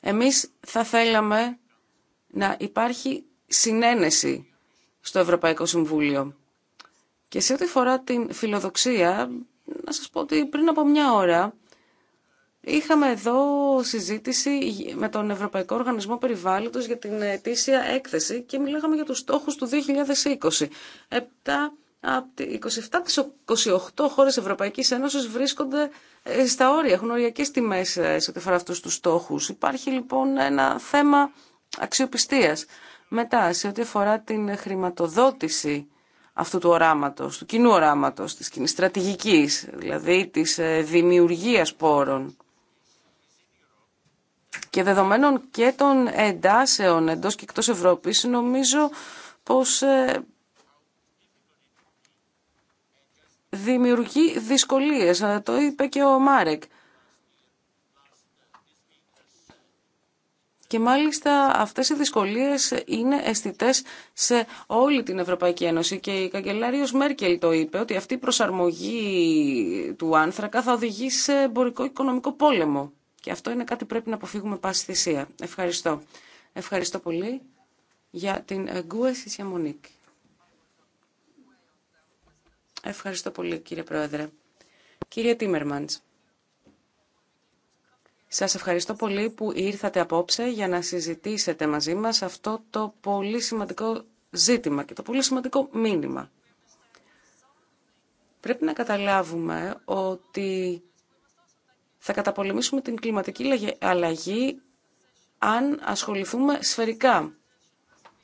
Εμείς θα θέλαμε να υπάρχει συνένεση στο Ευρωπαϊκό Συμβούλιο. Και σε ό,τι φορά την φιλοδοξία, να σας πω ότι πριν από μια ώρα είχαμε εδώ συζήτηση με τον Ευρωπαϊκό Οργανισμό Περιβάλλοντος για την ετήσια έκθεση και μιλάγαμε για τους στόχους του 2020. Επτά από 27 τις 28 χώρες Ευρωπαϊκής Ένωσης βρίσκονται ε, στα όρια, έχουν οριακές τιμές ε, σε ό,τι αφορά αυτού τους στόχους. Υπάρχει λοιπόν ένα θέμα αξιοπιστίας. Μετά, σε ό,τι αφορά την χρηματοδότηση αυτού του οράματος, του κοινού οράματος, της κοινή στρατηγικής, δηλαδή της ε, δημιουργίας πόρων και δεδομένων και των εντάσεων εντός και εκτός Ευρώπης, νομίζω πως δημιουργεί δυσκολίες. Ε, το είπε και ο Μάρεκ. Και μάλιστα αυτές οι δυσκολίες είναι αισθητέ σε όλη την Ευρωπαϊκή Ένωση και η καγκελάριος Μέρκελ το είπε ότι αυτή η προσαρμογή του άνθρακα θα οδηγήσει σε εμπορικό οικονομικό πόλεμο. Και αυτό είναι κάτι που πρέπει να αποφύγουμε πάση θυσία. Ευχαριστώ. Ευχαριστώ πολύ για την Γκουέ Σισιαμονίκη. Ευχαριστώ πολύ κύριε Πρόεδρε. Κύριε Τίμερμαντς, σας ευχαριστώ πολύ που ήρθατε απόψε για να συζητήσετε μαζί μας αυτό το πολύ σημαντικό ζήτημα και το πολύ σημαντικό μήνυμα. Πρέπει να καταλάβουμε ότι θα καταπολεμήσουμε την κλιματική αλλαγή αν ασχοληθούμε σφαιρικά.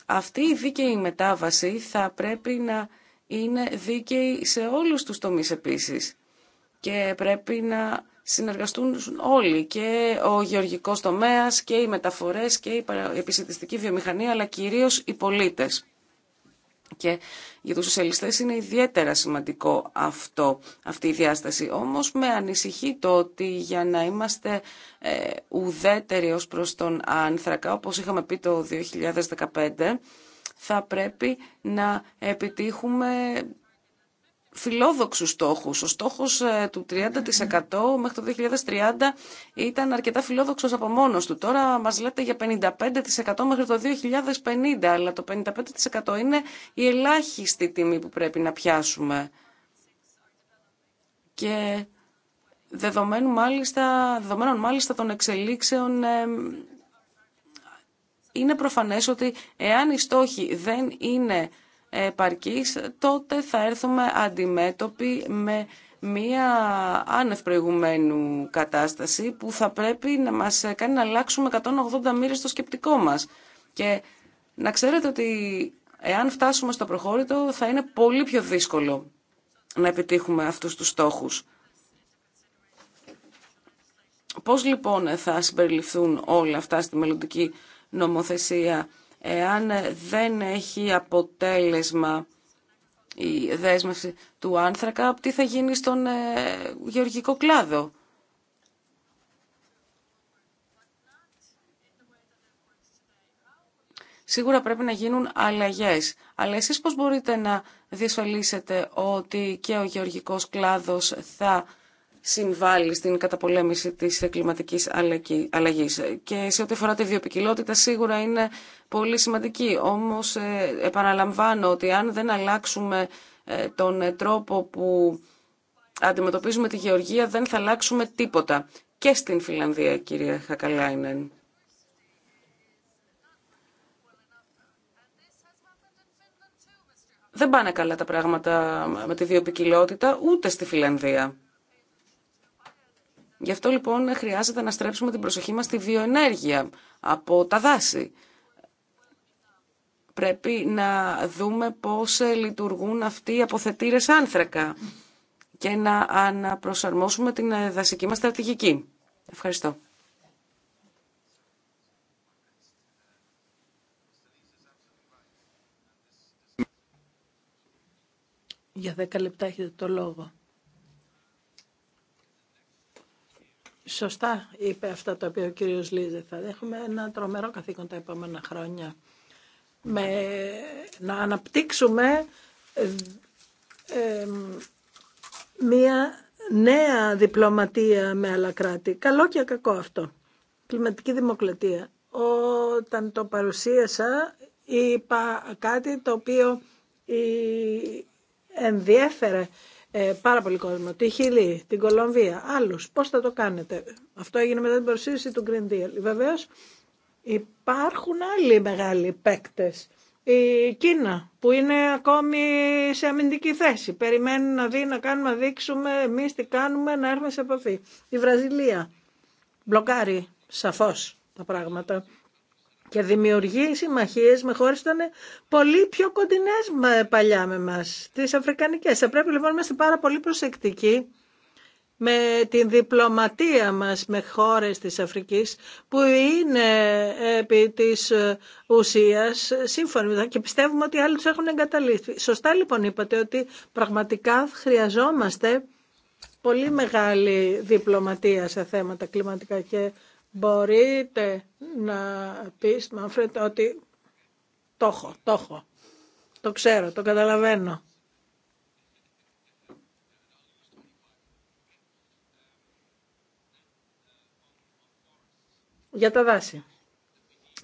Αυτή η δίκαιη μετάβαση θα πρέπει να είναι δίκαιοι σε όλους τους τομείς επίσης και πρέπει να συνεργαστούν όλοι και ο γεωργικός τομέας και οι μεταφορές και η επισητιστική βιομηχανία αλλά κυρίως οι πολίτες. Και για τους σοσιαλιστές είναι ιδιαίτερα σημαντικό αυτό, αυτή η διάσταση. Όμως με ανησυχεί το ότι για να είμαστε ε, ουδέτεροι ως προς τον άνθρακα, όπως είχαμε πει το 2015, θα πρέπει να επιτύχουμε φιλόδοξους στόχους. Ο στόχος ε, του 30% μέχρι το 2030 ήταν αρκετά φιλόδοξος από μόνος του. Τώρα μας λέτε για 55% μέχρι το 2050, αλλά το 55% είναι η ελάχιστη τιμή που πρέπει να πιάσουμε. Και δεδομένου μάλιστα, δεδομένων μάλιστα των εξελίξεων ε, είναι προφανές ότι εάν οι στόχοι δεν είναι επαρκείς, τότε θα έρθουμε αντιμέτωποι με μία άνευ προηγουμένου κατάσταση που θα πρέπει να μας κάνει να αλλάξουμε 180 μοίρες στο σκεπτικό μας. Και να ξέρετε ότι εάν φτάσουμε στο προχώρητο θα είναι πολύ πιο δύσκολο να επιτύχουμε αυτούς τους στόχους. Πώς λοιπόν θα συμπεριληφθούν όλα αυτά στη μελλοντική νομοθεσία. Εάν δεν έχει αποτέλεσμα η δέσμευση του άνθρακα, τι θα γίνει στον ε, γεωργικό κλάδο. Σίγουρα πρέπει να γίνουν αλλαγές. Αλλά εσείς πώς μπορείτε να διασφαλίσετε ότι και ο γεωργικός κλάδος θα συμβάλλει στην καταπολέμηση της κλιματικής αλλαγής. Και σε ό,τι αφορά τη βιοπικιλότητα σίγουρα είναι πολύ σημαντική. Όμως ε, επαναλαμβάνω ότι αν δεν αλλάξουμε ε, τον ε, τρόπο που αντιμετωπίζουμε τη γεωργία δεν θα αλλάξουμε τίποτα. Και στην Φιλανδία, κυρία Χακαλάινεν. Δεν πάνε καλά τα πράγματα με τη βιοπικιλότητα ούτε στη Φιλανδία. Γι' αυτό λοιπόν χρειάζεται να στρέψουμε την προσοχή μας στη βιοενέργεια από τα δάση. Πρέπει να δούμε πώς ε, λειτουργούν αυτοί οι αποθετήρες άνθρακα και να αναπροσαρμόσουμε την ε, δασική μας στρατηγική. Ευχαριστώ. Για 10 λεπτά έχετε το λόγο. σωστά είπε αυτά τα οποία ο κύριος Λίζε. Θα έχουμε ένα τρομερό καθήκον τα επόμενα χρόνια. Με, να αναπτύξουμε ε, μία νέα διπλωματία με άλλα κράτη. Καλό και κακό αυτό. Κλιματική δημοκρατία. Όταν το παρουσίασα είπα κάτι το οποίο ενδιέφερε ε, πάρα πολύ κόσμο, τη Χιλή, την Κολομβία, άλλου. Πώ θα το κάνετε. Αυτό έγινε μετά την προσήλωση του Green Deal. Βεβαίω, υπάρχουν άλλοι μεγάλοι παίκτες. Η Κίνα που είναι ακόμη σε αμυντική θέση. Περιμένει να δει, να κάνουμε, να δείξουμε εμεί τι κάνουμε, να έρθουμε σε επαφή. Η Βραζιλία μπλοκάρει σαφώ τα πράγματα και δημιουργεί συμμαχίε με χώρε που ήταν πολύ πιο κοντινέ παλιά με μας, τι Αφρικανικέ. Θα πρέπει λοιπόν να είμαστε πάρα πολύ προσεκτικοί με την διπλωματία μας με χώρες της Αφρικής που είναι επί της ε, ουσίας σύμφωνοι και πιστεύουμε ότι άλλοι τους έχουν εγκαταλείψει. Σωστά λοιπόν είπατε ότι πραγματικά χρειαζόμαστε πολύ μεγάλη διπλωματία σε θέματα κλιματικά και Μπορείτε να πεις, Μανφρέτ, ότι το έχω, το έχω. Το ξέρω, το καταλαβαίνω. Για τα δάση.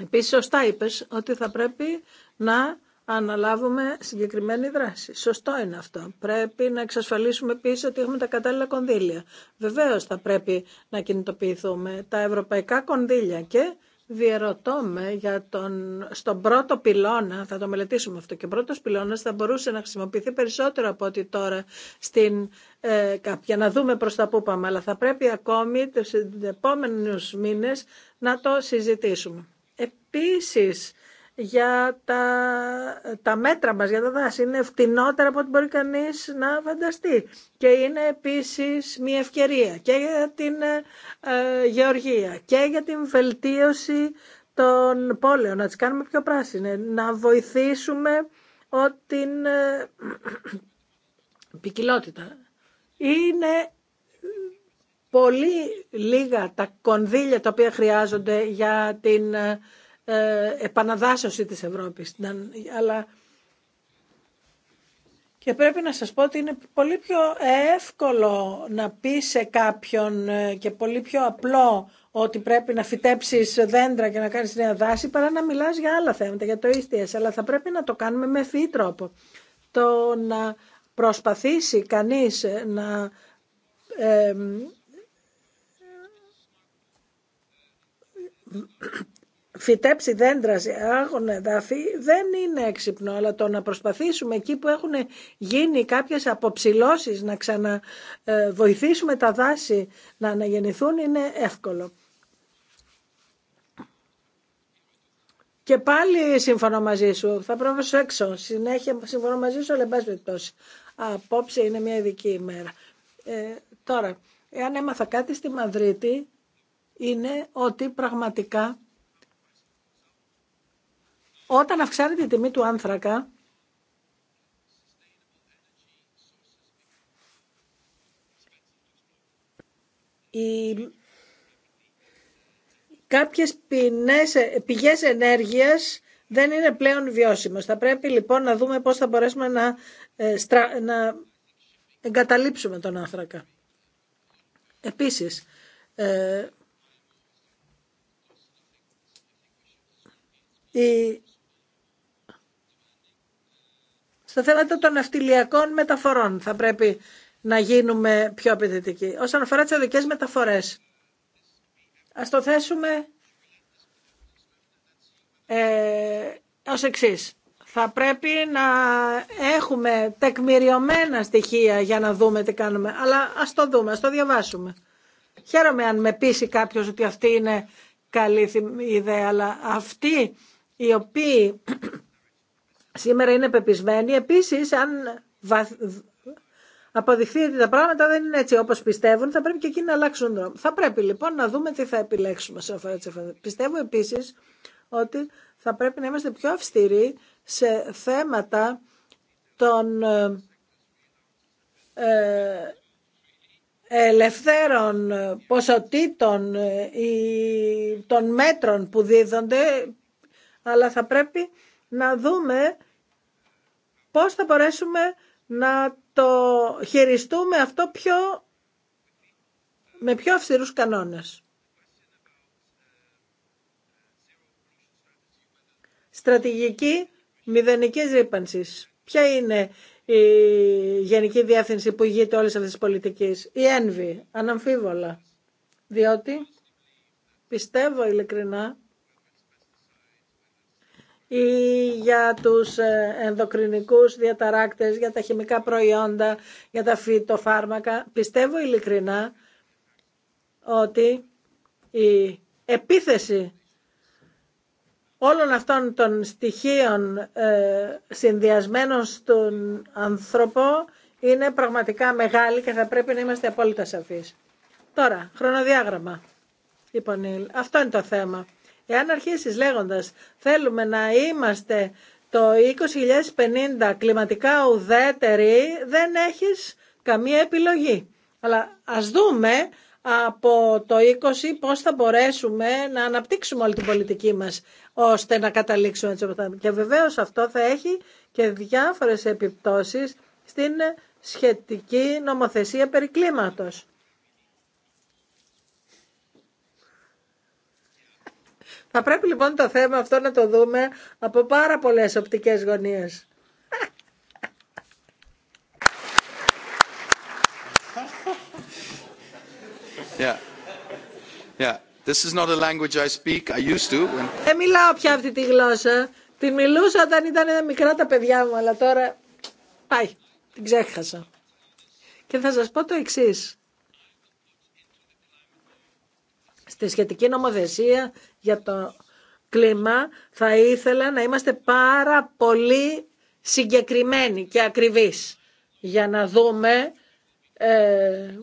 Επίσης, σωστά είπες ότι θα πρέπει να αναλάβουμε συγκεκριμένη δράση. Σωστό είναι αυτό. Πρέπει να εξασφαλίσουμε επίση ότι έχουμε τα κατάλληλα κονδύλια. Βεβαίω θα πρέπει να κινητοποιηθούμε τα ευρωπαϊκά κονδύλια και διαρωτώ με για τον, στον πρώτο πυλώνα, θα το μελετήσουμε αυτό, και ο πρώτος πυλώνας θα μπορούσε να χρησιμοποιηθεί περισσότερο από ό,τι τώρα στην ε, να δούμε προς τα που πάμε, αλλά θα πρέπει ακόμη τους επόμενους μήνες να το συζητήσουμε. Επίσης, για τα, μέτρα μας, για τα δάση. Είναι φτηνότερα από ό,τι μπορεί κανείς να φανταστεί. Και είναι επίσης μια ευκαιρία και για την ε, γεωργία και για την βελτίωση των πόλεων, να τις κάνουμε πιο πράσινες, να βοηθήσουμε ό, την ε, ποικιλότητα. Είναι πολύ λίγα τα κονδύλια τα οποία χρειάζονται για την ε, ε, επαναδάσωση της Ευρώπης. Αλλά και πρέπει να σας πω ότι είναι πολύ πιο εύκολο να πει σε κάποιον ε, και πολύ πιο απλό ότι πρέπει να φυτέψεις δέντρα και να κάνεις νέα δάση παρά να μιλάς για άλλα θέματα, για το ίστιες. Αλλά θα πρέπει να το κάνουμε με ευφύ τρόπο. Το να προσπαθήσει κανείς να ε, φυτέψει δέντρα σε άγωνα δεν είναι έξυπνο, αλλά το να προσπαθήσουμε εκεί που έχουν γίνει κάποιες αποψηλώσεις, να ξαναβοηθήσουμε τα δάση να αναγεννηθούν είναι εύκολο. Και πάλι συμφωνώ μαζί σου, θα στο έξω, συνέχεια συμφωνώ μαζί σου, αλλά εν Απόψε είναι μια ειδική ημέρα. Ε, τώρα, εάν έμαθα κάτι στη Μαδρίτη, είναι ότι πραγματικά όταν αυξάνεται η τιμή του άνθρακα, οι κάποιες πηγές, ενέργειας δεν είναι πλέον βιώσιμες. Θα πρέπει λοιπόν να δούμε πώς θα μπορέσουμε να, ε, να εγκαταλείψουμε τον άνθρακα. Επίσης, ε, η στα θέματα των ναυτιλιακών μεταφορών. Θα πρέπει να γίνουμε πιο απαιτητικοί. Όσον αφορά τις οδικές μεταφορές, ας το θέσουμε ε, ως εξής. Θα πρέπει να έχουμε τεκμηριωμένα στοιχεία για να δούμε τι κάνουμε. Αλλά ας το δούμε, ας το διαβάσουμε. Χαίρομαι αν με πείσει κάποιος ότι αυτή είναι καλή ιδέα, αλλά αυτοί οι οποίοι σήμερα είναι πεπισμένοι. Επίσης, αν αποδειχθεί ότι τα πράγματα δεν είναι έτσι όπως πιστεύουν, θα πρέπει και εκείνοι να αλλάξουν δρόμο. Θα πρέπει λοιπόν να δούμε τι θα επιλέξουμε σε αυτό το Πιστεύω επίσης ότι θα πρέπει να είμαστε πιο αυστηροί σε θέματα των ε, ε, ελευθέρων ποσοτήτων ε, ή των μέτρων που δίδονται, αλλά θα πρέπει να δούμε πώς θα μπορέσουμε να το χειριστούμε αυτό πιο, με πιο αυστηρούς κανόνες. Στρατηγική μηδενικής ρήπανσης. Ποια είναι η γενική διεύθυνση που ηγείται όλες αυτές τις πολιτικές. Η ένβη, αναμφίβολα. Διότι πιστεύω ειλικρινά ή για τους ε, ενδοκρινικούς διαταράκτες, για τα χημικά προϊόντα, για τα φυτοφάρμακα. Πιστεύω ειλικρινά ότι η επίθεση όλων αυτών των στοιχείων ε, συνδυασμένων στον άνθρωπο είναι πραγματικά μεγάλη και θα πρέπει να είμαστε απόλυτα σαφείς. Τώρα, χρονοδιάγραμμα. Λοιπόν, Νίλ. αυτό είναι το θέμα. Εάν αρχίσεις λέγοντας θέλουμε να είμαστε το 2050 κλιματικά ουδέτεροι, δεν έχεις καμία επιλογή. Αλλά ας δούμε από το 20 πώς θα μπορέσουμε να αναπτύξουμε όλη την πολιτική μας ώστε να καταλήξουμε έτσι Και βεβαίως αυτό θα έχει και διάφορες επιπτώσεις στην σχετική νομοθεσία περί κλίματος. Θα πρέπει λοιπόν το θέμα αυτό να το δούμε από πάρα πολλές οπτικές γωνίες. Yeah. Yeah. This is not a language I speak. I used to. Δεν μιλάω πια αυτή τη γλώσσα. Την μιλούσα όταν ήταν μικρά τα παιδιά μου, αλλά τώρα πάει. Την ξέχασα. Και θα σας πω το εξής. στη σχετική νομοθεσία για το κλίμα θα ήθελα να είμαστε πάρα πολύ συγκεκριμένοι και ακριβείς για να δούμε ε,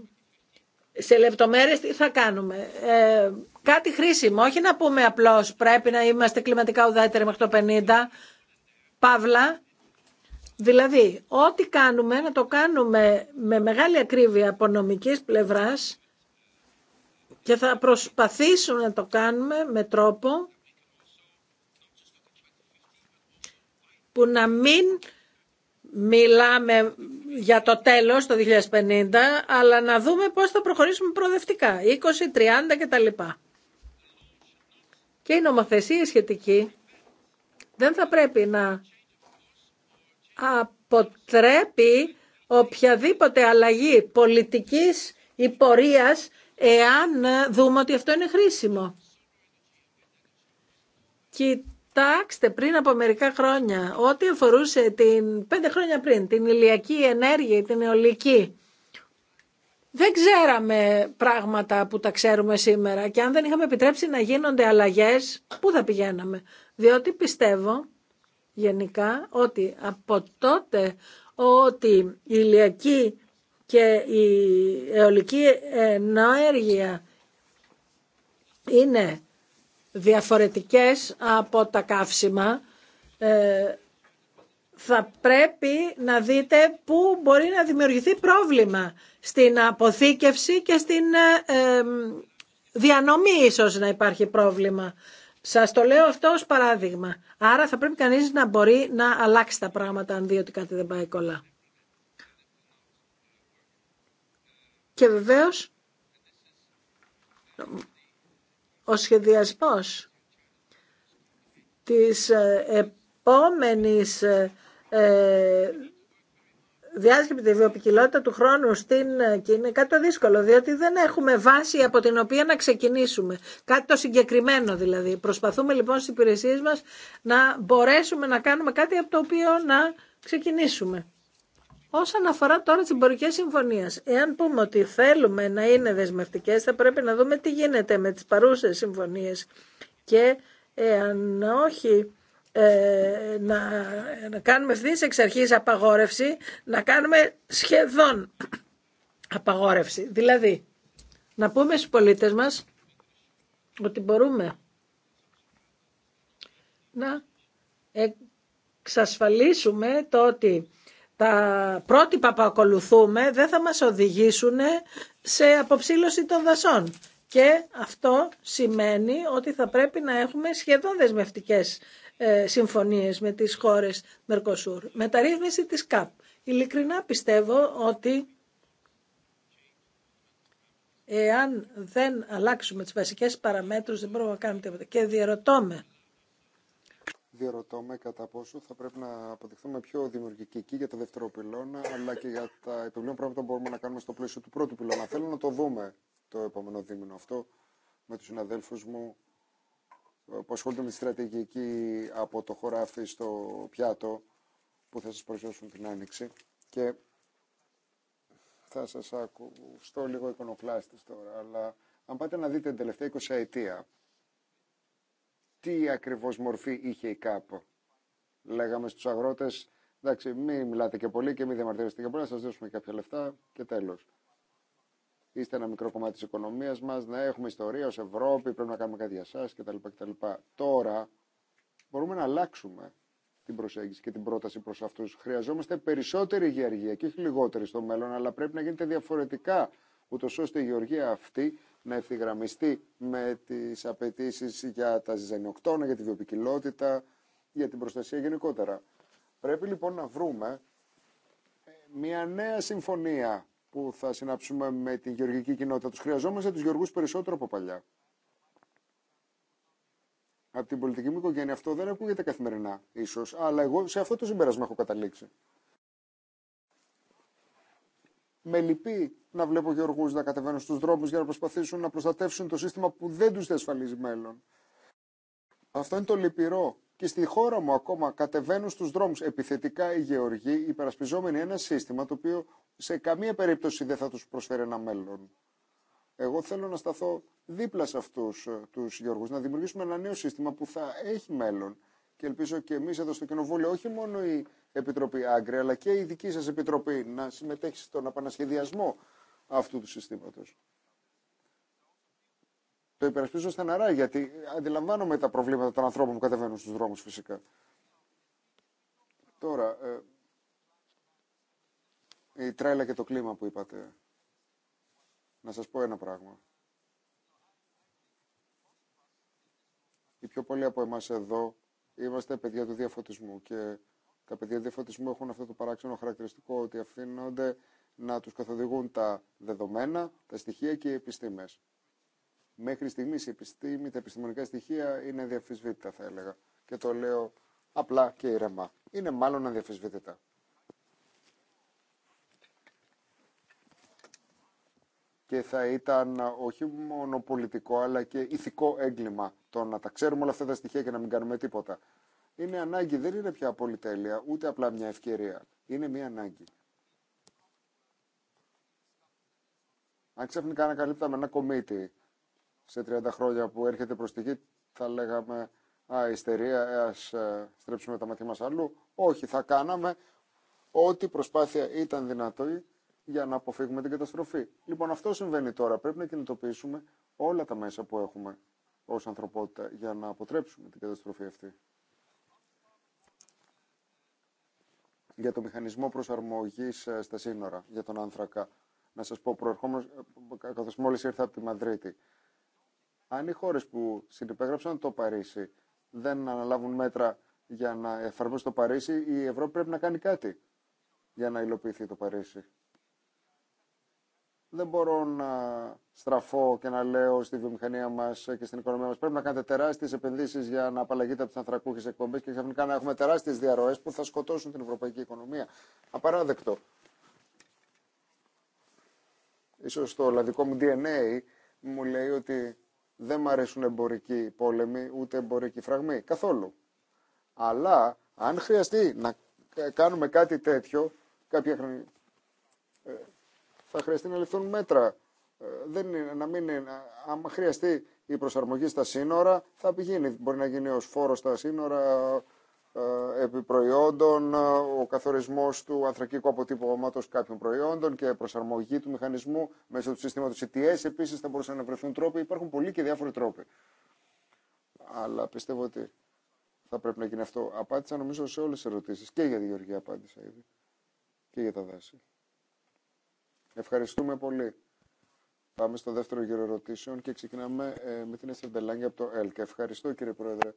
σε λεπτομέρειες τι θα κάνουμε. Ε, κάτι χρήσιμο, όχι να πούμε απλώς πρέπει να είμαστε κλιματικά ουδέτεροι μέχρι το 50, παύλα. Δηλαδή, ό,τι κάνουμε, να το κάνουμε με μεγάλη ακρίβεια από νομικής πλευράς, και θα προσπαθήσουμε να το κάνουμε με τρόπο που να μην μιλάμε για το τέλος το 2050, αλλά να δούμε πώς θα προχωρήσουμε προοδευτικά, 20, 30 κτλ. Και η νομοθεσία σχετική δεν θα πρέπει να αποτρέπει οποιαδήποτε αλλαγή πολιτικής ή εάν δούμε ότι αυτό είναι χρήσιμο. Κοιτάξτε, πριν από μερικά χρόνια, ό,τι αφορούσε την, πέντε χρόνια πριν, την ηλιακή ενέργεια, την αιωλική, δεν ξέραμε πράγματα που τα ξέρουμε σήμερα και αν δεν είχαμε επιτρέψει να γίνονται αλλαγές, πού θα πηγαίναμε. Διότι πιστεύω γενικά ότι από τότε ότι η ηλιακή και η αιωλική ενέργεια είναι διαφορετικές από τα καύσιμα, ε, θα πρέπει να δείτε πού μπορεί να δημιουργηθεί πρόβλημα στην αποθήκευση και στην ε, διανομή ίσως να υπάρχει πρόβλημα. Σας το λέω αυτό ως παράδειγμα. Άρα θα πρέπει κανείς να μπορεί να αλλάξει τα πράγματα αν δει ότι κάτι δεν πάει κολλά. Και βεβαίως ο σχεδιασμός της ε, επόμενης ε, ε διάσκεψη τη βιοπικιλότητα του χρόνου στην ε, Κίνα είναι κάτι το δύσκολο, διότι δεν έχουμε βάση από την οποία να ξεκινήσουμε. Κάτι το συγκεκριμένο δηλαδή. Προσπαθούμε λοιπόν στις υπηρεσίες μας να μπορέσουμε να κάνουμε κάτι από το οποίο να ξεκινήσουμε. Όσον αφορά τώρα τι εμπορικέ συμφωνίε, εάν πούμε ότι θέλουμε να είναι δεσμευτικές, θα πρέπει να δούμε τι γίνεται με τις παρούσες συμφωνίε. και εάν όχι ε, να, να κάνουμε ευθύ εξ αρχή απαγόρευση, να κάνουμε σχεδόν απαγόρευση. Δηλαδή, να πούμε στους πολίτες μας ότι μπορούμε να εξασφαλίσουμε το ότι τα πρότυπα που ακολουθούμε δεν θα μας οδηγήσουν σε αποψήλωση των δασών. Και αυτό σημαίνει ότι θα πρέπει να έχουμε σχεδόν δεσμευτικές ε, συμφωνίες με τις χώρες Μερκοσούρ. Μεταρρύθμιση της ΚΑΠ. Ειλικρινά πιστεύω ότι εάν δεν αλλάξουμε τις βασικές παραμέτρους δεν μπορούμε να κάνουμε τίποτα. Και διαρωτώ διαρωτώ με κατά πόσο θα πρέπει να αποδειχθούμε πιο δημιουργικοί και για το δεύτερο πυλώνα, αλλά και για τα επιπλέον πράγματα που μπορούμε να κάνουμε στο πλαίσιο του πρώτου πυλώνα. Θέλω να το δούμε το επόμενο δίμηνο αυτό με τους συναδέλφους μου ε, που ασχολούνται με τη στρατηγική από το χωράφι στο πιάτο που θα σας παρουσιάσουν την Άνοιξη και θα σας ακουστώ λίγο εικονοπλάστης τώρα αλλά αν πάτε να δείτε την τελευταία 20 αιτία τι ακριβώς μορφή είχε η ΚΑΠ. Λέγαμε στους αγρότες, εντάξει, μην μιλάτε και πολύ και μην διαμαρτύρεστε και πολύ, να σας δώσουμε κάποια λεφτά και τέλος. Είστε ένα μικρό κομμάτι της οικονομίας μας, να έχουμε ιστορία ως Ευρώπη, πρέπει να κάνουμε κάτι για εσάς κτλ. κτλ. Τώρα μπορούμε να αλλάξουμε την προσέγγιση και την πρόταση προς αυτούς. Χρειαζόμαστε περισσότερη γεωργία και όχι λιγότερη στο μέλλον, αλλά πρέπει να γίνεται διαφορετικά, ούτως ώστε η γεωργία αυτή να ευθυγραμμιστεί με τις απαιτήσει για τα ζυζανιοκτώνα, για τη βιοπικιλότητα, για την προστασία γενικότερα. Πρέπει λοιπόν να βρούμε ε, μια νέα συμφωνία που θα συνάψουμε με την γεωργική κοινότητα. Τους χρειαζόμαστε τους γεωργούς περισσότερο από παλιά. Από την πολιτική μου οικογένεια αυτό δεν ακούγεται καθημερινά, ίσως, αλλά εγώ σε αυτό το συμπέρασμα έχω καταλήξει. Με λυπεί να βλέπω γεωργούς να κατεβαίνουν στους δρόμους για να προσπαθήσουν να προστατεύσουν το σύστημα που δεν τους διασφαλίζει μέλλον. Αυτό είναι το λυπηρό. Και στη χώρα μου ακόμα κατεβαίνουν στους δρόμους επιθετικά οι γεωργοί υπερασπιζόμενοι ένα σύστημα το οποίο σε καμία περίπτωση δεν θα τους προσφέρει ένα μέλλον. Εγώ θέλω να σταθώ δίπλα σε αυτούς ε, τους γεωργούς, να δημιουργήσουμε ένα νέο σύστημα που θα έχει μέλλον και ελπίζω και εμείς εδώ στο Κοινοβούλιο, όχι μόνο η Επιτροπή Άγκρε αλλά και η δική σας Επιτροπή να συμμετέχει στον επανασχεδιασμό αυτού του συστήματος. Το υπερασπίζω στεναρά, γιατί αντιλαμβάνομαι τα προβλήματα των ανθρώπων που κατεβαίνουν στους δρόμους φυσικά. Τώρα, ε, η τρέλα και το κλίμα που είπατε. Να σας πω ένα πράγμα. Οι πιο πολλοί από εμάς εδώ είμαστε παιδιά του διαφωτισμού και τα παιδιά του διαφωτισμού έχουν αυτό το παράξενο χαρακτηριστικό ότι αφήνονται να τους καθοδηγούν τα δεδομένα, τα στοιχεία και οι επιστήμες. Μέχρι στιγμής η επιστήμη, τα επιστημονικά στοιχεία είναι διαφυσβήτητα θα έλεγα και το λέω απλά και ηρεμά. Είναι μάλλον αδιαφυσβήτητα. Και θα ήταν όχι μόνο πολιτικό αλλά και ηθικό έγκλημα το να τα ξέρουμε όλα αυτά τα στοιχεία και να μην κάνουμε τίποτα. Είναι ανάγκη, δεν είναι πια πολυτέλεια, ούτε απλά μια ευκαιρία. Είναι μια ανάγκη. Αν ξαφνικά ανακαλύπταμε ένα κομίτι σε 30 χρόνια που έρχεται προς τη γη, θα λέγαμε «Α, ιστερία, ας ε, στρέψουμε τα μάτια μας αλλού». Όχι, θα κάναμε ό,τι προσπάθεια ήταν δυνατό για να αποφύγουμε την καταστροφή. Λοιπόν, αυτό συμβαίνει τώρα. Πρέπει να κινητοποιήσουμε όλα τα μέσα που έχουμε ως ανθρωπότητα για να αποτρέψουμε την καταστροφή αυτή. Για το μηχανισμό προσαρμογής ε, στα σύνορα, για τον άνθρακα. Να σας πω, προερχόμενος, ε, καθώς μόλις ήρθα από τη Μαδρίτη, αν οι χώρες που συνυπέγραψαν το Παρίσι δεν αναλάβουν μέτρα για να εφαρμόσουν το Παρίσι, η Ευρώπη πρέπει να κάνει κάτι για να υλοποιηθεί το Παρίσι δεν μπορώ να στραφώ και να λέω στη βιομηχανία μα και στην οικονομία μα πρέπει να κάνετε τεράστιε επενδύσει για να απαλλαγείτε από τι ανθρακούχε εκπομπέ και ξαφνικά να έχουμε τεράστιε διαρροέ που θα σκοτώσουν την ευρωπαϊκή οικονομία. Απαράδεκτο. Ίσως το λαδικό μου DNA μου λέει ότι δεν μου αρέσουν εμπορικοί πόλεμοι ούτε εμπορικοί φραγμοί. Καθόλου. Αλλά αν χρειαστεί να ε, κάνουμε κάτι τέτοιο κάποια χρόνια ε, θα χρειαστεί να ληφθούν μέτρα. Ε, δεν είναι, να μην είναι, χρειαστεί η προσαρμογή στα σύνορα, θα πηγαίνει. Μπορεί να γίνει ως φόρο στα σύνορα ε, επιπροϊόντων, ε, ο καθορισμός του ανθρακικού αποτύπωματος κάποιων προϊόντων και προσαρμογή του μηχανισμού μέσω του συστήματος ETS. Επίσης θα μπορούσαν να βρεθούν τρόποι. Υπάρχουν πολλοί και διάφοροι τρόποι. Αλλά πιστεύω ότι θα πρέπει να γίνει αυτό. Απάντησα νομίζω σε όλες τις ερωτήσεις και για τη Γεωργία απάντησα ήδη και για τα δάση. Ευχαριστούμε πολύ. Πάμε στο δεύτερο γύρο ερωτήσεων και ξεκινάμε ε, με την Εστεντελάνγκη από το ΕΛΚ. Ευχαριστώ κύριε Πρόεδρε.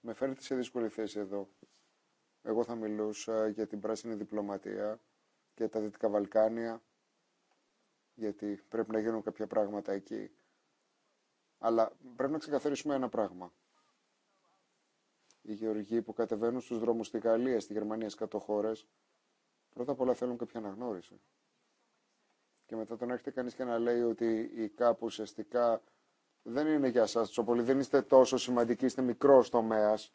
Με φέρετε σε δύσκολη θέση εδώ. Εγώ θα μιλούσα για την πράσινη διπλωματία και τα Δυτικά Βαλκάνια, γιατί πρέπει να γίνουν κάποια πράγματα εκεί. Αλλά πρέπει να ξεκαθαρίσουμε ένα πράγμα. Οι γεωργοί που κατεβαίνουν στους δρόμους στη Γαλλία, στη Γερμανία, στις κάτω Πρώτα απ' όλα θέλουν κάποια αναγνώριση. Και μετά τον έρχεται κανείς και να λέει ότι η ΚΑΠ ουσιαστικά δεν είναι για σας τόσο πολύ, δεν είστε τόσο σημαντικοί, είστε μικρός τομέας,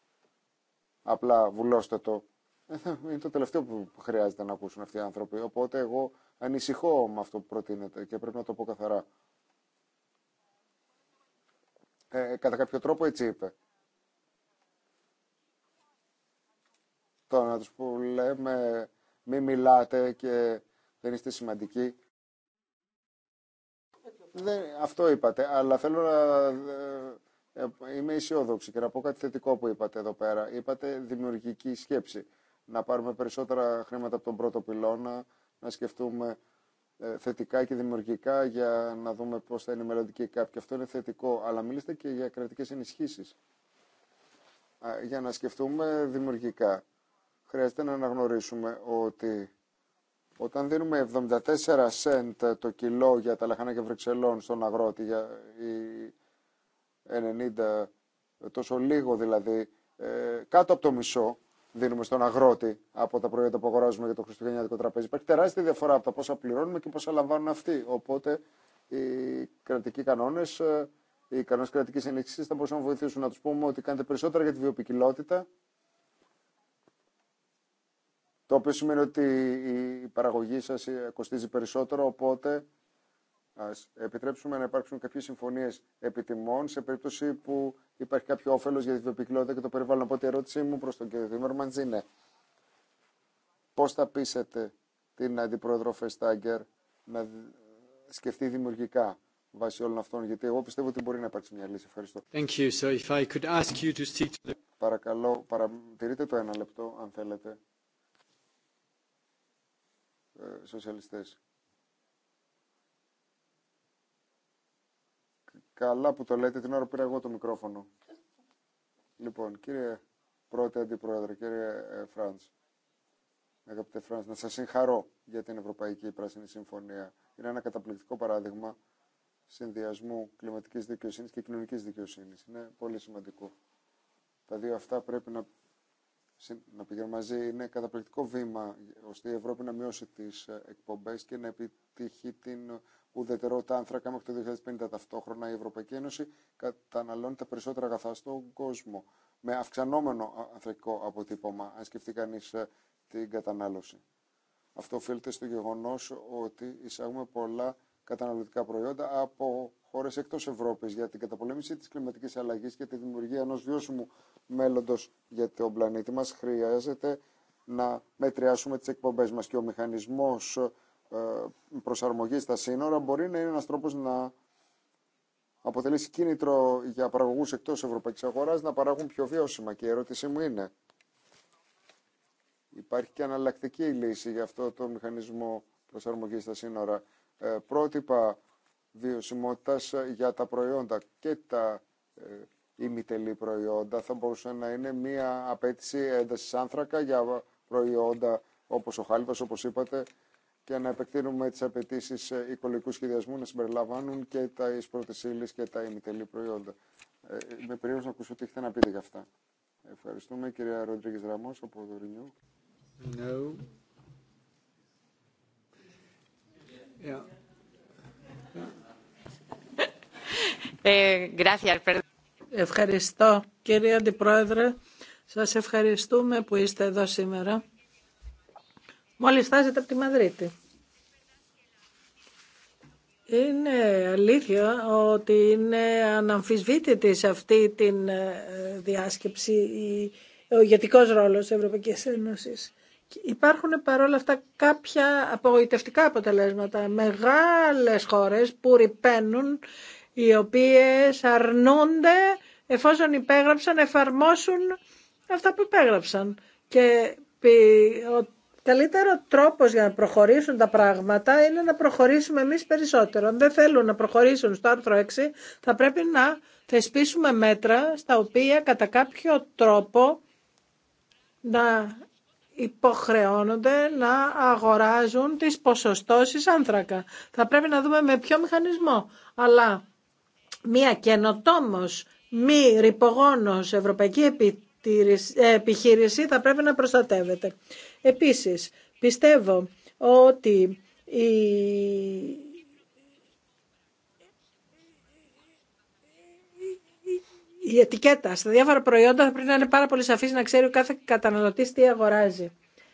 απλά βουλώστε το. Ε, είναι το τελευταίο που χρειάζεται να ακούσουν αυτοί οι άνθρωποι. Οπότε εγώ ανησυχώ με αυτό που προτείνεται και πρέπει να το πω καθαρά. Ε, κατά κάποιο τρόπο έτσι είπε. Τώρα να τους που λέμε μη μιλάτε και δεν είστε σημαντικοί. Δεν, αυτό είπατε, αλλά θέλω να... Ε, ε, είμαι αισιόδοξη και να πω κάτι θετικό που είπατε εδώ πέρα. Είπατε δημιουργική σκέψη. Να πάρουμε περισσότερα χρήματα από τον πρώτο πυλώνα, να σκεφτούμε ε, θετικά και δημιουργικά για να δούμε πώς θα είναι η μελλοντική ΚΑΠ. αυτό είναι θετικό. Αλλά μιλήστε και για κρατικές ενισχύσεις. Για να σκεφτούμε δημιουργικά χρειάζεται να αναγνωρίσουμε ότι όταν δίνουμε 74 σέντ το κιλό για τα λαχανά και Βρυξελών στον αγρότη, για 90, τόσο λίγο δηλαδή, ε, κάτω από το μισό δίνουμε στον αγρότη από τα προϊόντα που αγοράζουμε για το χριστουγεννιάτικο τραπέζι. Υπάρχει τεράστια διαφορά από τα πόσα πληρώνουμε και πόσα λαμβάνουν αυτοί. Οπότε οι κρατικοί κανόνε, ε, οι κανόνε κρατική ενίσχυση θα μπορούσαν να βοηθήσουν να του πούμε ότι κάνετε περισσότερα για τη βιοπικιλότητα το οποίο σημαίνει ότι η παραγωγή σας ε, κοστίζει περισσότερο, οπότε ας επιτρέψουμε να υπάρξουν κάποιες συμφωνίες επιτιμών σε περίπτωση που υπάρχει κάποιο όφελος για τη βιοποικιλότητα και το περιβάλλον. Οπότε η ερώτησή μου προς τον κύριο Τίμερμαντζ είναι πώς θα πείσετε την Αντιπρόεδρο Φεστάγκερ να σκεφτεί δημιουργικά βάσει όλων αυτών, γιατί εγώ πιστεύω ότι μπορεί να υπάρξει μια λύση. Ευχαριστώ. Παρακαλώ, παρατηρείτε το ένα λεπτό, αν θέλετε. Ε, σοσιαλιστές. Καλά που το λέτε την ώρα που πήρα εγώ το μικρόφωνο. Λοιπόν, κύριε πρώτη αντιπρόεδρε, κύριε ε, Φραντς, αγαπητέ Φράνς να σας συγχαρώ για την Ευρωπαϊκή Πράσινη Συμφωνία. Είναι ένα καταπληκτικό παράδειγμα συνδυασμού κλιματικής δικαιοσύνης και κοινωνικής δικαιοσύνης. Είναι πολύ σημαντικό. Τα δύο αυτά πρέπει να να πηγαίνουν μαζί είναι καταπληκτικό βήμα ώστε η Ευρώπη να μειώσει τις ε, εκπομπές και να επιτύχει την ουδετερότητα άνθρακα μέχρι το 2050. Ταυτόχρονα η Ευρωπαϊκή Ένωση καταναλώνει τα περισσότερα αγαθά στον κόσμο με αυξανόμενο ανθρακικό αποτύπωμα, αν σκεφτεί κανεί ε, την κατανάλωση. Αυτό οφείλεται στο γεγονό ότι εισάγουμε πολλά καταναλωτικά προϊόντα από χώρε εκτό Ευρώπη για την καταπολέμηση τη κλιματική αλλαγή και τη δημιουργία ενό βιώσιμου μέλλοντος για τον πλανήτη μας χρειάζεται να μετριάσουμε τις εκπομπές μας και ο μηχανισμός ε, προσαρμογής στα σύνορα μπορεί να είναι ένας τρόπος να αποτελέσει κίνητρο για παραγωγούς εκτός ευρωπαϊκής αγοράς να παράγουν πιο βιώσιμα και η ερώτησή μου είναι υπάρχει και αναλλακτική λύση για αυτό το μηχανισμό προσαρμογής στα σύνορα ε, πρότυπα βιωσιμότητας για τα προϊόντα και τα ε, ημιτελή προϊόντα. Θα μπορούσε να είναι μία απέτηση έντασης άνθρακα για προϊόντα όπως ο χάλιβας, όπως είπατε, και να επεκτείνουμε τις απαιτήσει οικολογικού σχεδιασμού να συμπεριλαμβάνουν και τα πρώτε ύλε και τα ημιτελή προϊόντα. Ε, με περίεργο να ακούσω τι έχετε να πείτε για αυτά. Ευχαριστούμε κυρία Ροντρίγκης Ραμός από το Ρινιού. No. Yeah. Ε, Ευχαριστώ κύριε Αντιπρόεδρε. Σας ευχαριστούμε που είστε εδώ σήμερα. Μόλις φτάσετε από τη Μαδρίτη. Είναι αλήθεια ότι είναι αναμφισβήτητη σε αυτή τη ε, διάσκεψη ο ηγετικό ρόλος της Ευρωπαϊκής Ένωσης. Υπάρχουν παρόλα αυτά κάποια απογοητευτικά αποτελέσματα. Μεγάλες χώρες που ρηπαίνουν, οι οποίες αρνούνται εφόσον υπέγραψαν, εφαρμόσουν αυτά που υπέγραψαν. Και ο καλύτερο τρόπος για να προχωρήσουν τα πράγματα είναι να προχωρήσουμε εμείς περισσότερο. Αν δεν θέλουν να προχωρήσουν στο άρθρο 6, θα πρέπει να θεσπίσουμε μέτρα στα οποία κατά κάποιο τρόπο να υποχρεώνονται να αγοράζουν τις ποσοστώσεις άνθρακα. Θα πρέπει να δούμε με ποιο μηχανισμό. Αλλά μία καινοτόμος μη ρηπογόνος ευρωπαϊκή ε, επιχείρηση θα πρέπει να προστατεύεται. Επίσης, πιστεύω ότι η... η ετικέτα στα διάφορα προϊόντα θα πρέπει να είναι πάρα πολύ σαφής να ξέρει ο κάθε καταναλωτής τι αγοράζει.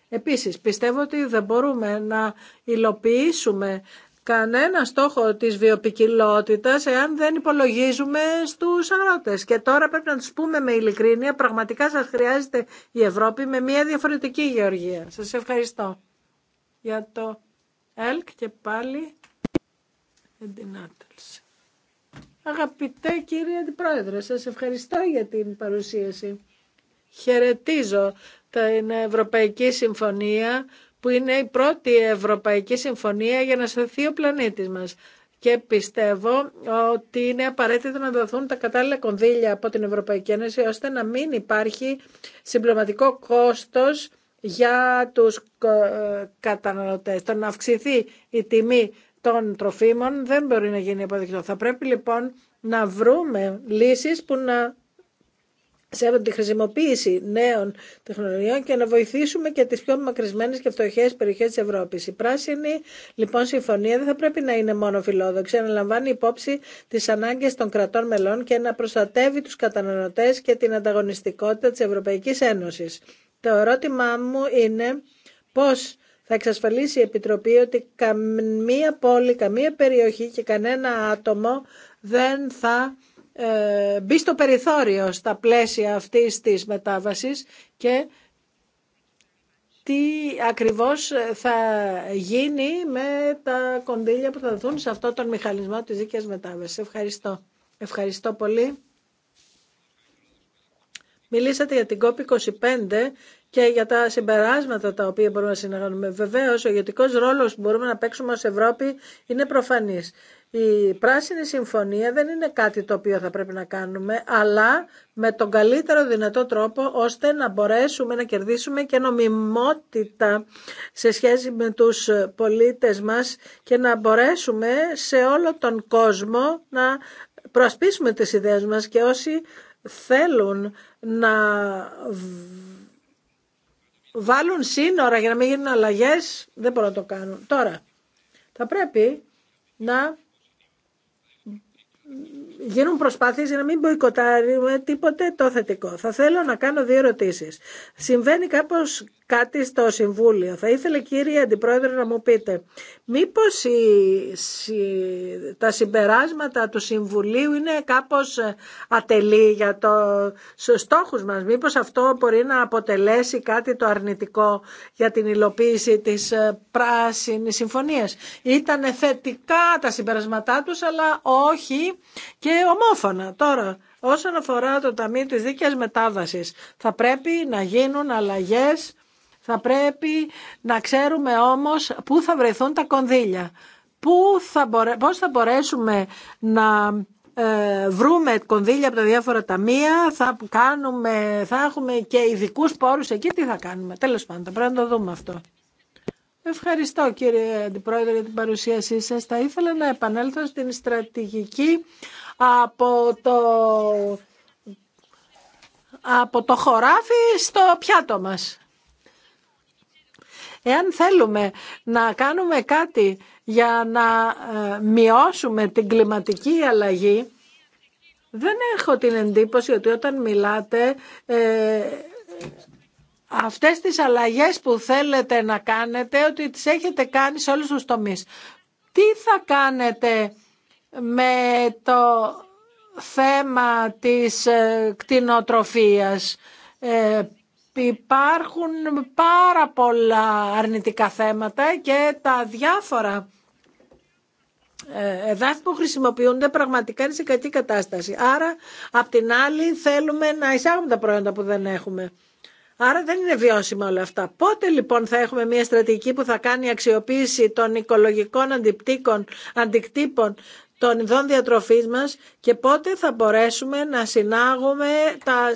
Επίσης, πιστεύω ότι δεν μπορούμε να υλοποιήσουμε κανένα στόχο της βιοπικιλότητας εάν δεν υπολογίζουμε στους αγρότες. Και τώρα πρέπει να τους πούμε με ειλικρίνεια, πραγματικά σας χρειάζεται η Ευρώπη με μια διαφορετική γεωργία. Σας ευχαριστώ για το ΕΛΚ και πάλι εντυνάτελση. Αγαπητέ κύριε Αντιπρόεδρε, σας ευχαριστώ για την παρουσίαση. Χαιρετίζω την Ευρωπαϊκή Συμφωνία που είναι η πρώτη ευρωπαϊκή συμφωνία για να σωθεί ο πλανήτης μας. Και πιστεύω ότι είναι απαραίτητο να δοθούν τα κατάλληλα κονδύλια από την Ευρωπαϊκή Ένωση ώστε να μην υπάρχει συμπληρωματικό κόστος για τους ε, καταναλωτές. Το να αυξηθεί η τιμή των τροφίμων δεν μπορεί να γίνει αποδεικτό. Θα πρέπει λοιπόν να βρούμε λύσεις που να σέβονται τη χρησιμοποίηση νέων τεχνολογιών και να βοηθήσουμε και τις πιο μακρισμένες και φτωχές περιοχές της Ευρώπης. Η πράσινη λοιπόν συμφωνία δεν θα πρέπει να είναι μόνο φιλόδοξη, να λαμβάνει υπόψη τις ανάγκες των κρατών μελών και να προστατεύει τους καταναλωτές και την ανταγωνιστικότητα της Ευρωπαϊκής Ένωσης. Το ερώτημά μου είναι πώς θα εξασφαλίσει η Επιτροπή ότι καμία πόλη, καμία περιοχή και κανένα άτομο δεν θα ε, μπει στο περιθώριο στα πλαίσια αυτής της μετάβασης και τι ακριβώς θα γίνει με τα κονδύλια που θα δοθούν σε αυτό τον μηχανισμό της δίκαιας μετάβασης. Ευχαριστώ. Ευχαριστώ πολύ. Μιλήσατε για την COP25 και για τα συμπεράσματα τα οποία μπορούμε να συνεργαστούμε. Βεβαίως, ο ιδιωτικός ρόλος που μπορούμε να παίξουμε ως Ευρώπη είναι προφανή. Η πράσινη συμφωνία δεν είναι κάτι το οποίο θα πρέπει να κάνουμε, αλλά με τον καλύτερο δυνατό τρόπο ώστε να μπορέσουμε να κερδίσουμε και νομιμότητα σε σχέση με τους πολίτες μας και να μπορέσουμε σε όλο τον κόσμο να προασπίσουμε τις ιδέες μας και όσοι θέλουν να βάλουν σύνορα για να μην γίνουν αλλαγές, δεν μπορούν να το κάνουν. Τώρα, θα πρέπει να γίνουν προσπάθειες για να μην μποϊκοτάρουμε τίποτε το θετικό. Θα θέλω να κάνω δύο ερωτήσεις. Συμβαίνει κάπως κάτι στο Συμβούλιο. Θα ήθελε κύριε Αντιπρόεδρε να μου πείτε, μήπως τα συμπεράσματα του Συμβουλίου είναι κάπως ε, ατελή για το στόχους μας. Μήπως αυτό μπορεί να αποτελέσει κάτι το αρνητικό για την υλοποίηση της ε, πράσινης συμφωνίας. Ήταν θετικά τα συμπερασματά τους, αλλά όχι και ομόφωνα τώρα. Όσον αφορά το Ταμείο της Δίκαιας Μετάβασης, θα πρέπει να γίνουν αλλαγές θα πρέπει να ξέρουμε όμως πού θα βρεθούν τα κονδύλια. Πού θα Πώς θα μπορέσουμε να ε, βρούμε κονδύλια από τα διάφορα ταμεία, θα, κάνουμε, θα έχουμε και ειδικού πόρους εκεί, τι θα κάνουμε. Τέλος πάντων, πρέπει να το δούμε αυτό. Ευχαριστώ κύριε Αντιπρόεδρε για την παρουσίασή σας. Θα ήθελα να επανέλθω στην στρατηγική από το, από το χωράφι στο πιάτο μας. Εάν θέλουμε να κάνουμε κάτι για να ε, μειώσουμε την κλιματική αλλαγή, δεν έχω την εντύπωση ότι όταν μιλάτε ε, αυτές τις αλλαγές που θέλετε να κάνετε, ότι τις έχετε κάνει σε όλους τους τομείς. Τι θα κάνετε με το θέμα της ε, κτηνοτροφίας. Υπάρχουν πάρα πολλά αρνητικά θέματα και τα διάφορα ε, εδάφη που χρησιμοποιούνται πραγματικά είναι σε κακή κατάσταση. Άρα, απ' την άλλη, θέλουμε να εισάγουμε τα προϊόντα που δεν έχουμε. Άρα δεν είναι βιώσιμα όλα αυτά. Πότε λοιπόν θα έχουμε μια στρατηγική που θα κάνει αξιοποίηση των οικολογικών αντικτύπων των ειδών διατροφής μας και πότε θα μπορέσουμε να συνάγουμε τα,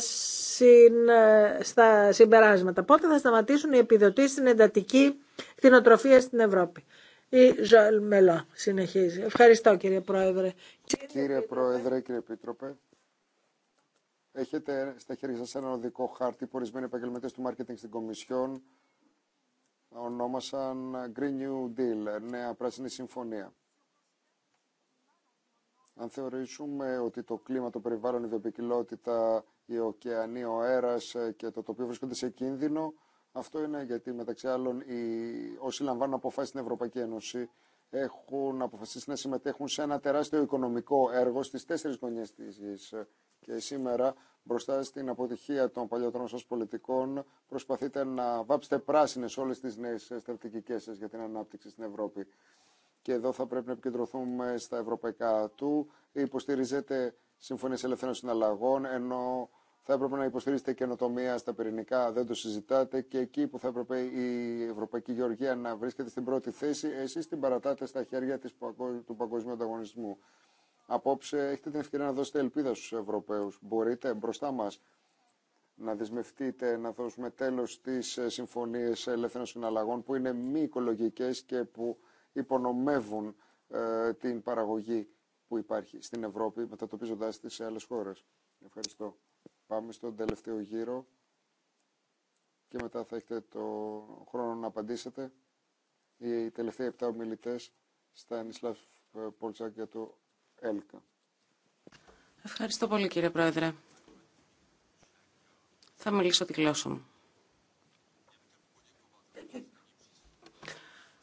ε, στα συμπεράσματα. Πότε θα σταματήσουν οι επιδοτήσεις στην εντατική κτηνοτροφία στην Ευρώπη. Η Ζωέλ Μελό συνεχίζει. Ευχαριστώ κύριε Πρόεδρε. Κύριε Πρόεδρε, κύριε Επίτροπε. Έχετε στα χέρια σας ένα οδικό χάρτη που ορισμένοι επαγγελματίες του μάρκετινγκ στην Κομισιόν ονόμασαν Green New Deal, νέα πράσινη συμφωνία. Αν θεωρήσουμε ότι το κλίμα, το περιβάλλον, η βιοπικιλότητα, η ωκεανή, ο αέρας ε, και το τοπίο βρίσκονται σε κίνδυνο, αυτό είναι γιατί μεταξύ άλλων οι, όσοι λαμβάνουν αποφάσεις στην Ευρωπαϊκή Ένωση έχουν αποφασίσει να συμμετέχουν σε ένα τεράστιο οικονομικό έργο στις τέσσερις γωνιές της γης. Και σήμερα μπροστά στην αποτυχία των παλιότερων σας πολιτικών προσπαθείτε να βάψετε πράσινες όλες τις νέες στρατηγικές σας για την ανάπτυξη στην Ευρώπη και εδώ θα πρέπει να επικεντρωθούμε στα ευρωπαϊκά του. Υποστηρίζετε συμφωνίε ελευθερών συναλλαγών, ενώ θα έπρεπε να υποστηρίζετε καινοτομία στα πυρηνικά, δεν το συζητάτε. Και εκεί που θα έπρεπε η Ευρωπαϊκή Γεωργία να βρίσκεται στην πρώτη θέση, εσεί την παρατάτε στα χέρια της, του παγκόσμιου ανταγωνισμού. Απόψε έχετε την ευκαιρία να δώσετε ελπίδα στου Ευρωπαίου. Μπορείτε μπροστά μα να δεσμευτείτε να δώσουμε τέλο στι ε, συμφωνίε ελεύθερων συναλλαγών που είναι μη οικολογικέ και που υπονομεύουν ε, την παραγωγή που υπάρχει στην Ευρώπη, μετατοπίζοντάς τη σε άλλες χώρες. Ευχαριστώ. Πάμε στον τελευταίο γύρο και μετά θα έχετε το χρόνο να απαντήσετε. Οι τελευταίοι επτά ομιλητές στα Νισλάφ ε, Πολτσάκ για το ΕΛΚΑ. Ευχαριστώ πολύ κύριε Πρόεδρε. Θα μιλήσω τη γλώσσα μου.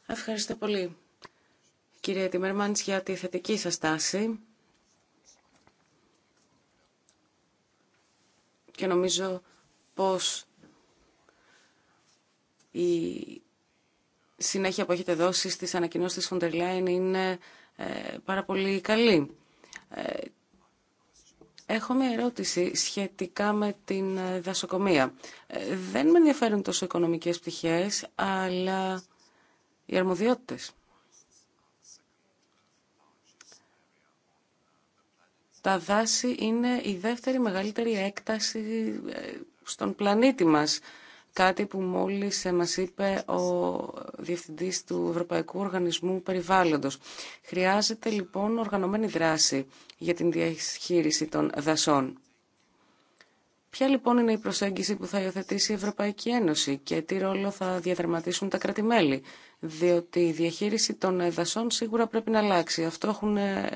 Ευχαριστώ πολύ κύριε Τιμερμάνς, για τη θετική σας τάση. Και νομίζω πως η συνέχεια που έχετε δώσει στις ανακοινώσεις της Φοντερ Λάιν είναι ε, πάρα πολύ καλή. Ε, έχω μια ερώτηση σχετικά με την ε, δασοκομεία. Δεν με ενδιαφέρουν τόσο οικονομικές πτυχές, αλλά οι αρμοδιότητες. Τα δάση είναι η δεύτερη μεγαλύτερη έκταση ε, στον πλανήτη μας. Κάτι που μόλις ε, μας είπε ο Διευθυντής του Ευρωπαϊκού Οργανισμού Περιβάλλοντος. Χρειάζεται λοιπόν οργανωμένη δράση για την διαχείριση των δασών. Ποια λοιπόν είναι η προσέγγιση που θα υιοθετήσει η Ευρωπαϊκή Ένωση και τι ρόλο θα διαδραματίσουν τα κράτη-μέλη. Διότι η διαχείριση των δασών σίγουρα πρέπει να αλλάξει. Αυτό έχουν ε,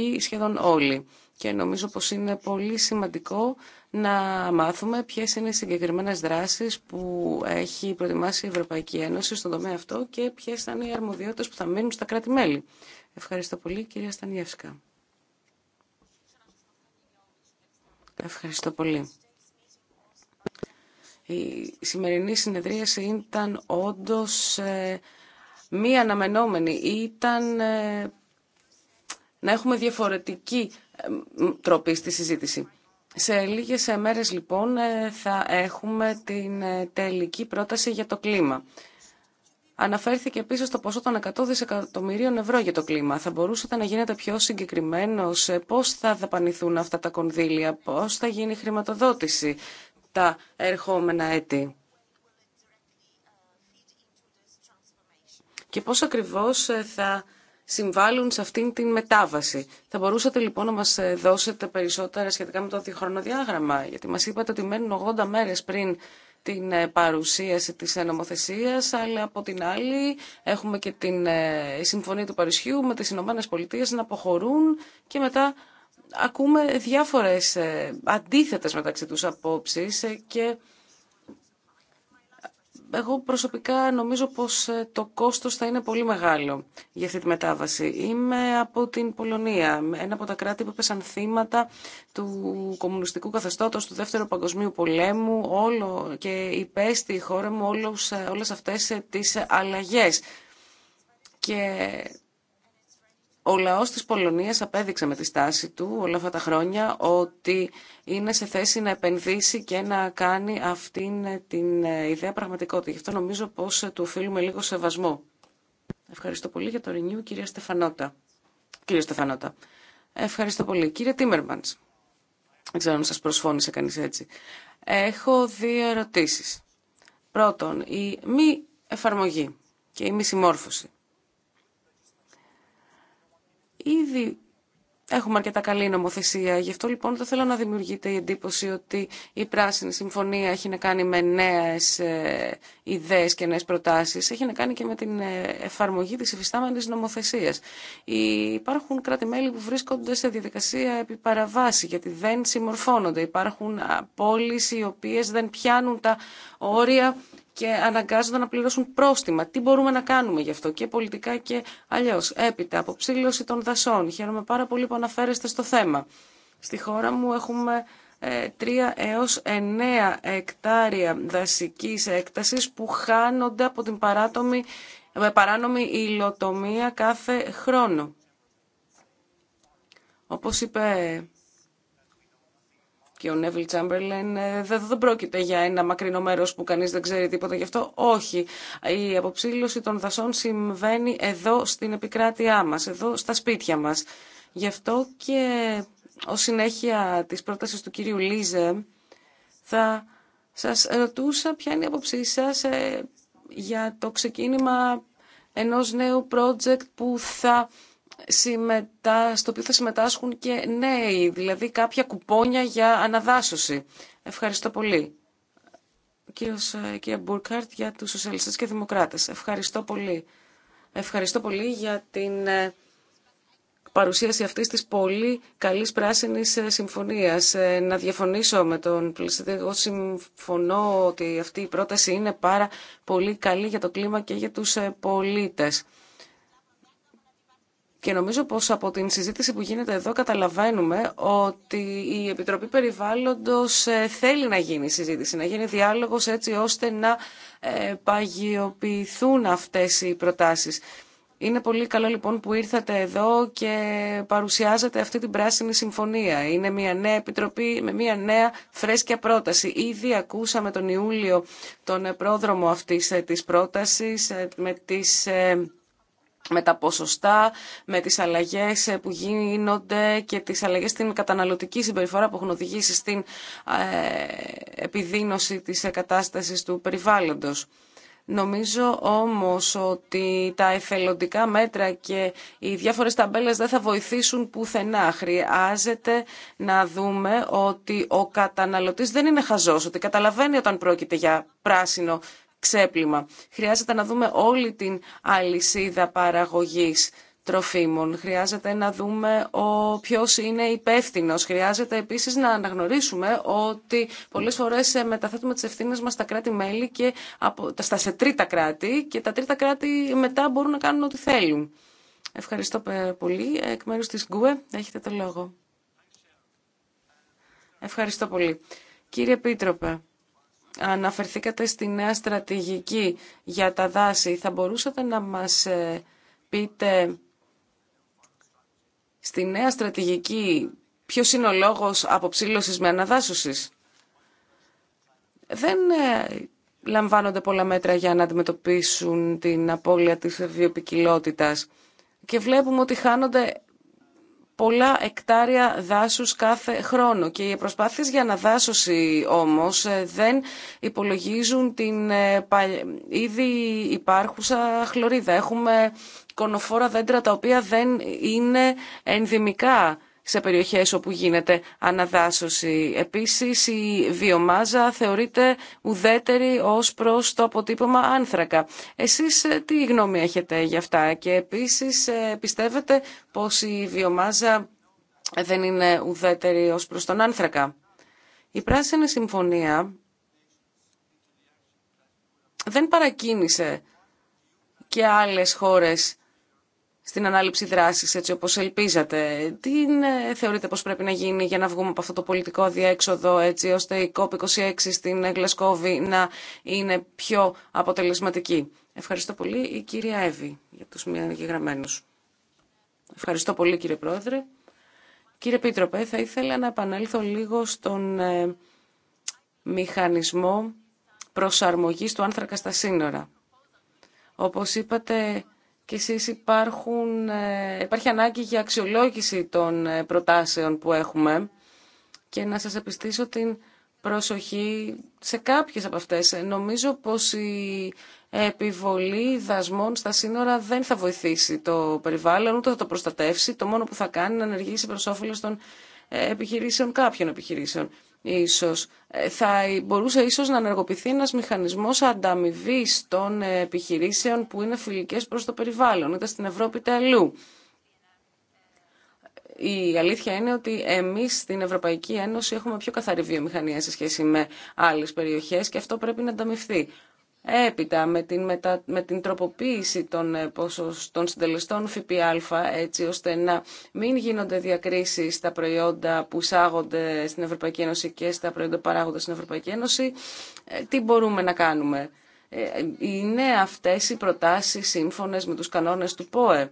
πει σχεδόν όλοι. Και νομίζω πως είναι πολύ σημαντικό να μάθουμε ποιες είναι οι συγκεκριμένες δράσεις που έχει προετοιμάσει η Ευρωπαϊκή Ένωση στον τομέα αυτό και ποιες θα είναι οι αρμοδιότητες που θα μείνουν στα κράτη-μέλη. Ευχαριστώ πολύ, κυρία Στανιεύσκα. Ευχαριστώ πολύ. Η σημερινή συνεδρίαση ήταν όντως ε, μη αναμενόμενη. Ήταν ε, να έχουμε διαφορετική ε, τροπή στη συζήτηση. Σε λίγες ε, μέρες λοιπόν ε, θα έχουμε την τελική πρόταση για το κλίμα. Αναφέρθηκε επίση το ποσό των 100 δισεκατομμυρίων ευρώ για το κλίμα. Θα μπορούσατε να γίνετε πιο συγκεκριμένο πώ θα δαπανηθούν αυτά τα κονδύλια, πώ θα γίνει η χρηματοδότηση τα ερχόμενα έτη. Και πώς ακριβώς θα συμβάλλουν σε αυτήν την μετάβαση. Θα μπορούσατε λοιπόν να μας ε, δώσετε περισσότερα σχετικά με το χρονοδιάγραμμα, γιατί μας είπατε ότι μένουν 80 μέρες πριν την ε, παρουσίαση της ε, νομοθεσίας, αλλά από την άλλη έχουμε και την συμφωνία του Παρισιού με τις Ηνωμένε Πολιτείες να αποχωρούν και μετά ακούμε διάφορες αντίθετες μεταξύ τους απόψεις και εγώ προσωπικά νομίζω πως ε, το κόστος θα είναι πολύ μεγάλο για αυτή τη μετάβαση. Είμαι από την Πολωνία, ένα από τα κράτη που έπεσαν θύματα του κομμουνιστικού καθεστώτος, του Δεύτερου Παγκοσμίου Πολέμου όλο, και υπέστη η χώρα μου όλους, ε, όλες αυτές ε, τις αλλαγές. Και ο λαό τη Πολωνία απέδειξε με τη στάση του όλα αυτά τα χρόνια ότι είναι σε θέση να επενδύσει και να κάνει αυτήν την ε, ιδέα πραγματικότητα. Γι' αυτό νομίζω πως ε, του οφείλουμε λίγο σεβασμό. Ευχαριστώ πολύ για το Ρηνιού, κυρία Στεφανότα. Κύριε Στεφανότα, ευχαριστώ πολύ. Κύριε Τίμερμαντς, δεν ξέρω αν σας προσφώνησε κανεί έτσι. Έχω δύο ερωτήσει. Πρώτον, η μη εφαρμογή και η μη συμμόρφωση. Ήδη έχουμε αρκετά καλή νομοθεσία. Γι' αυτό λοιπόν δεν θέλω να δημιουργείται η εντύπωση ότι η Πράσινη Συμφωνία έχει να κάνει με νέες ε, ιδέες και νέες προτάσεις. Έχει να κάνει και με την ε, εφαρμογή της υφιστάμενης νομοθεσίας. Υπάρχουν κράτη-μέλη που βρίσκονται σε διαδικασία επί γιατί δεν συμμορφώνονται. Υπάρχουν πόλεις οι οποίες δεν πιάνουν τα όρια και αναγκάζονται να πληρώσουν πρόστιμα. Τι μπορούμε να κάνουμε γι' αυτό και πολιτικά και αλλιώ. Έπειτα, αποψήλωση των δασών. Χαίρομαι πάρα πολύ που αναφέρεστε στο θέμα. Στη χώρα μου έχουμε 3 ε, έως 9 εκτάρια δασικής έκτασης που χάνονται από την παράτομη, παράνομη υλοτομία κάθε χρόνο. Όπως είπε και ο Νέβιλ Τσάμπερλεν ε, δεν πρόκειται για ένα μακρινό μέρος που κανείς δεν ξέρει τίποτα γι' αυτό. Όχι. Η αποψήλωση των δασών συμβαίνει εδώ στην επικράτειά μας, εδώ στα σπίτια μας. Γι' αυτό και ω συνέχεια της πρότασης του κύριου Λίζε θα σας ρωτούσα ποια είναι η αποψή σας ε, για το ξεκίνημα ενός νέου project που θα στο οποίο θα συμμετάσχουν και νέοι, δηλαδή κάποια κουπόνια για αναδάσωση. Ευχαριστώ πολύ. Κύριος, ε, κύριε Μπουρκάρτ για τους σοσιαλιστές και δημοκράτες. Ευχαριστώ πολύ. Ευχαριστώ πολύ για την ε, παρουσίαση αυτής της πολύ καλής πράσινης ε, συμφωνίας. Να διαφωνήσω με τον πλησίδη. Εγώ συμφωνώ ότι αυτή η πρόταση είναι πάρα πολύ καλή για το κλίμα και για τους πολίτες. Και νομίζω πως από την συζήτηση που γίνεται εδώ καταλαβαίνουμε ότι η Επιτροπή Περιβάλλοντος ε, θέλει να γίνει συζήτηση, να γίνει διάλογος έτσι ώστε να ε, παγιοποιηθούν αυτές οι προτάσεις. Είναι πολύ καλό λοιπόν που ήρθατε εδώ και παρουσιάζετε αυτή την πράσινη συμφωνία. Είναι μια νέα επιτροπή με μια νέα φρέσκια πρόταση. Ήδη ακούσαμε τον Ιούλιο τον πρόδρομο αυτής ε, της πρότασης με τις με τα ποσοστά, με τις αλλαγές ε, που γίνονται και τις αλλαγές στην καταναλωτική συμπεριφορά που έχουν οδηγήσει στην ε, επιδείνωση της κατάστασης του περιβάλλοντος. Νομίζω όμως ότι τα εθελοντικά μέτρα και οι διάφορες ταμπέλες δεν θα βοηθήσουν πουθενά. Χρειάζεται να δούμε ότι ο καταναλωτής δεν είναι χαζός, ότι καταλαβαίνει όταν πρόκειται για πράσινο ξέπλυμα. Χρειάζεται να δούμε όλη την αλυσίδα παραγωγής τροφίμων. Χρειάζεται να δούμε ο ποιος είναι υπεύθυνος. Χρειάζεται επίσης να αναγνωρίσουμε ότι πολλές φορές ε, μεταθέτουμε τις ευθύνες μας στα κράτη-μέλη και από, στα σε τρίτα κράτη και τα τρίτα κράτη μετά μπορούν να κάνουν ό,τι θέλουν. Ευχαριστώ ε, πολύ. Εκ μέρους της ΓΚΟΕ έχετε το λόγο. Ευχαριστώ πολύ. Κύριε Πίτροπε, αναφερθήκατε στη νέα στρατηγική για τα δάση. Θα μπορούσατε να μας ε, πείτε στη νέα στρατηγική ποιος είναι ο λόγος αποψήλωσης με αναδάσωσης. Δεν ε, λαμβάνονται πολλά μέτρα για να αντιμετωπίσουν την απώλεια της βιοπικιλότητας και βλέπουμε ότι χάνονται πολλά εκτάρια δάσους κάθε χρόνο και οι προσπάθειες για αναδάσωση όμως ε, δεν υπολογίζουν την ε, ήδη υπάρχουσα χλωρίδα. Έχουμε κονοφόρα δέντρα τα οποία δεν είναι ενδυμικά σε περιοχές όπου γίνεται αναδάσωση. Επίσης, η βιομάζα θεωρείται ουδέτερη ως προς το αποτύπωμα άνθρακα. Εσείς ε, τι γνώμη έχετε γι' αυτά και επίσης ε, πιστεύετε πως η βιομάζα δεν είναι ουδέτερη ως προς τον άνθρακα. Η Πράσινη Συμφωνία δεν παρακίνησε και άλλες χώρες στην ανάληψη δράσης, έτσι όπως ελπίζατε. Τι θεωρείτε πως πρέπει να γίνει για να βγούμε από αυτό το πολιτικό διέξοδο... έτσι ώστε η COP26 στην Γλασκόβη να είναι πιο αποτελεσματική. Ευχαριστώ πολύ η κυρία Εύη για τους μη αναγεγραμμένους. Ευχαριστώ πολύ κύριε Πρόεδρε. Κύριε Πίτροπε, θα ήθελα να επανέλθω λίγο στον ε, μηχανισμό προσαρμογής του άνθρακα στα σύνορα. Όπως είπατε, και εσείς υπάρχουν, ε, υπάρχει ανάγκη για αξιολόγηση των ε, προτάσεων που έχουμε και να σας επιστήσω την προσοχή σε κάποιες από αυτές. Ε, νομίζω πως η επιβολή δασμών στα σύνορα δεν θα βοηθήσει το περιβάλλον, ούτε θα το προστατεύσει. Το μόνο που θα κάνει είναι να ενεργήσει προς όφελος των επιχειρήσεων, κάποιων επιχειρήσεων ίσως. Ε, θα μπορούσε ίσως να ενεργοποιηθεί ένας μηχανισμός ανταμοιβή των ε, επιχειρήσεων που είναι φιλικές προς το περιβάλλον, είτε στην Ευρώπη είτε αλλού. Η αλήθεια είναι ότι εμείς στην Ευρωπαϊκή Ένωση έχουμε πιο καθαρή βιομηχανία σε σχέση με άλλες περιοχές και αυτό πρέπει να ανταμοιφθεί. Έπειτα με την, με την τροποποίηση ε, των, συντελεστών ΦΠΑ έτσι ώστε να μην γίνονται διακρίσεις στα προϊόντα που εισάγονται στην Ευρωπαϊκή Ένωση και στα προϊόντα που παράγονται στην Ευρωπαϊκή Ένωση, ε, τι μπορούμε να κάνουμε. Ε, είναι αυτές οι προτάσεις σύμφωνες με τους κανόνες του ΠΟΕ.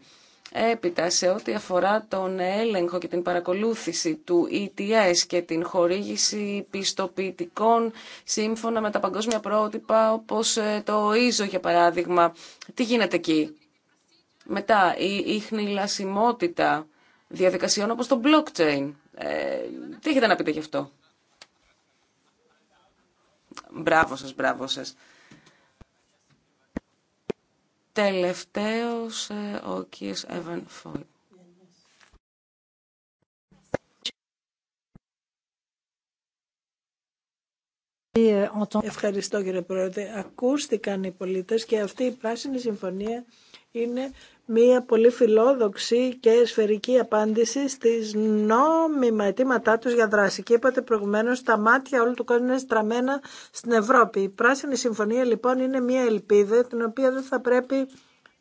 Έπειτα, σε ό,τι αφορά τον έλεγχο και την παρακολούθηση του ETS και την χορήγηση πιστοποιητικών σύμφωνα με τα παγκόσμια πρότυπα, όπως ε, το ISO για παράδειγμα, τι γίνεται εκεί. Μετά, η ίχνη διαδικασιών όπως το blockchain. Ε, τι έχετε να πείτε γι' αυτό. Μπράβο σας, μπράβο σας. Τελευταίος ε, ο κύριος Εβαν Φόιτ. Ευχαριστώ κύριε Πρόεδρε. Ακούστηκαν οι πολίτες και αυτή η πράσινη συμφωνία είναι μία πολύ φιλόδοξη και σφαιρική απάντηση στις νόμιμα αιτήματά τους για δράση. Και είπατε προηγουμένως τα μάτια όλου του κόσμου είναι στραμμένα στην Ευρώπη. Η Πράσινη Συμφωνία λοιπόν είναι μία ελπίδα την οποία δεν θα πρέπει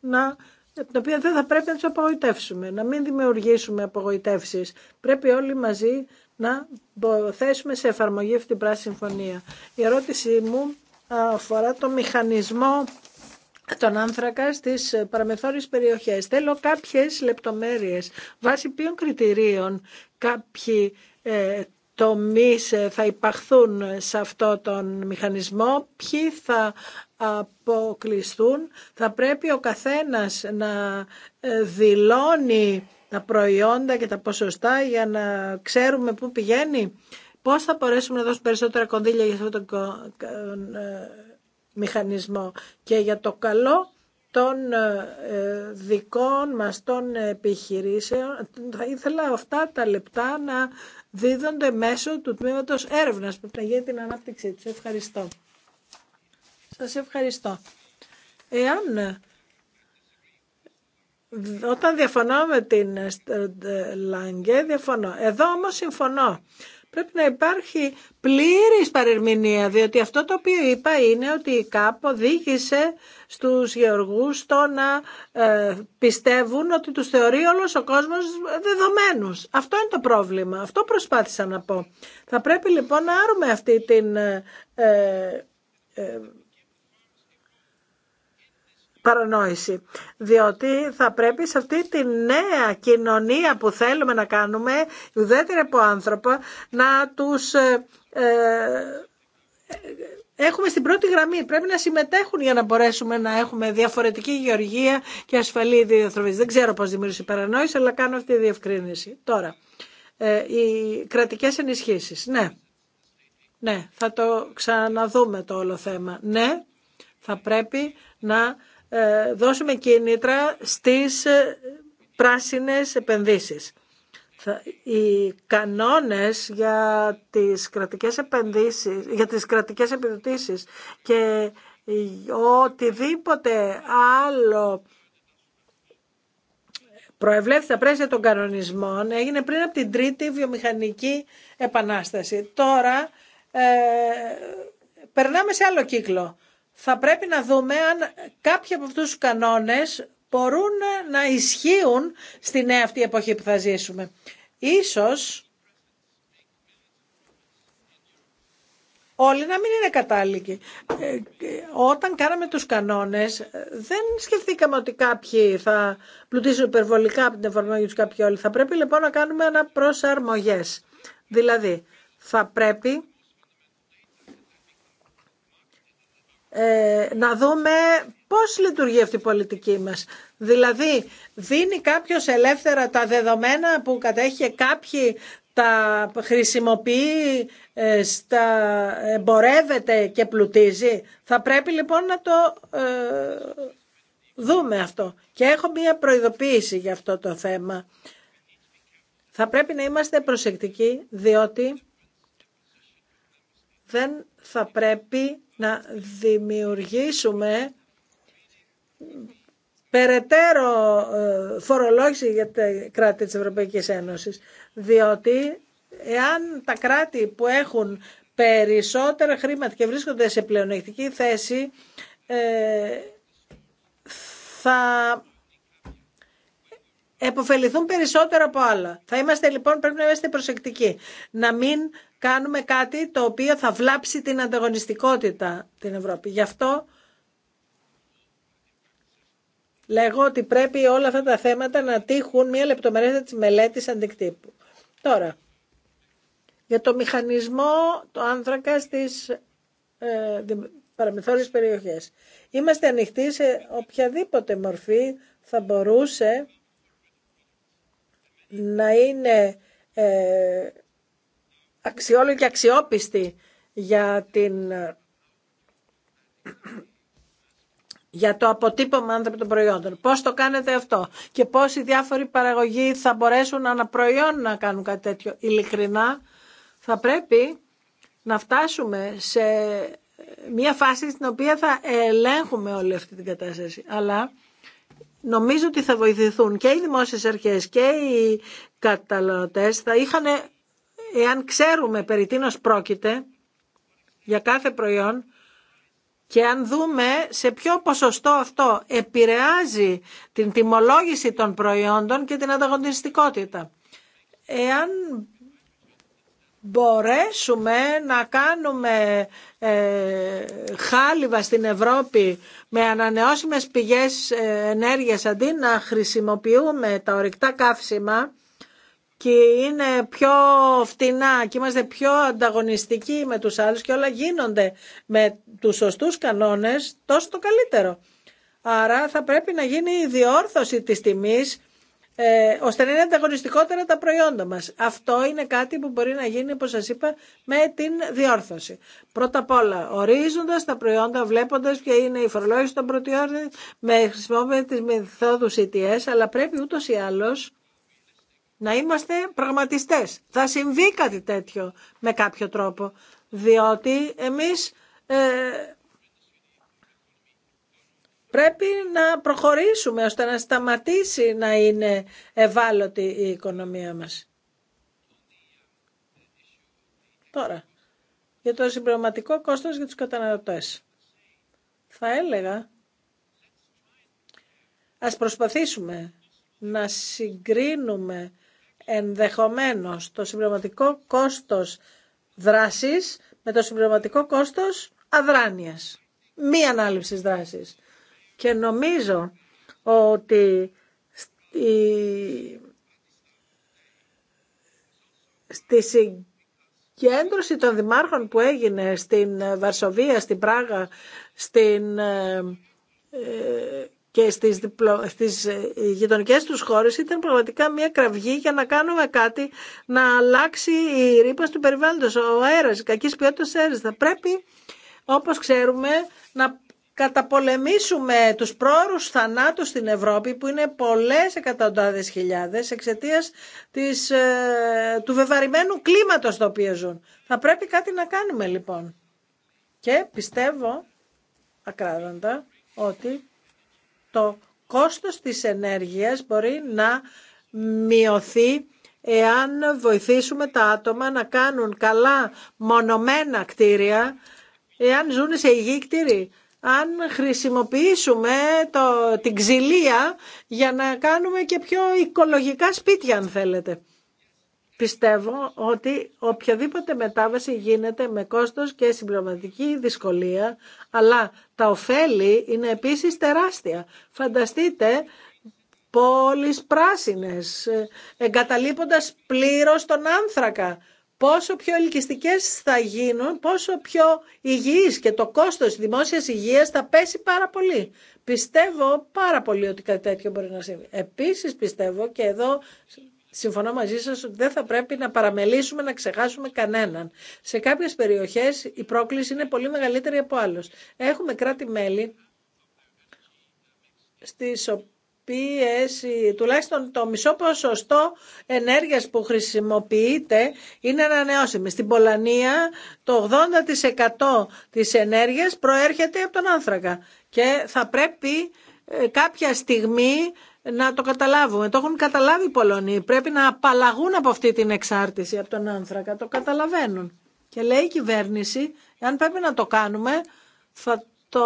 να την οποία δεν θα πρέπει να του απογοητεύσουμε, να μην δημιουργήσουμε απογοητεύσεις. Πρέπει όλοι μαζί να θέσουμε σε εφαρμογή αυτή την Πράσινη Συμφωνία. Η ερώτησή μου αφορά το μηχανισμό τον άνθρακα στις ε, παραμεθόριες περιοχές. Θέλω κάποιες λεπτομέρειες. Βάσει ποιων κριτηρίων κάποιοι ε, τομείς ε, θα υπαχθούν σε αυτό τον μηχανισμό, ποιοι θα αποκλειστούν. Θα πρέπει ο καθένας να ε, δηλώνει τα προϊόντα και τα ποσοστά για να ξέρουμε πού πηγαίνει. Πώς θα μπορέσουμε να δώσουμε περισσότερα κονδύλια για αυτό το μηχανισμό και για το καλό των ε, ε, δικών μας των επιχειρήσεων. Θα ήθελα αυτά τα λεπτά να δίδονται μέσω του τμήματος έρευνας που θα την ανάπτυξή τους. Ευχαριστώ. Σας ευχαριστώ. Εάν ε, όταν διαφωνώ με την Λάγκε, διαφωνώ. Εδώ όμως συμφωνώ πρέπει να υπάρχει πλήρης παρερμηνία, διότι αυτό το οποίο είπα είναι ότι η ΚΑΠ οδήγησε στους γεωργούς το να ε, πιστεύουν ότι τους θεωρεί όλος ο κόσμος δεδομένους. Αυτό είναι το πρόβλημα. Αυτό προσπάθησα να πω. Θα πρέπει λοιπόν να άρουμε αυτή την... Ε, ε, παρανόηση. Διότι θα πρέπει σε αυτή τη νέα κοινωνία που θέλουμε να κάνουμε, ουδέτερη από άνθρωπο, να τους... Ε, ε έχουμε στην πρώτη γραμμή. Πρέπει να συμμετέχουν για να μπορέσουμε να έχουμε διαφορετική γεωργία και ασφαλή διαθροφή. Δεν ξέρω πώς δημιουργήσει η παρανόηση, αλλά κάνω αυτή τη διευκρίνηση. Τώρα, ε, οι κρατικές ενισχύσεις. Ναι, ναι, θα το ξαναδούμε το όλο θέμα. Ναι, θα πρέπει να ε, δώσουμε κίνητρα στις ε, πράσινες επενδύσεις. Οι κανόνες για τις κρατικές επενδύσεις, για τις κρατικές επιδοτήσεις και οτιδήποτε άλλο προευλέφθη τα πρέσια των κανονισμών έγινε πριν από την τρίτη βιομηχανική επανάσταση. Τώρα ε, περνάμε σε άλλο κύκλο θα πρέπει να δούμε αν κάποιοι από αυτούς τους κανόνες μπορούν να ισχύουν στην νέα αυτή εποχή που θα ζήσουμε. Ίσως όλοι να μην είναι κατάλληλοι. Ε, ε, όταν κάναμε τους κανόνες ε, δεν σκεφτήκαμε ότι κάποιοι θα πλουτίσουν υπερβολικά από την εφαρμογή τους κάποιοι όλοι. Θα πρέπει λοιπόν να κάνουμε ένα Δηλαδή θα πρέπει Ε, να δούμε πώς λειτουργεί αυτή η πολιτική μας. Δηλαδή, δίνει κάποιος ελεύθερα τα δεδομένα που κατέχει κάποιοι τα χρησιμοποιεί, ε, στα, εμπορεύεται και πλουτίζει. Θα πρέπει λοιπόν να το ε, δούμε αυτό. Και έχω μία προειδοποίηση για αυτό το θέμα. Θα πρέπει να είμαστε προσεκτικοί, διότι δεν θα πρέπει να δημιουργήσουμε περαιτέρω ε, φορολόγηση για τα κράτη της Ευρωπαϊκής Ένωσης. Διότι εάν τα κράτη που έχουν περισσότερα χρήματα και βρίσκονται σε πλεονεκτική θέση ε, θα Εποφεληθούν περισσότερο από άλλα. Θα είμαστε λοιπόν, πρέπει να είμαστε προσεκτικοί. Να μην κάνουμε κάτι το οποίο θα βλάψει την ανταγωνιστικότητα την Ευρώπη. Γι' αυτό λέγω ότι πρέπει όλα αυτά τα θέματα να τύχουν μια της μελέτη αντικτύπου. Τώρα, για το μηχανισμό το άνθρακα στις ε, περιοχές. Είμαστε ανοιχτοί σε οποιαδήποτε μορφή θα μπορούσε να είναι ε, αξιόλογη και αξιόπιστη για, την, για το αποτύπωμα των προϊόντων. Πώς το κάνετε αυτό και πώς οι διάφοροι παραγωγοί θα μπορέσουν αναπροϊόν να κάνουν κάτι τέτοιο. Ειλικρινά θα πρέπει να φτάσουμε σε μια φάση στην οποία θα ελέγχουμε όλη αυτή την κατάσταση. Αλλά νομίζω ότι θα βοηθηθούν και οι δημόσιες αρχές και οι καταναλωτές θα είχαν, εάν ξέρουμε περί τίνος πρόκειται για κάθε προϊόν και αν δούμε σε ποιο ποσοστό αυτό επηρεάζει την τιμολόγηση των προϊόντων και την ανταγωνιστικότητα. Εάν μπορέσουμε να κάνουμε ε, χάλιβα στην Ευρώπη με ανανεώσιμες πηγές ε, ενέργειας αντί να χρησιμοποιούμε τα ορυκτά καύσιμα και είναι πιο φτηνά και είμαστε πιο ανταγωνιστικοί με τους άλλους και όλα γίνονται με τους σωστούς κανόνες τόσο το καλύτερο. Άρα θα πρέπει να γίνει η διόρθωση της τιμής ε, ώστε να είναι ανταγωνιστικότερα τα προϊόντα μας. Αυτό είναι κάτι που μπορεί να γίνει, όπως σας είπα, με την διόρθωση. Πρώτα απ' όλα, ορίζοντας τα προϊόντα, βλέποντας ποια είναι η φορολόγηση των πρωτιών, με χρησιμοποιούμε τις μεθόδους ETS, αλλά πρέπει ούτως ή άλλως να είμαστε πραγματιστές. Θα συμβεί κάτι τέτοιο με κάποιο τρόπο, διότι εμείς... Ε, Πρέπει να προχωρήσουμε ώστε να σταματήσει να είναι ευάλωτη η οικονομία μας. Τώρα, για το συμπληρωματικό κόστος για τους καταναλωτές. Θα έλεγα, ας προσπαθήσουμε να συγκρίνουμε ενδεχομένως το συμπληρωματικό κόστος δράσης με το συμπληρωματικό κόστος αδράνειας. Μη ανάληψης δράσης. Και νομίζω ότι στη συγκέντρωση των δημάρχων που έγινε στην Βαρσοβία, στην Πράγα, στην ε, και στις, διπλο, στις ε, γειτονικές τους χώρες ήταν πραγματικά μια κραυγή για να κάνουμε κάτι να αλλάξει η ρήπα του περιβάλλοντος, ο αέρας, η κακής ποιότητας αέρας. Θα πρέπει, όπως ξέρουμε, να καταπολεμήσουμε τους πρόωρους θανάτους στην Ευρώπη που είναι πολλές εκατοντάδες χιλιάδες εξαιτίας ε, του βεβαρημένου κλίματος στο οποίο ζουν. Θα πρέπει κάτι να κάνουμε λοιπόν. Και πιστεύω ακράδαντα ότι το κόστος της ενέργειας μπορεί να μειωθεί εάν βοηθήσουμε τα άτομα να κάνουν καλά μονομένα κτίρια, εάν ζουν σε υγιή κτίρια αν χρησιμοποιήσουμε το, την ξυλία για να κάνουμε και πιο οικολογικά σπίτια αν θέλετε. Πιστεύω ότι οποιαδήποτε μετάβαση γίνεται με κόστος και συμπληρωματική δυσκολία, αλλά τα ωφέλη είναι επίσης τεράστια. Φανταστείτε πόλεις πράσινες, εγκαταλείποντας πλήρως τον άνθρακα πόσο πιο ελκυστικές θα γίνουν, πόσο πιο υγιείς και το κόστος δημόσιας υγείας θα πέσει πάρα πολύ. Πιστεύω πάρα πολύ ότι κάτι τέτοιο μπορεί να συμβεί. Επίσης πιστεύω και εδώ συμφωνώ μαζί σας ότι δεν θα πρέπει να παραμελήσουμε, να ξεχάσουμε κανέναν. Σε κάποιες περιοχές η πρόκληση είναι πολύ μεγαλύτερη από άλλους. Έχουμε κράτη-μέλη στις οποίες πίεση, τουλάχιστον το μισό ποσοστό ενέργειας που χρησιμοποιείται είναι ανανεώσιμη. Στην Πολωνία το 80% της ενέργειας προέρχεται από τον άνθρακα και θα πρέπει ε, κάποια στιγμή να το καταλάβουμε. Το έχουν καταλάβει οι Πολωνοί. Πρέπει να απαλλαγούν από αυτή την εξάρτηση από τον άνθρακα. Το καταλαβαίνουν. Και λέει η κυβέρνηση, αν πρέπει να το κάνουμε, θα το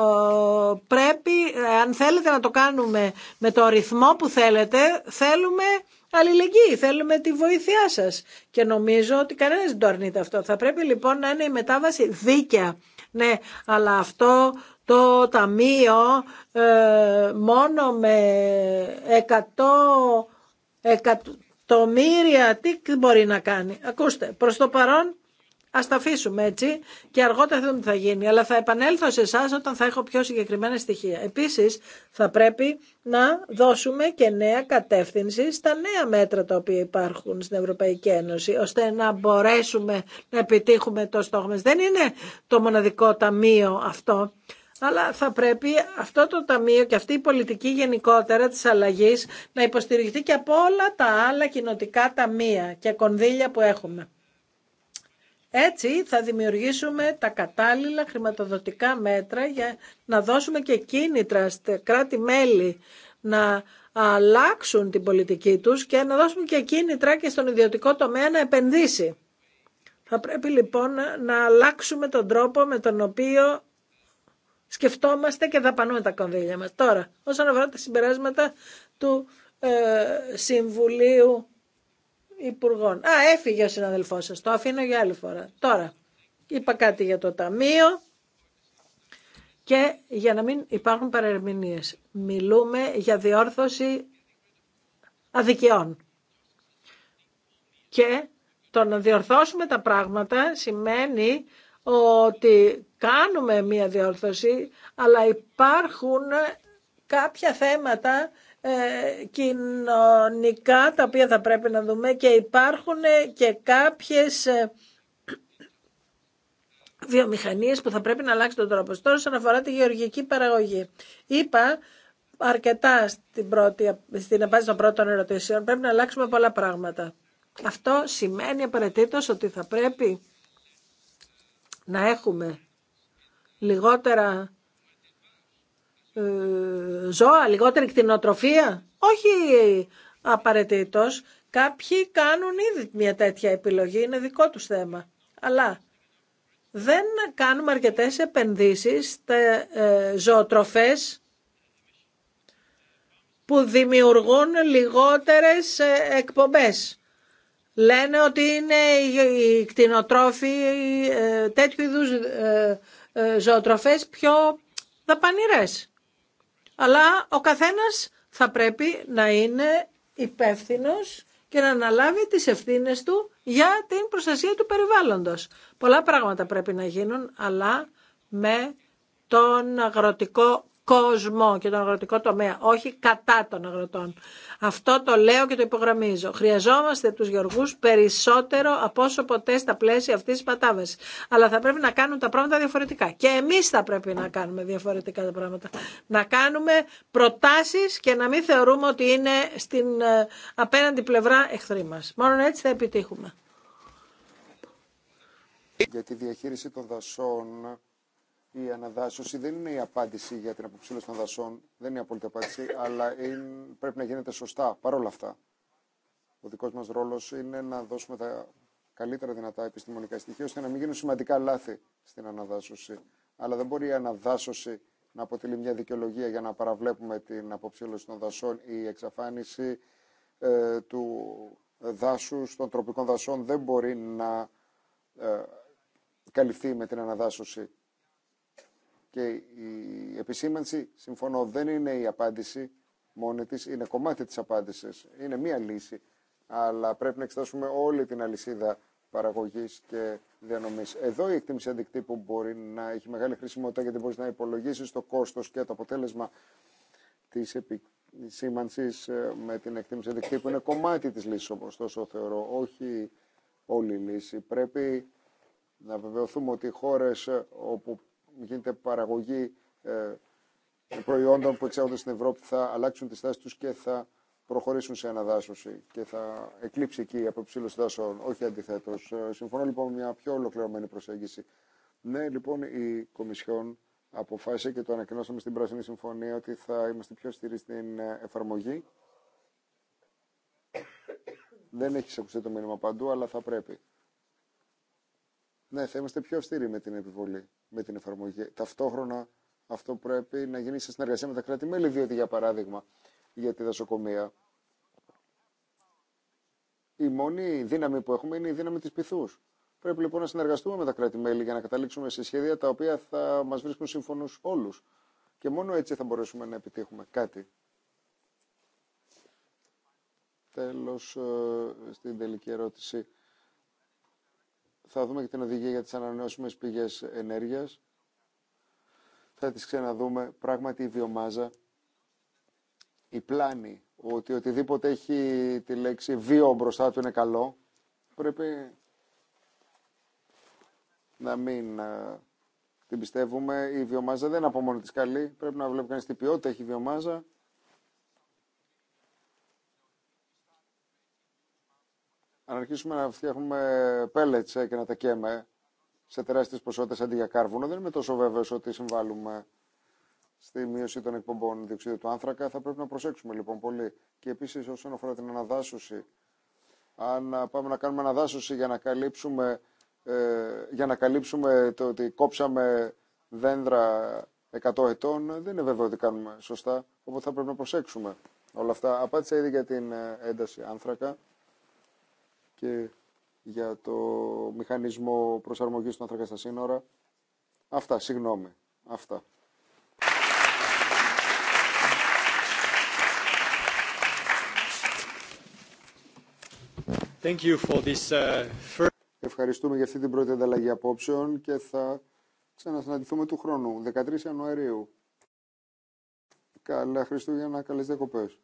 ε, πρέπει, ε, αν θέλετε να το κάνουμε με το ρυθμό που θέλετε, θέλουμε αλληλεγγύη, θέλουμε τη βοήθειά σας. Και νομίζω ότι κανένας δεν το αρνείται αυτό. Θα πρέπει λοιπόν να είναι η μετάβαση δίκαια. Ναι, αλλά αυτό το ταμείο ε, μόνο με 100 εκατομμύρια τι μπορεί να κάνει. Ακούστε, προς το παρόν Α τα αφήσουμε έτσι και αργότερα θα δούμε τι θα γίνει. Αλλά θα επανέλθω σε εσά όταν θα έχω πιο συγκεκριμένα στοιχεία. Επίση, θα πρέπει να δώσουμε και νέα κατεύθυνση στα νέα μέτρα τα οποία υπάρχουν στην Ευρωπαϊκή Ένωση, ώστε να μπορέσουμε να επιτύχουμε το στόχο μα. Δεν είναι το μοναδικό ταμείο αυτό, αλλά θα πρέπει αυτό το ταμείο και αυτή η πολιτική γενικότερα της αλλαγής να υποστηριχθεί και από όλα τα άλλα κοινοτικά ταμεία και κονδύλια που έχουμε. Έτσι θα δημιουργήσουμε τα κατάλληλα χρηματοδοτικά μέτρα για να δώσουμε και κίνητρα στα κράτη-μέλη να αλλάξουν την πολιτική τους και να δώσουμε και κίνητρα και στον ιδιωτικό τομέα να επενδύσει. Θα πρέπει λοιπόν να αλλάξουμε τον τρόπο με τον οποίο σκεφτόμαστε και δαπανούμε τα κονδύλια μας. Τώρα, όσον αφορά τα συμπεράσματα του ε, Συμβουλίου υπουργών. Α, έφυγε ο συναδελφός σας. Το αφήνω για άλλη φορά. Τώρα, είπα κάτι για το ταμείο και για να μην υπάρχουν παρερμηνίες. Μιλούμε για διόρθωση αδικιών. Και το να διορθώσουμε τα πράγματα σημαίνει ότι κάνουμε μία διόρθωση, αλλά υπάρχουν κάποια θέματα ε, κοινωνικά τα οποία θα πρέπει να δούμε και υπάρχουν και κάποιες ε, βιομηχανίες που θα πρέπει να αλλάξει τον τρόπο. Τώρα, σαν αφορά τη γεωργική παραγωγή, είπα αρκετά στην, πρώτη, στην απάντηση των πρώτων ερωτήσεων, πρέπει να αλλάξουμε πολλά πράγματα. Αυτό σημαίνει απαραίτητο ότι θα πρέπει να έχουμε λιγότερα ε, ζώα, λιγότερη κτηνοτροφία. Όχι απαραίτητο. Κάποιοι κάνουν ήδη μια τέτοια επιλογή, είναι δικό τους θέμα. Αλλά δεν κάνουμε αρκετές επενδύσεις στα ε, ζωοτροφές που δημιουργούν λιγότερες ε, εκπομπές. Λένε ότι είναι οι κτηνοτρόφοι τέτοιου είδους ζωοτροφές πιο δαπανηρές αλλά ο καθένας θα πρέπει να είναι υπεύθυνο και να αναλάβει τις ευθύνες του για την προστασία του περιβάλλοντος. Πολλά πράγματα πρέπει να γίνουν, αλλά με τον αγροτικό κόσμο και τον αγροτικό τομέα, όχι κατά των αγροτών. Αυτό το λέω και το υπογραμμίζω. Χρειαζόμαστε τους γεωργού περισσότερο από όσο ποτέ στα πλαίσια αυτή της πατάβαση. Αλλά θα πρέπει να κάνουν τα πράγματα διαφορετικά. Και εμείς θα πρέπει να κάνουμε διαφορετικά τα πράγματα. Να κάνουμε προτάσεις και να μην θεωρούμε ότι είναι στην ε, απέναντι πλευρά εχθροί μα. Μόνο έτσι θα επιτύχουμε. Για τη διαχείριση των δασών η αναδάσωση δεν είναι η απάντηση για την αποψήλωση των δασών, δεν είναι η απόλυτη απάντηση, αλλά είναι, πρέπει να γίνεται σωστά παρόλα αυτά. Ο δικό μα ρόλο είναι να δώσουμε τα καλύτερα δυνατά επιστημονικά στοιχεία, ώστε να μην γίνουν σημαντικά λάθη στην αναδάσωση. Αλλά δεν μπορεί η αναδάσωση να αποτελεί μια δικαιολογία για να παραβλέπουμε την αποψήλωση των δασών ή η εξαφάνιση ε, του δάσου των τροπικών δασών δεν μπορεί να ε, καλυφθεί με την αναδάσωση. Και η επισήμανση, συμφωνώ, δεν είναι η απάντηση μόνη τη, είναι κομμάτι τη απάντηση. Είναι μία λύση. Αλλά πρέπει να εξετάσουμε όλη την αλυσίδα παραγωγή και διανομή. Εδώ η εκτίμηση αντικτύπου μπορεί να έχει μεγάλη χρησιμότητα γιατί μπορεί να υπολογίσει το κόστο και το αποτέλεσμα τη επισήμανσης ε, με την εκτίμηση αντικτύπου. Είναι κομμάτι τη λύση, τόσο θεωρώ, όχι όλη η λύση. Πρέπει να βεβαιωθούμε ότι οι χώρε ε, όπου γίνεται παραγωγή ε, προϊόντων που εξάγονται στην Ευρώπη θα αλλάξουν τη στάση τους και θα προχωρήσουν σε αναδάσωση και θα εκλείψει εκεί η αποψήλωση δάσεων, όχι αντιθέτως. Ε, συμφωνώ λοιπόν με μια πιο ολοκληρωμένη προσέγγιση. Ναι, λοιπόν, η Κομισιόν αποφάσισε και το ανακοινώσαμε στην Πράσινη Συμφωνία ότι θα είμαστε πιο στήρι στην ε, εφαρμογή. Δεν έχει ακουστεί το μήνυμα παντού, αλλά θα πρέπει. Ναι, θα είμαστε πιο αυστηροί με την επιβολή, με την εφαρμογή. Ταυτόχρονα αυτό πρέπει να γίνει σε συνεργασία με τα κράτη-μέλη, διότι για παράδειγμα για τη δασοκομεία η μόνη δύναμη που έχουμε είναι η δύναμη τη πυθού. Πρέπει λοιπόν να συνεργαστούμε με τα κράτη-μέλη για να καταλήξουμε σε σχέδια τα οποία θα μα βρίσκουν συμφωνού όλου. Και μόνο έτσι θα μπορέσουμε να επιτύχουμε κάτι. Τέλος, ε, στην τελική ερώτηση θα δούμε και την οδηγία για τις ανανεώσιμες πηγές ενέργειας. Θα τις ξαναδούμε. Πράγματι η βιομάζα, η πλάνη, ότι οτιδήποτε έχει τη λέξη βίο μπροστά του είναι καλό, πρέπει να μην ε, την πιστεύουμε. Η βιομάζα δεν είναι από μόνο της καλή. Πρέπει να βλέπει κανείς τι ποιότητα έχει η βιομάζα αν αρχίσουμε να φτιάχνουμε πέλετσε και να τα καίμε σε τεράστιε ποσότητες αντί για κάρβουνο, δεν είμαι τόσο βέβαιο ότι συμβάλλουμε στη μείωση των εκπομπών διοξιδίου του άνθρακα. Θα πρέπει να προσέξουμε λοιπόν πολύ. Και επίση όσον αφορά την αναδάσωση, αν πάμε να κάνουμε αναδάσωση για να καλύψουμε, ε, για να καλύψουμε το ότι κόψαμε δέντρα 100 ετών, δεν είναι βέβαιο ότι κάνουμε σωστά, οπότε θα πρέπει να προσέξουμε όλα αυτά. Απάντησα ήδη για την ε, ένταση άνθρακα και για το μηχανισμό προσαρμογής των άνθρωπων στα σύνορα. Αυτά, συγγνώμη. Αυτά. Thank you for this, uh, Ευχαριστούμε για αυτή την πρώτη ανταλλαγή απόψεων και θα ξανασυναντηθούμε του χρόνου, 13 Ιανουαρίου. Καλά Χριστούγεννα, καλές διακοπές.